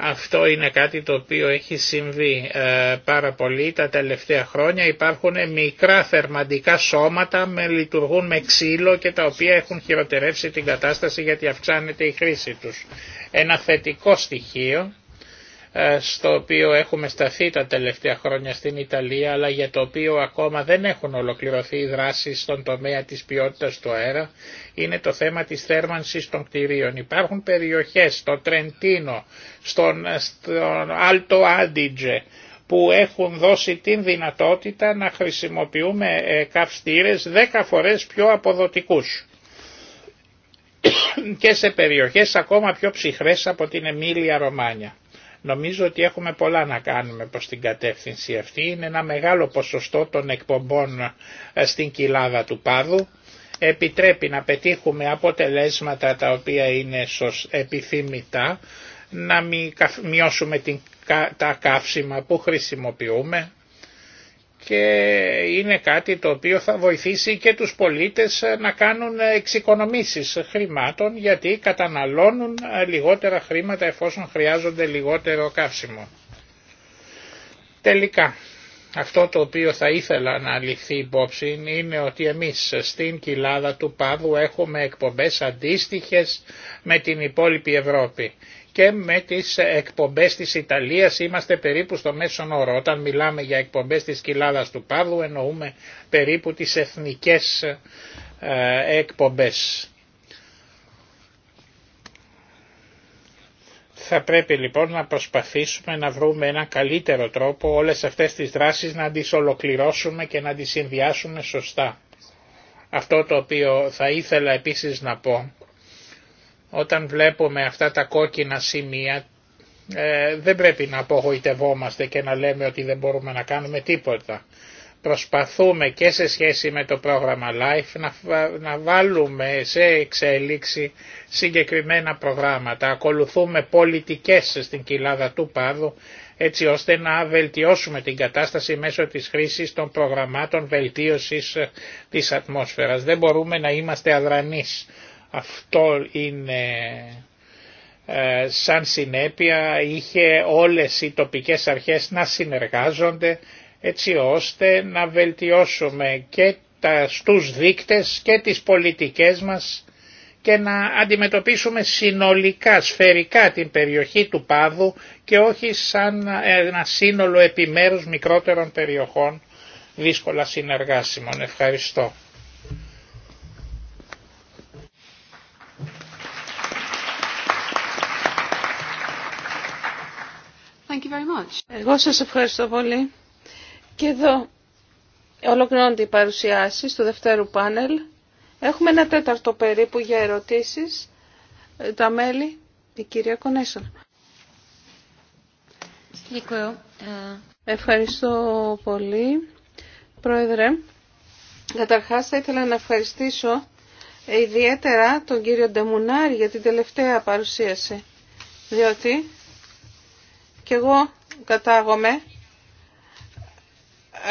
αυτό είναι κάτι το οποίο έχει συμβεί ε, πάρα πολύ τα τελευταία χρόνια. Υπάρχουν μικρά θερμαντικά σώματα με λειτουργούν με ξύλο και τα οποία έχουν χειροτερεύσει την κατάσταση γιατί αυξάνεται η χρήση τους. Ένα θετικό στοιχείο ε, στο οποίο έχουμε σταθεί τα τελευταία χρόνια στην Ιταλία αλλά για το οποίο ακόμα δεν έχουν ολοκληρωθεί οι δράσεις στον τομέα της ποιότητας του αέρα είναι το θέμα της θέρμανσης των κτηρίων. Υπάρχουν περιοχές στο Τρεντίνο, στον, Άλτο Άντιτζε που έχουν δώσει την δυνατότητα να χρησιμοποιούμε ε, καυστήρες 10 φορές πιο αποδοτικούς [COUGHS] και σε περιοχές ακόμα πιο ψυχρές από την Εμίλια Ρωμάνια. Νομίζω ότι έχουμε πολλά να κάνουμε προς την κατεύθυνση αυτή. Είναι ένα μεγάλο ποσοστό των εκπομπών ε, στην κοιλάδα του πάδου. Επιτρέπει να πετύχουμε αποτελέσματα τα οποία είναι επιθυμητά, να μειώσουμε την, τα καύσιμα που χρησιμοποιούμε, και είναι κάτι το οποίο θα βοηθήσει και τους πολίτες ε, να κάνουν ε, εξοικονομήσεις χρημάτων γιατί καταναλώνουν ε, λιγότερα χρήματα εφόσον χρειάζονται λιγότερο καύσιμο. Τελικά, αυτό το οποίο θα ήθελα να ληφθεί υπόψη είναι ότι εμείς στην κοιλάδα του Πάδου έχουμε εκπομπές αντίστοιχες με την υπόλοιπη Ευρώπη και με τις εκπομπές της Ιταλίας είμαστε περίπου στο μέσον όρο. Όταν μιλάμε για εκπομπές της κοιλάδας του Πάδου εννοούμε περίπου τις εθνικές ε, εκπομπές. Θα πρέπει λοιπόν να προσπαθήσουμε να βρούμε ένα καλύτερο τρόπο όλες αυτές τις δράσεις να τις ολοκληρώσουμε και να τις συνδυάσουμε σωστά. Αυτό το οποίο θα ήθελα επίσης να πω όταν βλέπουμε αυτά τα κόκκινα σημεία ε, δεν πρέπει να απογοητευόμαστε και να λέμε ότι δεν μπορούμε να κάνουμε τίποτα. Προσπαθούμε και σε σχέση με το πρόγραμμα LIFE να, να βάλουμε σε εξέλιξη συγκεκριμένα προγράμματα. Ακολουθούμε πολιτικές στην κοιλάδα του Πάδου έτσι ώστε να βελτιώσουμε την κατάσταση μέσω της χρήσης των προγραμμάτων βελτίωσης ε, της ατμόσφαιρας. Δεν μπορούμε να είμαστε αδρανείς αυτό είναι ε, σαν συνέπεια είχε όλες οι τοπικές αρχές να συνεργάζονται έτσι ώστε να βελτιώσουμε και τα, στους δείκτες και τις πολιτικές μας και να αντιμετωπίσουμε συνολικά, σφαιρικά την περιοχή του πάδου και όχι σαν ένα σύνολο επιμέρους μικρότερων περιοχών δύσκολα συνεργάσιμων. Ευχαριστώ. very Εγώ σας ευχαριστώ πολύ. Και εδώ ολοκληρώνονται οι παρουσιάσεις του δευτέρου πάνελ. Έχουμε ένα τέταρτο περίπου για ερωτήσεις. Ε, τα μέλη, η κυρία Κονέσσα. Ε, ευχαριστώ πολύ, Πρόεδρε. Καταρχάς θα ήθελα να ευχαριστήσω ιδιαίτερα τον κύριο Ντεμουνάρη για την τελευταία παρουσίαση, διότι και εγώ κατάγομαι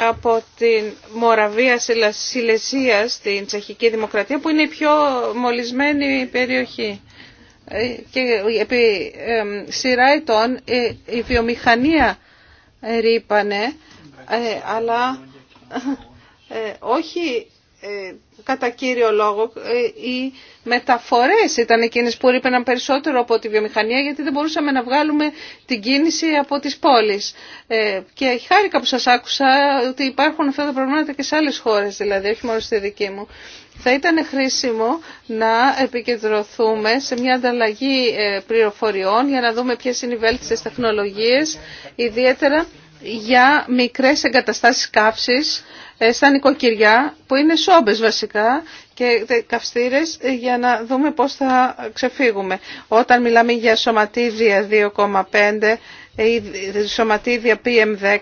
από την Μοραβία Σιλεσία στην Τσεχική Δημοκρατία που είναι η πιο μολυσμένη περιοχή. Ε, και επί σειρά ετών ε, η βιομηχανία ρήπανε ε, αλλά όχι ε, κατά κύριο λόγο ε, οι μεταφορές ήταν εκείνες που ρίπαιναν περισσότερο από τη βιομηχανία γιατί δεν μπορούσαμε να βγάλουμε την κίνηση από τις πόλεις. Ε, και χάρηκα που σας άκουσα ότι υπάρχουν αυτά τα προβλήματα και σε άλλες χώρες δηλαδή, όχι μόνο στη δική μου. Θα ήταν χρήσιμο να επικεντρωθούμε σε μια ανταλλαγή πληροφοριών για να δούμε ποιες είναι οι βέλτιστες τεχνολογίες, ιδιαίτερα για μικρές εγκαταστάσεις καύσης ε, στα νοικοκυριά που είναι σόμπες βασικά και καυστήρες ε, για να δούμε πώς θα ξεφύγουμε. Όταν μιλάμε για σωματίδια 2,5 ή ε, σωματίδια PM10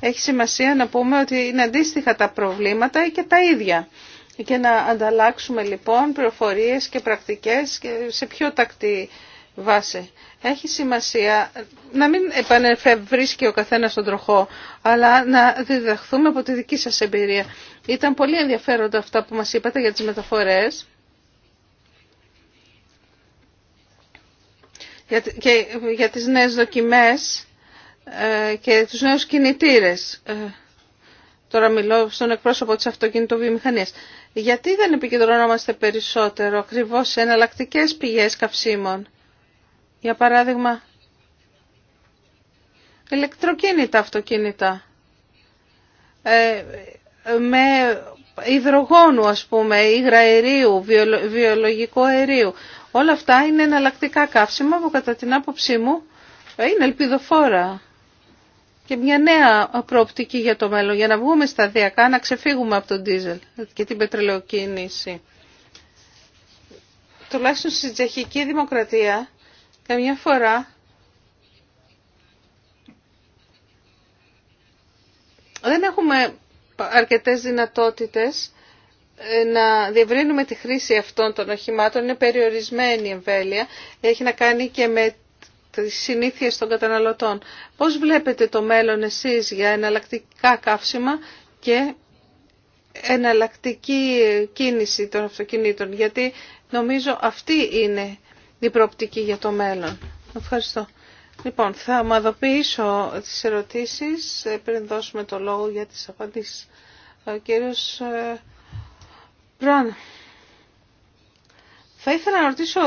έχει σημασία να πούμε ότι είναι αντίστοιχα τα προβλήματα και τα ίδια. Και να ανταλλάξουμε λοιπόν πληροφορίες και πρακτικές σε πιο τακτή βάση έχει σημασία να μην επανεφευρίσκει ο καθένας τον τροχό, αλλά να διδαχθούμε από τη δική σας εμπειρία. Ήταν πολύ ενδιαφέροντα αυτά που μας είπατε για τις μεταφορές. και για τις νέες δοκιμές ε, και τους νέους κινητήρες. Ε, τώρα μιλώ στον εκπρόσωπο της αυτοκινητοβιομηχανίας. Γιατί δεν επικεντρωνόμαστε περισσότερο ακριβώ σε εναλλακτικέ πηγές καυσίμων για παράδειγμα, ηλεκτροκίνητα αυτοκίνητα ε, με υδρογόνου ας πούμε, υγραερίου, βιολογικό αερίου. Όλα αυτά είναι εναλλακτικά καύσιμα που κατά την άποψή μου είναι ελπιδοφόρα και μια νέα προοπτική για το μέλλον, για να βγούμε σταδιακά, να ξεφύγουμε από τον ντίζελ και την πετρελαιοκίνηση. Τουλάχιστον στην Τσεχική Δημοκρατία Καμιά φορά δεν έχουμε αρκετές δυνατότητες ε, να διευρύνουμε τη χρήση αυτών των οχημάτων. Είναι περιορισμένη η εμβέλεια. Έχει να κάνει και με τις συνήθειες των καταναλωτών. Πώς βλέπετε το μέλλον εσείς για εναλλακτικά καύσιμα και εναλλακτική κίνηση των αυτοκινήτων, γιατί νομίζω αυτή είναι η προοπτική για το μέλλον. Ευχαριστώ. Λοιπόν, θα ομαδοποιήσω τις ερωτήσεις ε, πριν δώσουμε το λόγο για τις απαντήσεις. Ο κύριος ε, Μπραν, θα ήθελα να ρωτήσω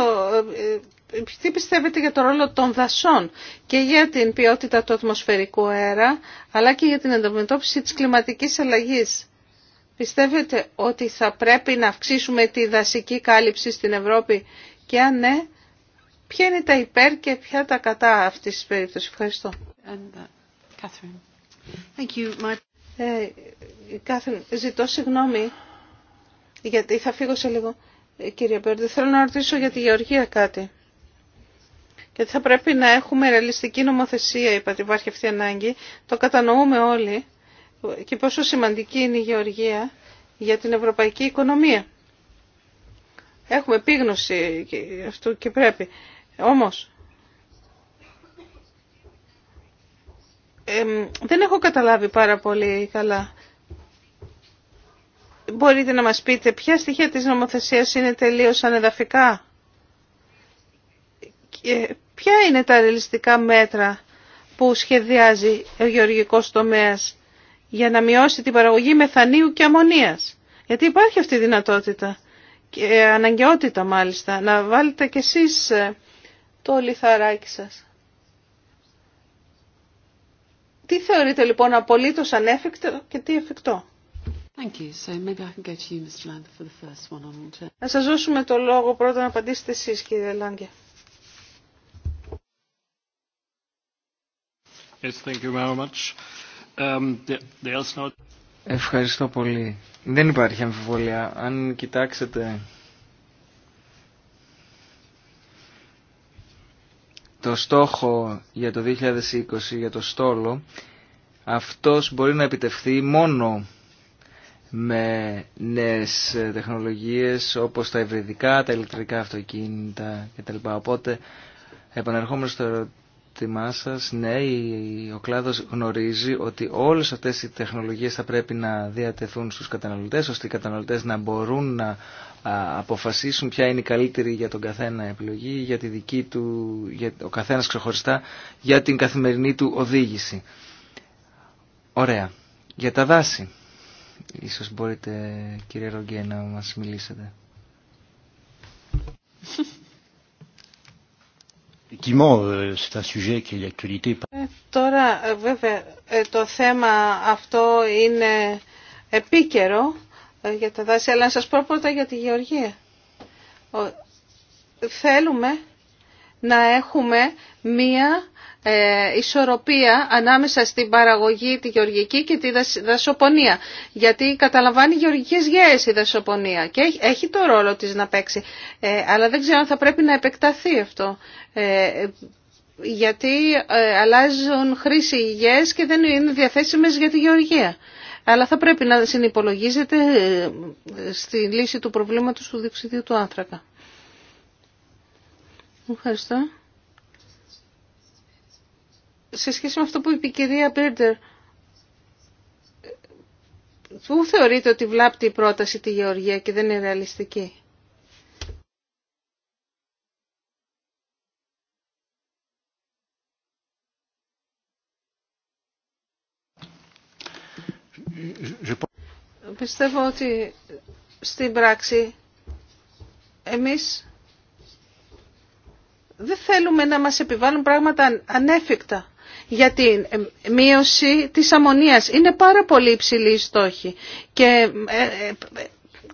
ε, τι πιστεύετε για το ρόλο των δασών και για την ποιότητα του ατμοσφαιρικού αέρα, αλλά και για την αντιμετώπιση της κλιματικής αλλαγής. Πιστεύετε ότι θα πρέπει να αυξήσουμε τη δασική κάλυψη στην Ευρώπη και αν ναι, Ποια είναι τα υπέρ και ποια τα κατά αυτής της περίπτωσης. Ευχαριστώ. Κάθριν, uh, Thank you, my... Ε, ζητώ συγγνώμη γιατί θα φύγω σε λίγο. Ε, κύριε Πέρντε, θέλω να ρωτήσω για τη Γεωργία κάτι. Γιατί θα πρέπει να έχουμε ρεαλιστική νομοθεσία, ότι υπάρχει αυτή η ανάγκη. Το κατανοούμε όλοι και πόσο σημαντική είναι η Γεωργία για την ευρωπαϊκή οικονομία. Έχουμε επίγνωση αυτού και πρέπει. Όμως, δεν έχω καταλάβει πάρα πολύ καλά. Μπορείτε να μας πείτε ποια στοιχεία της νομοθεσίας είναι τελείως ανεδαφικά ποια είναι τα ρελιστικά μέτρα που σχεδιάζει ο γεωργικός τομέας για να μειώσει την παραγωγή μεθανίου και αμμονίας. Γιατί υπάρχει αυτή η δυνατότητα και αναγκαιότητα μάλιστα να βάλετε κι εσείς ε, το λιθαράκι σας. Τι θεωρείτε λοιπόν απολύτως ανέφικτο και τι εφικτό. Να σας δώσουμε το λόγο πρώτα να απαντήσετε εσείς κύριε Λάγκε. Yes, thank you very much. Um, not... Ευχαριστώ πολύ. Δεν υπάρχει αμφιβολία. Αν κοιτάξετε το στόχο για το 2020, για το στόλο, αυτός μπορεί να επιτευχθεί μόνο με νέες τεχνολογίες όπως τα ευρυδικά, τα ηλεκτρικά αυτοκίνητα κτλ. Οπότε, επαναρχόμενο στο ερώτημά σας, ναι, ο κλάδος γνωρίζει ότι όλες αυτές οι τεχνολογίες θα πρέπει να διατεθούν στους καταναλωτές, ώστε οι καταναλωτές να μπορούν να αποφασίσουν ποια είναι η καλύτερη για τον καθένα επιλογή, για τη δική του, για, ο καθένας ξεχωριστά, για την καθημερινή του οδήγηση. Ωραία. Για τα δάση. Ίσως μπορείτε, κύριε Ρογκέ, να μας μιλήσετε. [LAUGHS] Euh, ε, τώρα ε, βέβαια ε, το θέμα αυτό είναι επίκαιρο για τα δάση, αλλά να σας πω πρώτα για τη γεωργία. Θέλουμε να έχουμε μία ε, ισορροπία ανάμεσα στην παραγωγή τη γεωργική και τη δασοπονία. Γιατί καταλαμβάνει γεωργικές γέες η δασοπονία και έχει, το ρόλο της να παίξει. Ε, αλλά δεν ξέρω αν θα πρέπει να επεκταθεί αυτό. Ε, γιατί ε, αλλάζουν χρήση οι γέες και δεν είναι διαθέσιμες για τη γεωργία. Αλλά θα πρέπει να συνυπολογίζεται στη λύση του προβλήματος του διοξιδίου του άνθρακα. Ευχαριστώ. Σε σχέση με αυτό που είπε η κυρία Μπίρντερ, πού θεωρείτε ότι βλάπτει η πρόταση τη Γεωργία και δεν είναι ρεαλιστική. Πιστεύω ότι στην πράξη εμείς δεν θέλουμε να μας επιβάλλουν πράγματα ανέφικτα για τη ε, μείωση της αμμονίας. Είναι πάρα πολύ υψηλή η στόχη και ε, ε,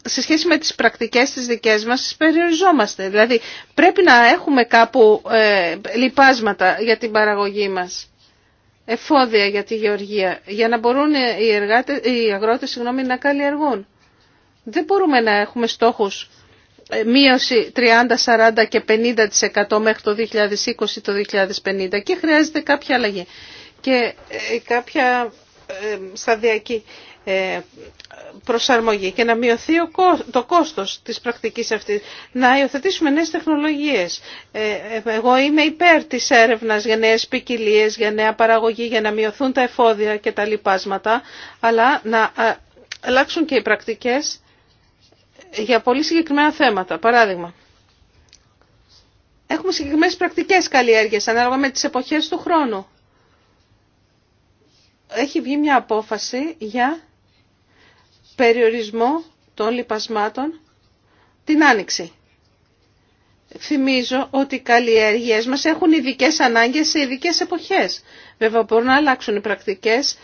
σε σχέση με τις πρακτικές τις δικές μας τις περιοριζόμαστε. Δηλαδή πρέπει να έχουμε κάπου ε, λιπάσματα για την παραγωγή μας, εφόδια για τη γεωργία, για να μπορούν οι, εργάτες, οι αγρότες συγγνώμη, να καλλιεργούν. Δεν μπορούμε να έχουμε στόχους μείωση 30, 40 και 50% μέχρι το 2020, το 2050 και χρειάζεται κάποια αλλαγή και ε, κάποια ε, σταδιακή ε, προσαρμογή και να μειωθεί το κόστος της πρακτικής αυτής. Να υιοθετήσουμε νέες τεχνολογίες. Εγώ είμαι υπέρ της έρευνας για νέες ποικιλίε, για νέα παραγωγή, για να μειωθούν τα εφόδια και τα λοιπάσματα, αλλά να αλλάξουν και οι πρακτικές για πολύ συγκεκριμένα θέματα. Παράδειγμα, έχουμε συγκεκριμένες πρακτικές καλλιέργειες ανάλογα με τις εποχές του χρόνου. Έχει βγει μια απόφαση για περιορισμό των λιπασμάτων την άνοιξη. Θυμίζω ότι οι καλλιέργειές μας έχουν ειδικέ ανάγκες σε ειδικέ εποχές. Βέβαια μπορούν να αλλάξουν οι πρακτικές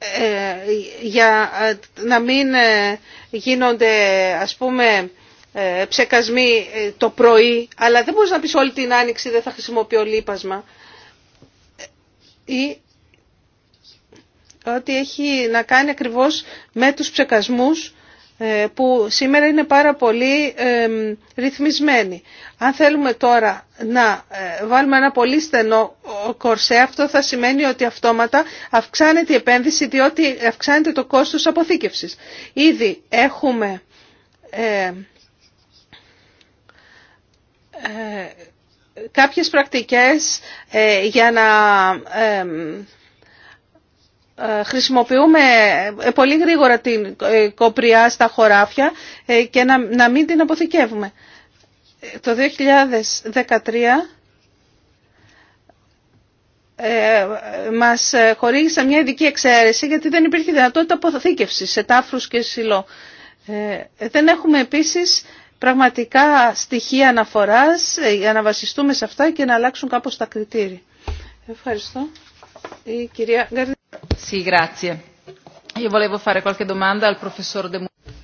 ε, για ε, να μην ε, γίνονται ας πούμε ψεκασμοί το πρωί, αλλά δεν μπορείς να πεις όλη την άνοιξη δεν θα χρησιμοποιώ λίπασμα. Ή ότι έχει να κάνει ακριβώς με τους ψεκασμούς ε, που σήμερα είναι πάρα πολύ ε, ρυθμισμένη. Αν θέλουμε τώρα να ε, βάλουμε ένα πολύ στενό κορσέ, αυτό θα σημαίνει ότι αυτόματα αυξάνεται η επένδυση διότι αυξάνεται το κόστος αποθήκευσης. Ήδη έχουμε κάποιες πρακτικές για να ε, χρησιμοποιούμε ε, πολύ γρήγορα την ε, κοπριά στα χωράφια και να μην την αποθηκεύουμε. Το 2013 μας χορήγησαν μια ειδική εξαίρεση γιατί δεν υπήρχε δυνατότητα αποθήκευσης σε τάφρους και σιλό. Δεν έχουμε επίσης πραγματικά στοιχεία αναφοράς για να βασιστούμε σε αυτά και να αλλάξουν κάπως τα κριτήρια. Ευχαριστώ. Η κυρία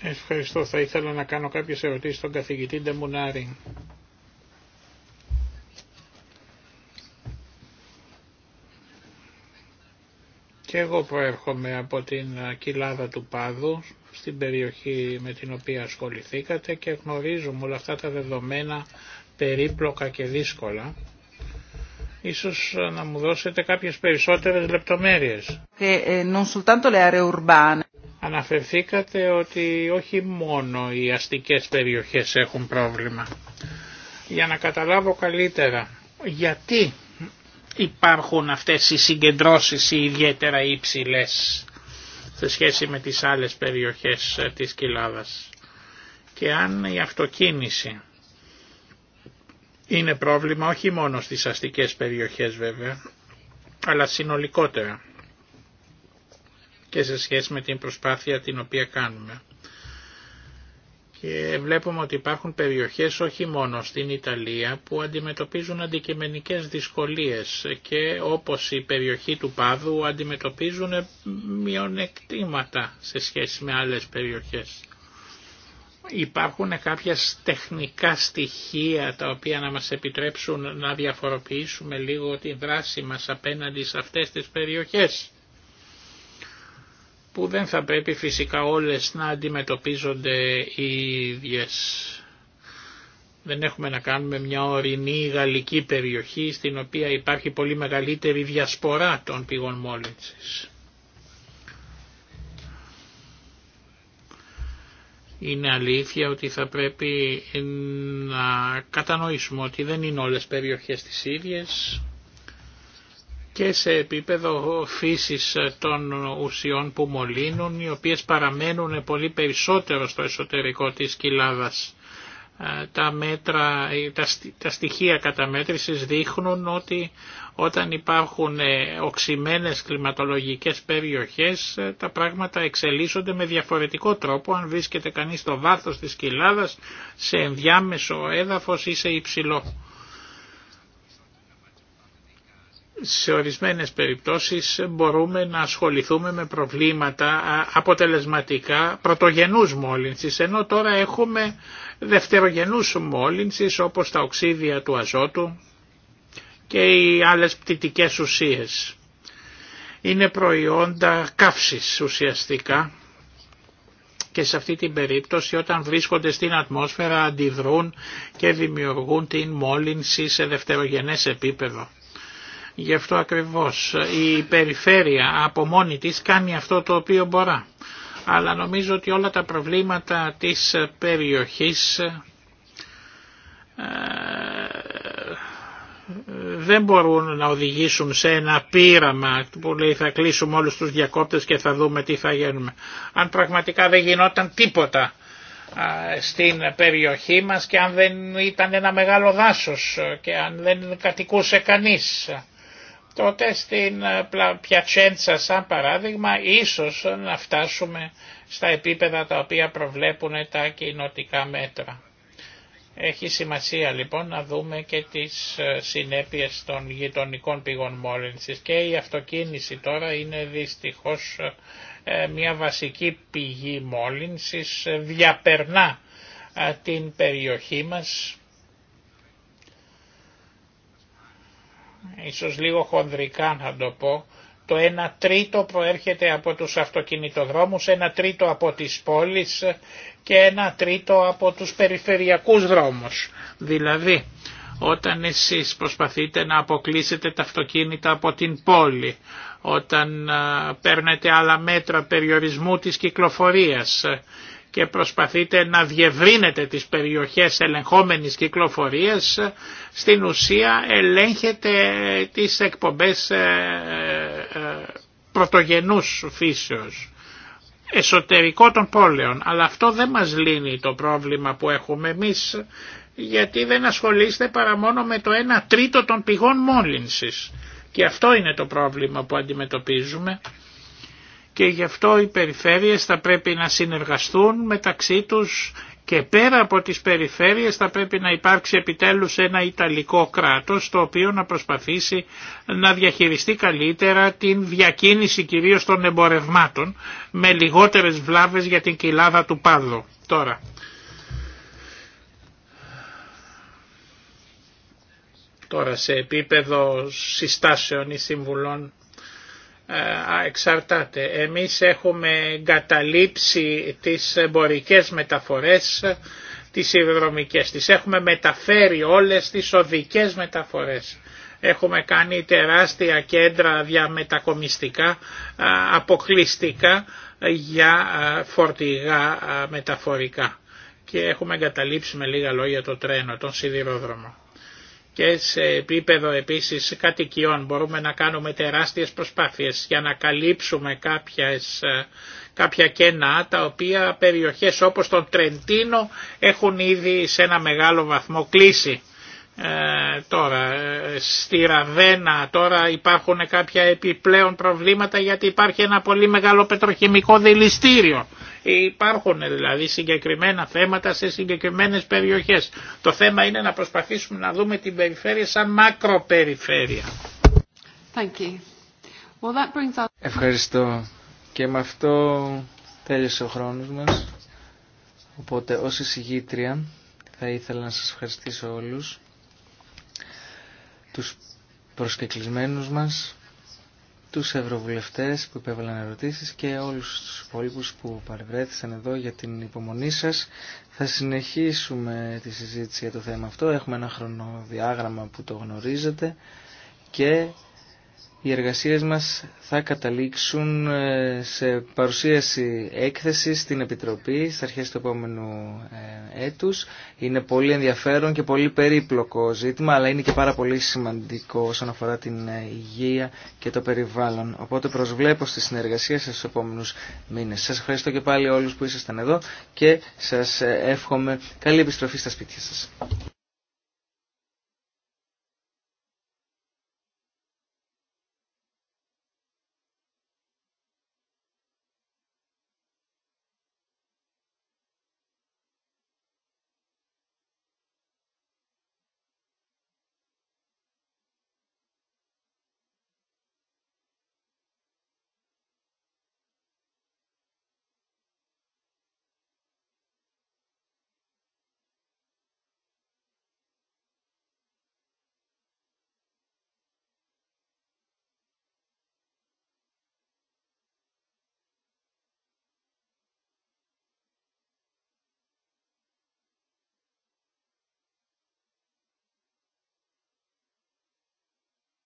Ευχαριστώ. Θα ήθελα να κάνω κάποιες ερωτήσεις στον καθηγητή Ντεμουνάρη. Και εγώ προέρχομαι από την κοιλάδα του Πάδου, στην περιοχή με την οποία ασχοληθήκατε και γνωρίζουμε όλα αυτά τα δεδομένα περίπλοκα και δύσκολα Ίσως ε, να μου δώσετε κάποιες περισσότερες λεπτομέρειες. Και, ε, Αναφερθήκατε ότι όχι μόνο οι αστικές περιοχές έχουν πρόβλημα. Για να καταλάβω καλύτερα, γιατί υπάρχουν αυτές οι συγκεντρώσεις ιδιαίτερα υψηλές σε σχέση με τις άλλες περιοχές ε, της κοιλάδας και αν η αυτοκίνηση είναι πρόβλημα όχι μόνο στις αστικές περιοχές βέβαια, αλλά συνολικότερα και σε σχέση με την προσπάθεια την οποία κάνουμε. Και βλέπουμε ότι υπάρχουν περιοχές όχι μόνο στην Ιταλία που αντιμετωπίζουν αντικειμενικές δυσκολίες και όπως η περιοχή του Πάδου αντιμετωπίζουν μειονεκτήματα σε σχέση με άλλες περιοχές. Υπάρχουν κάποια τεχνικά στοιχεία τα οποία να μας επιτρέψουν να διαφοροποιήσουμε λίγο τη δράση μας απέναντι σε αυτές τις περιοχές που δεν θα πρέπει φυσικά όλες να αντιμετωπίζονται οι ίδιες. Δεν έχουμε να κάνουμε μια ορεινή γαλλική περιοχή στην οποία υπάρχει πολύ μεγαλύτερη διασπορά των πηγών μόλυνσης. Είναι αλήθεια ότι θα πρέπει να κατανοήσουμε ότι δεν είναι όλες περιοχές τις ίδιες και σε επίπεδο φύσης των ουσιών που μολύνουν, οι οποίες παραμένουν πολύ περισσότερο στο εσωτερικό της κοιλάδας ε, τα, μέτρα, ε, τα, τα στοιχεία καταμέτρησης δείχνουν ότι όταν υπάρχουν ε, οξυμένες κλιματολογικές περιοχές τα πράγματα εξελίσσονται με διαφορετικό τρόπο αν βρίσκεται κανείς στο βάθος της κοιλάδας σε ενδιάμεσο έδαφος ή σε υψηλό. σε ορισμένες περιπτώσεις μπορούμε να ασχοληθούμε με προβλήματα αποτελεσματικά πρωτογενούς μόλυνσης, ενώ τώρα έχουμε δευτερογενούς μόλυνσης όπως τα οξύδια του αζότου και οι άλλες πτυτικές ουσίες. Είναι προϊόντα καύσης ουσιαστικά και σε αυτή την περίπτωση όταν βρίσκονται στην ατμόσφαιρα αντιδρούν και δημιουργούν την μόλυνση σε δευτερογενές επίπεδο. Γι' αυτό ακριβώς η περιφέρεια από μόνη της κάνει αυτό το οποίο μπορεί. Αλλά νομίζω ότι όλα τα προβλήματα της περιοχής ε, δεν μπορούν να οδηγήσουν σε ένα πείραμα που λέει θα κλείσουμε όλους τους διακόπτες και θα δούμε τι θα γίνουμε. Αν πραγματικά δεν γινόταν τίποτα στην περιοχή μας και αν δεν ήταν ένα μεγάλο δάσος και αν δεν κατοικούσε κανείς τότε στην ε, Πιατσέντσα σαν παράδειγμα ίσως να φτάσουμε στα επίπεδα τα οποία προβλέπουν τα κοινοτικά μέτρα. Έχει σημασία λοιπόν να δούμε και τις ε, συνέπειες των γειτονικών πηγών μόλυνσης και η αυτοκίνηση τώρα είναι δυστυχώς ε, μια βασική πηγή μόλυνσης, διαπερνά την περιοχή μας ίσως λίγο χονδρικά να το πω, το 1 τρίτο προέρχεται από τους αυτοκινητοδρόμους, 1 τρίτο από τις πόλεις και 1 τρίτο από τους περιφερειακούς δρόμους. Δηλαδή, όταν εσείς προσπαθείτε να αποκλείσετε τα αυτοκίνητα από την πόλη, όταν παίρνετε άλλα μέτρα περιορισμού της κυκλοφορίας, και προσπαθείτε να διευρύνετε τις περιοχές ελεγχόμενης κυκλοφορίας, στην ουσία ελέγχετε τις εκπομπές ε, ε, πρωτογενούς φύσεως εσωτερικό των πόλεων. Αλλά αυτό δεν μας λύνει το πρόβλημα που έχουμε εμείς γιατί δεν ασχολείστε παρά μόνο με το 1 τρίτο των πηγών μόλυνσης. Και αυτό είναι το πρόβλημα που αντιμετωπίζουμε και γι' αυτό οι περιφέρειες θα πρέπει να συνεργαστούν μεταξύ τους και πέρα από τις περιφέρειες θα πρέπει να υπάρξει επιτέλους ένα Ιταλικό κράτος το οποίο να προσπαθήσει να διαχειριστεί καλύτερα την διακίνηση κυρίως των εμπορευμάτων με λιγότερες βλάβες για την κοιλάδα του Πάδο. Τώρα. Τώρα σε επίπεδο συστάσεων ή συμβουλών ε, εξαρτάται. Εμείς έχουμε καταλήψει τις εμπορικές μεταφορές, τις υδρομικές. Τις έχουμε μεταφέρει όλες τις οδικές μεταφορές. Έχουμε κάνει τεράστια κέντρα διαμετακομιστικά, αποκλειστικά για φορτηγά μεταφορικά. Και έχουμε εγκαταλείψει με λίγα λόγια το τρένο, τον σιδηρόδρομο και σε επίπεδο επίσης κατοικιών μπορούμε να κάνουμε τεράστιες προσπάθειες για να καλύψουμε κάποιες, ε, κάποια κενά τα οποία περιοχές όπως τον Τρεντίνο έχουν ήδη σε ένα μεγάλο βαθμό κλείσει. Ε, τώρα ε, στη Ραβένα τώρα υπάρχουν κάποια επιπλέον προβλήματα γιατί υπάρχει ένα πολύ μεγάλο πετροχημικό δηληστήριο Υπάρχουν δηλαδή συγκεκριμένα θέματα σε συγκεκριμένες περιοχές. Το θέμα είναι να προσπαθήσουμε να δούμε την περιφέρεια σαν μακροπεριφέρεια. Ευχαριστώ. Και με αυτό τέλειωσε ο χρόνος μας. Οπότε ως εισηγήτρια θα ήθελα να σας ευχαριστήσω όλους τους προσκεκλισμένους μας τους ευρωβουλευτές που υπέβαλαν ερωτήσεις και όλους τους υπόλοιπους που παρευρέθησαν εδώ για την υπομονή σας. Θα συνεχίσουμε τη συζήτηση για το θέμα αυτό. Έχουμε ένα χρονοδιάγραμμα που το γνωρίζετε και οι εργασίες μας θα καταλήξουν ε, σε παρουσίαση έκθεση στην Επιτροπή στις αρχές του επόμενου ε, έτους. Είναι πολύ ενδιαφέρον και πολύ περίπλοκο ζήτημα, αλλά είναι και πάρα πολύ σημαντικό όσον αφορά την ε, υγεία και το περιβάλλον. Οπότε προσβλέπω στη συνεργασία σας στους επόμενους μήνες. Σας ευχαριστώ και πάλι όλους που ήσασταν εδώ και σας εύχομαι καλή επιστροφή στα σπίτια σας.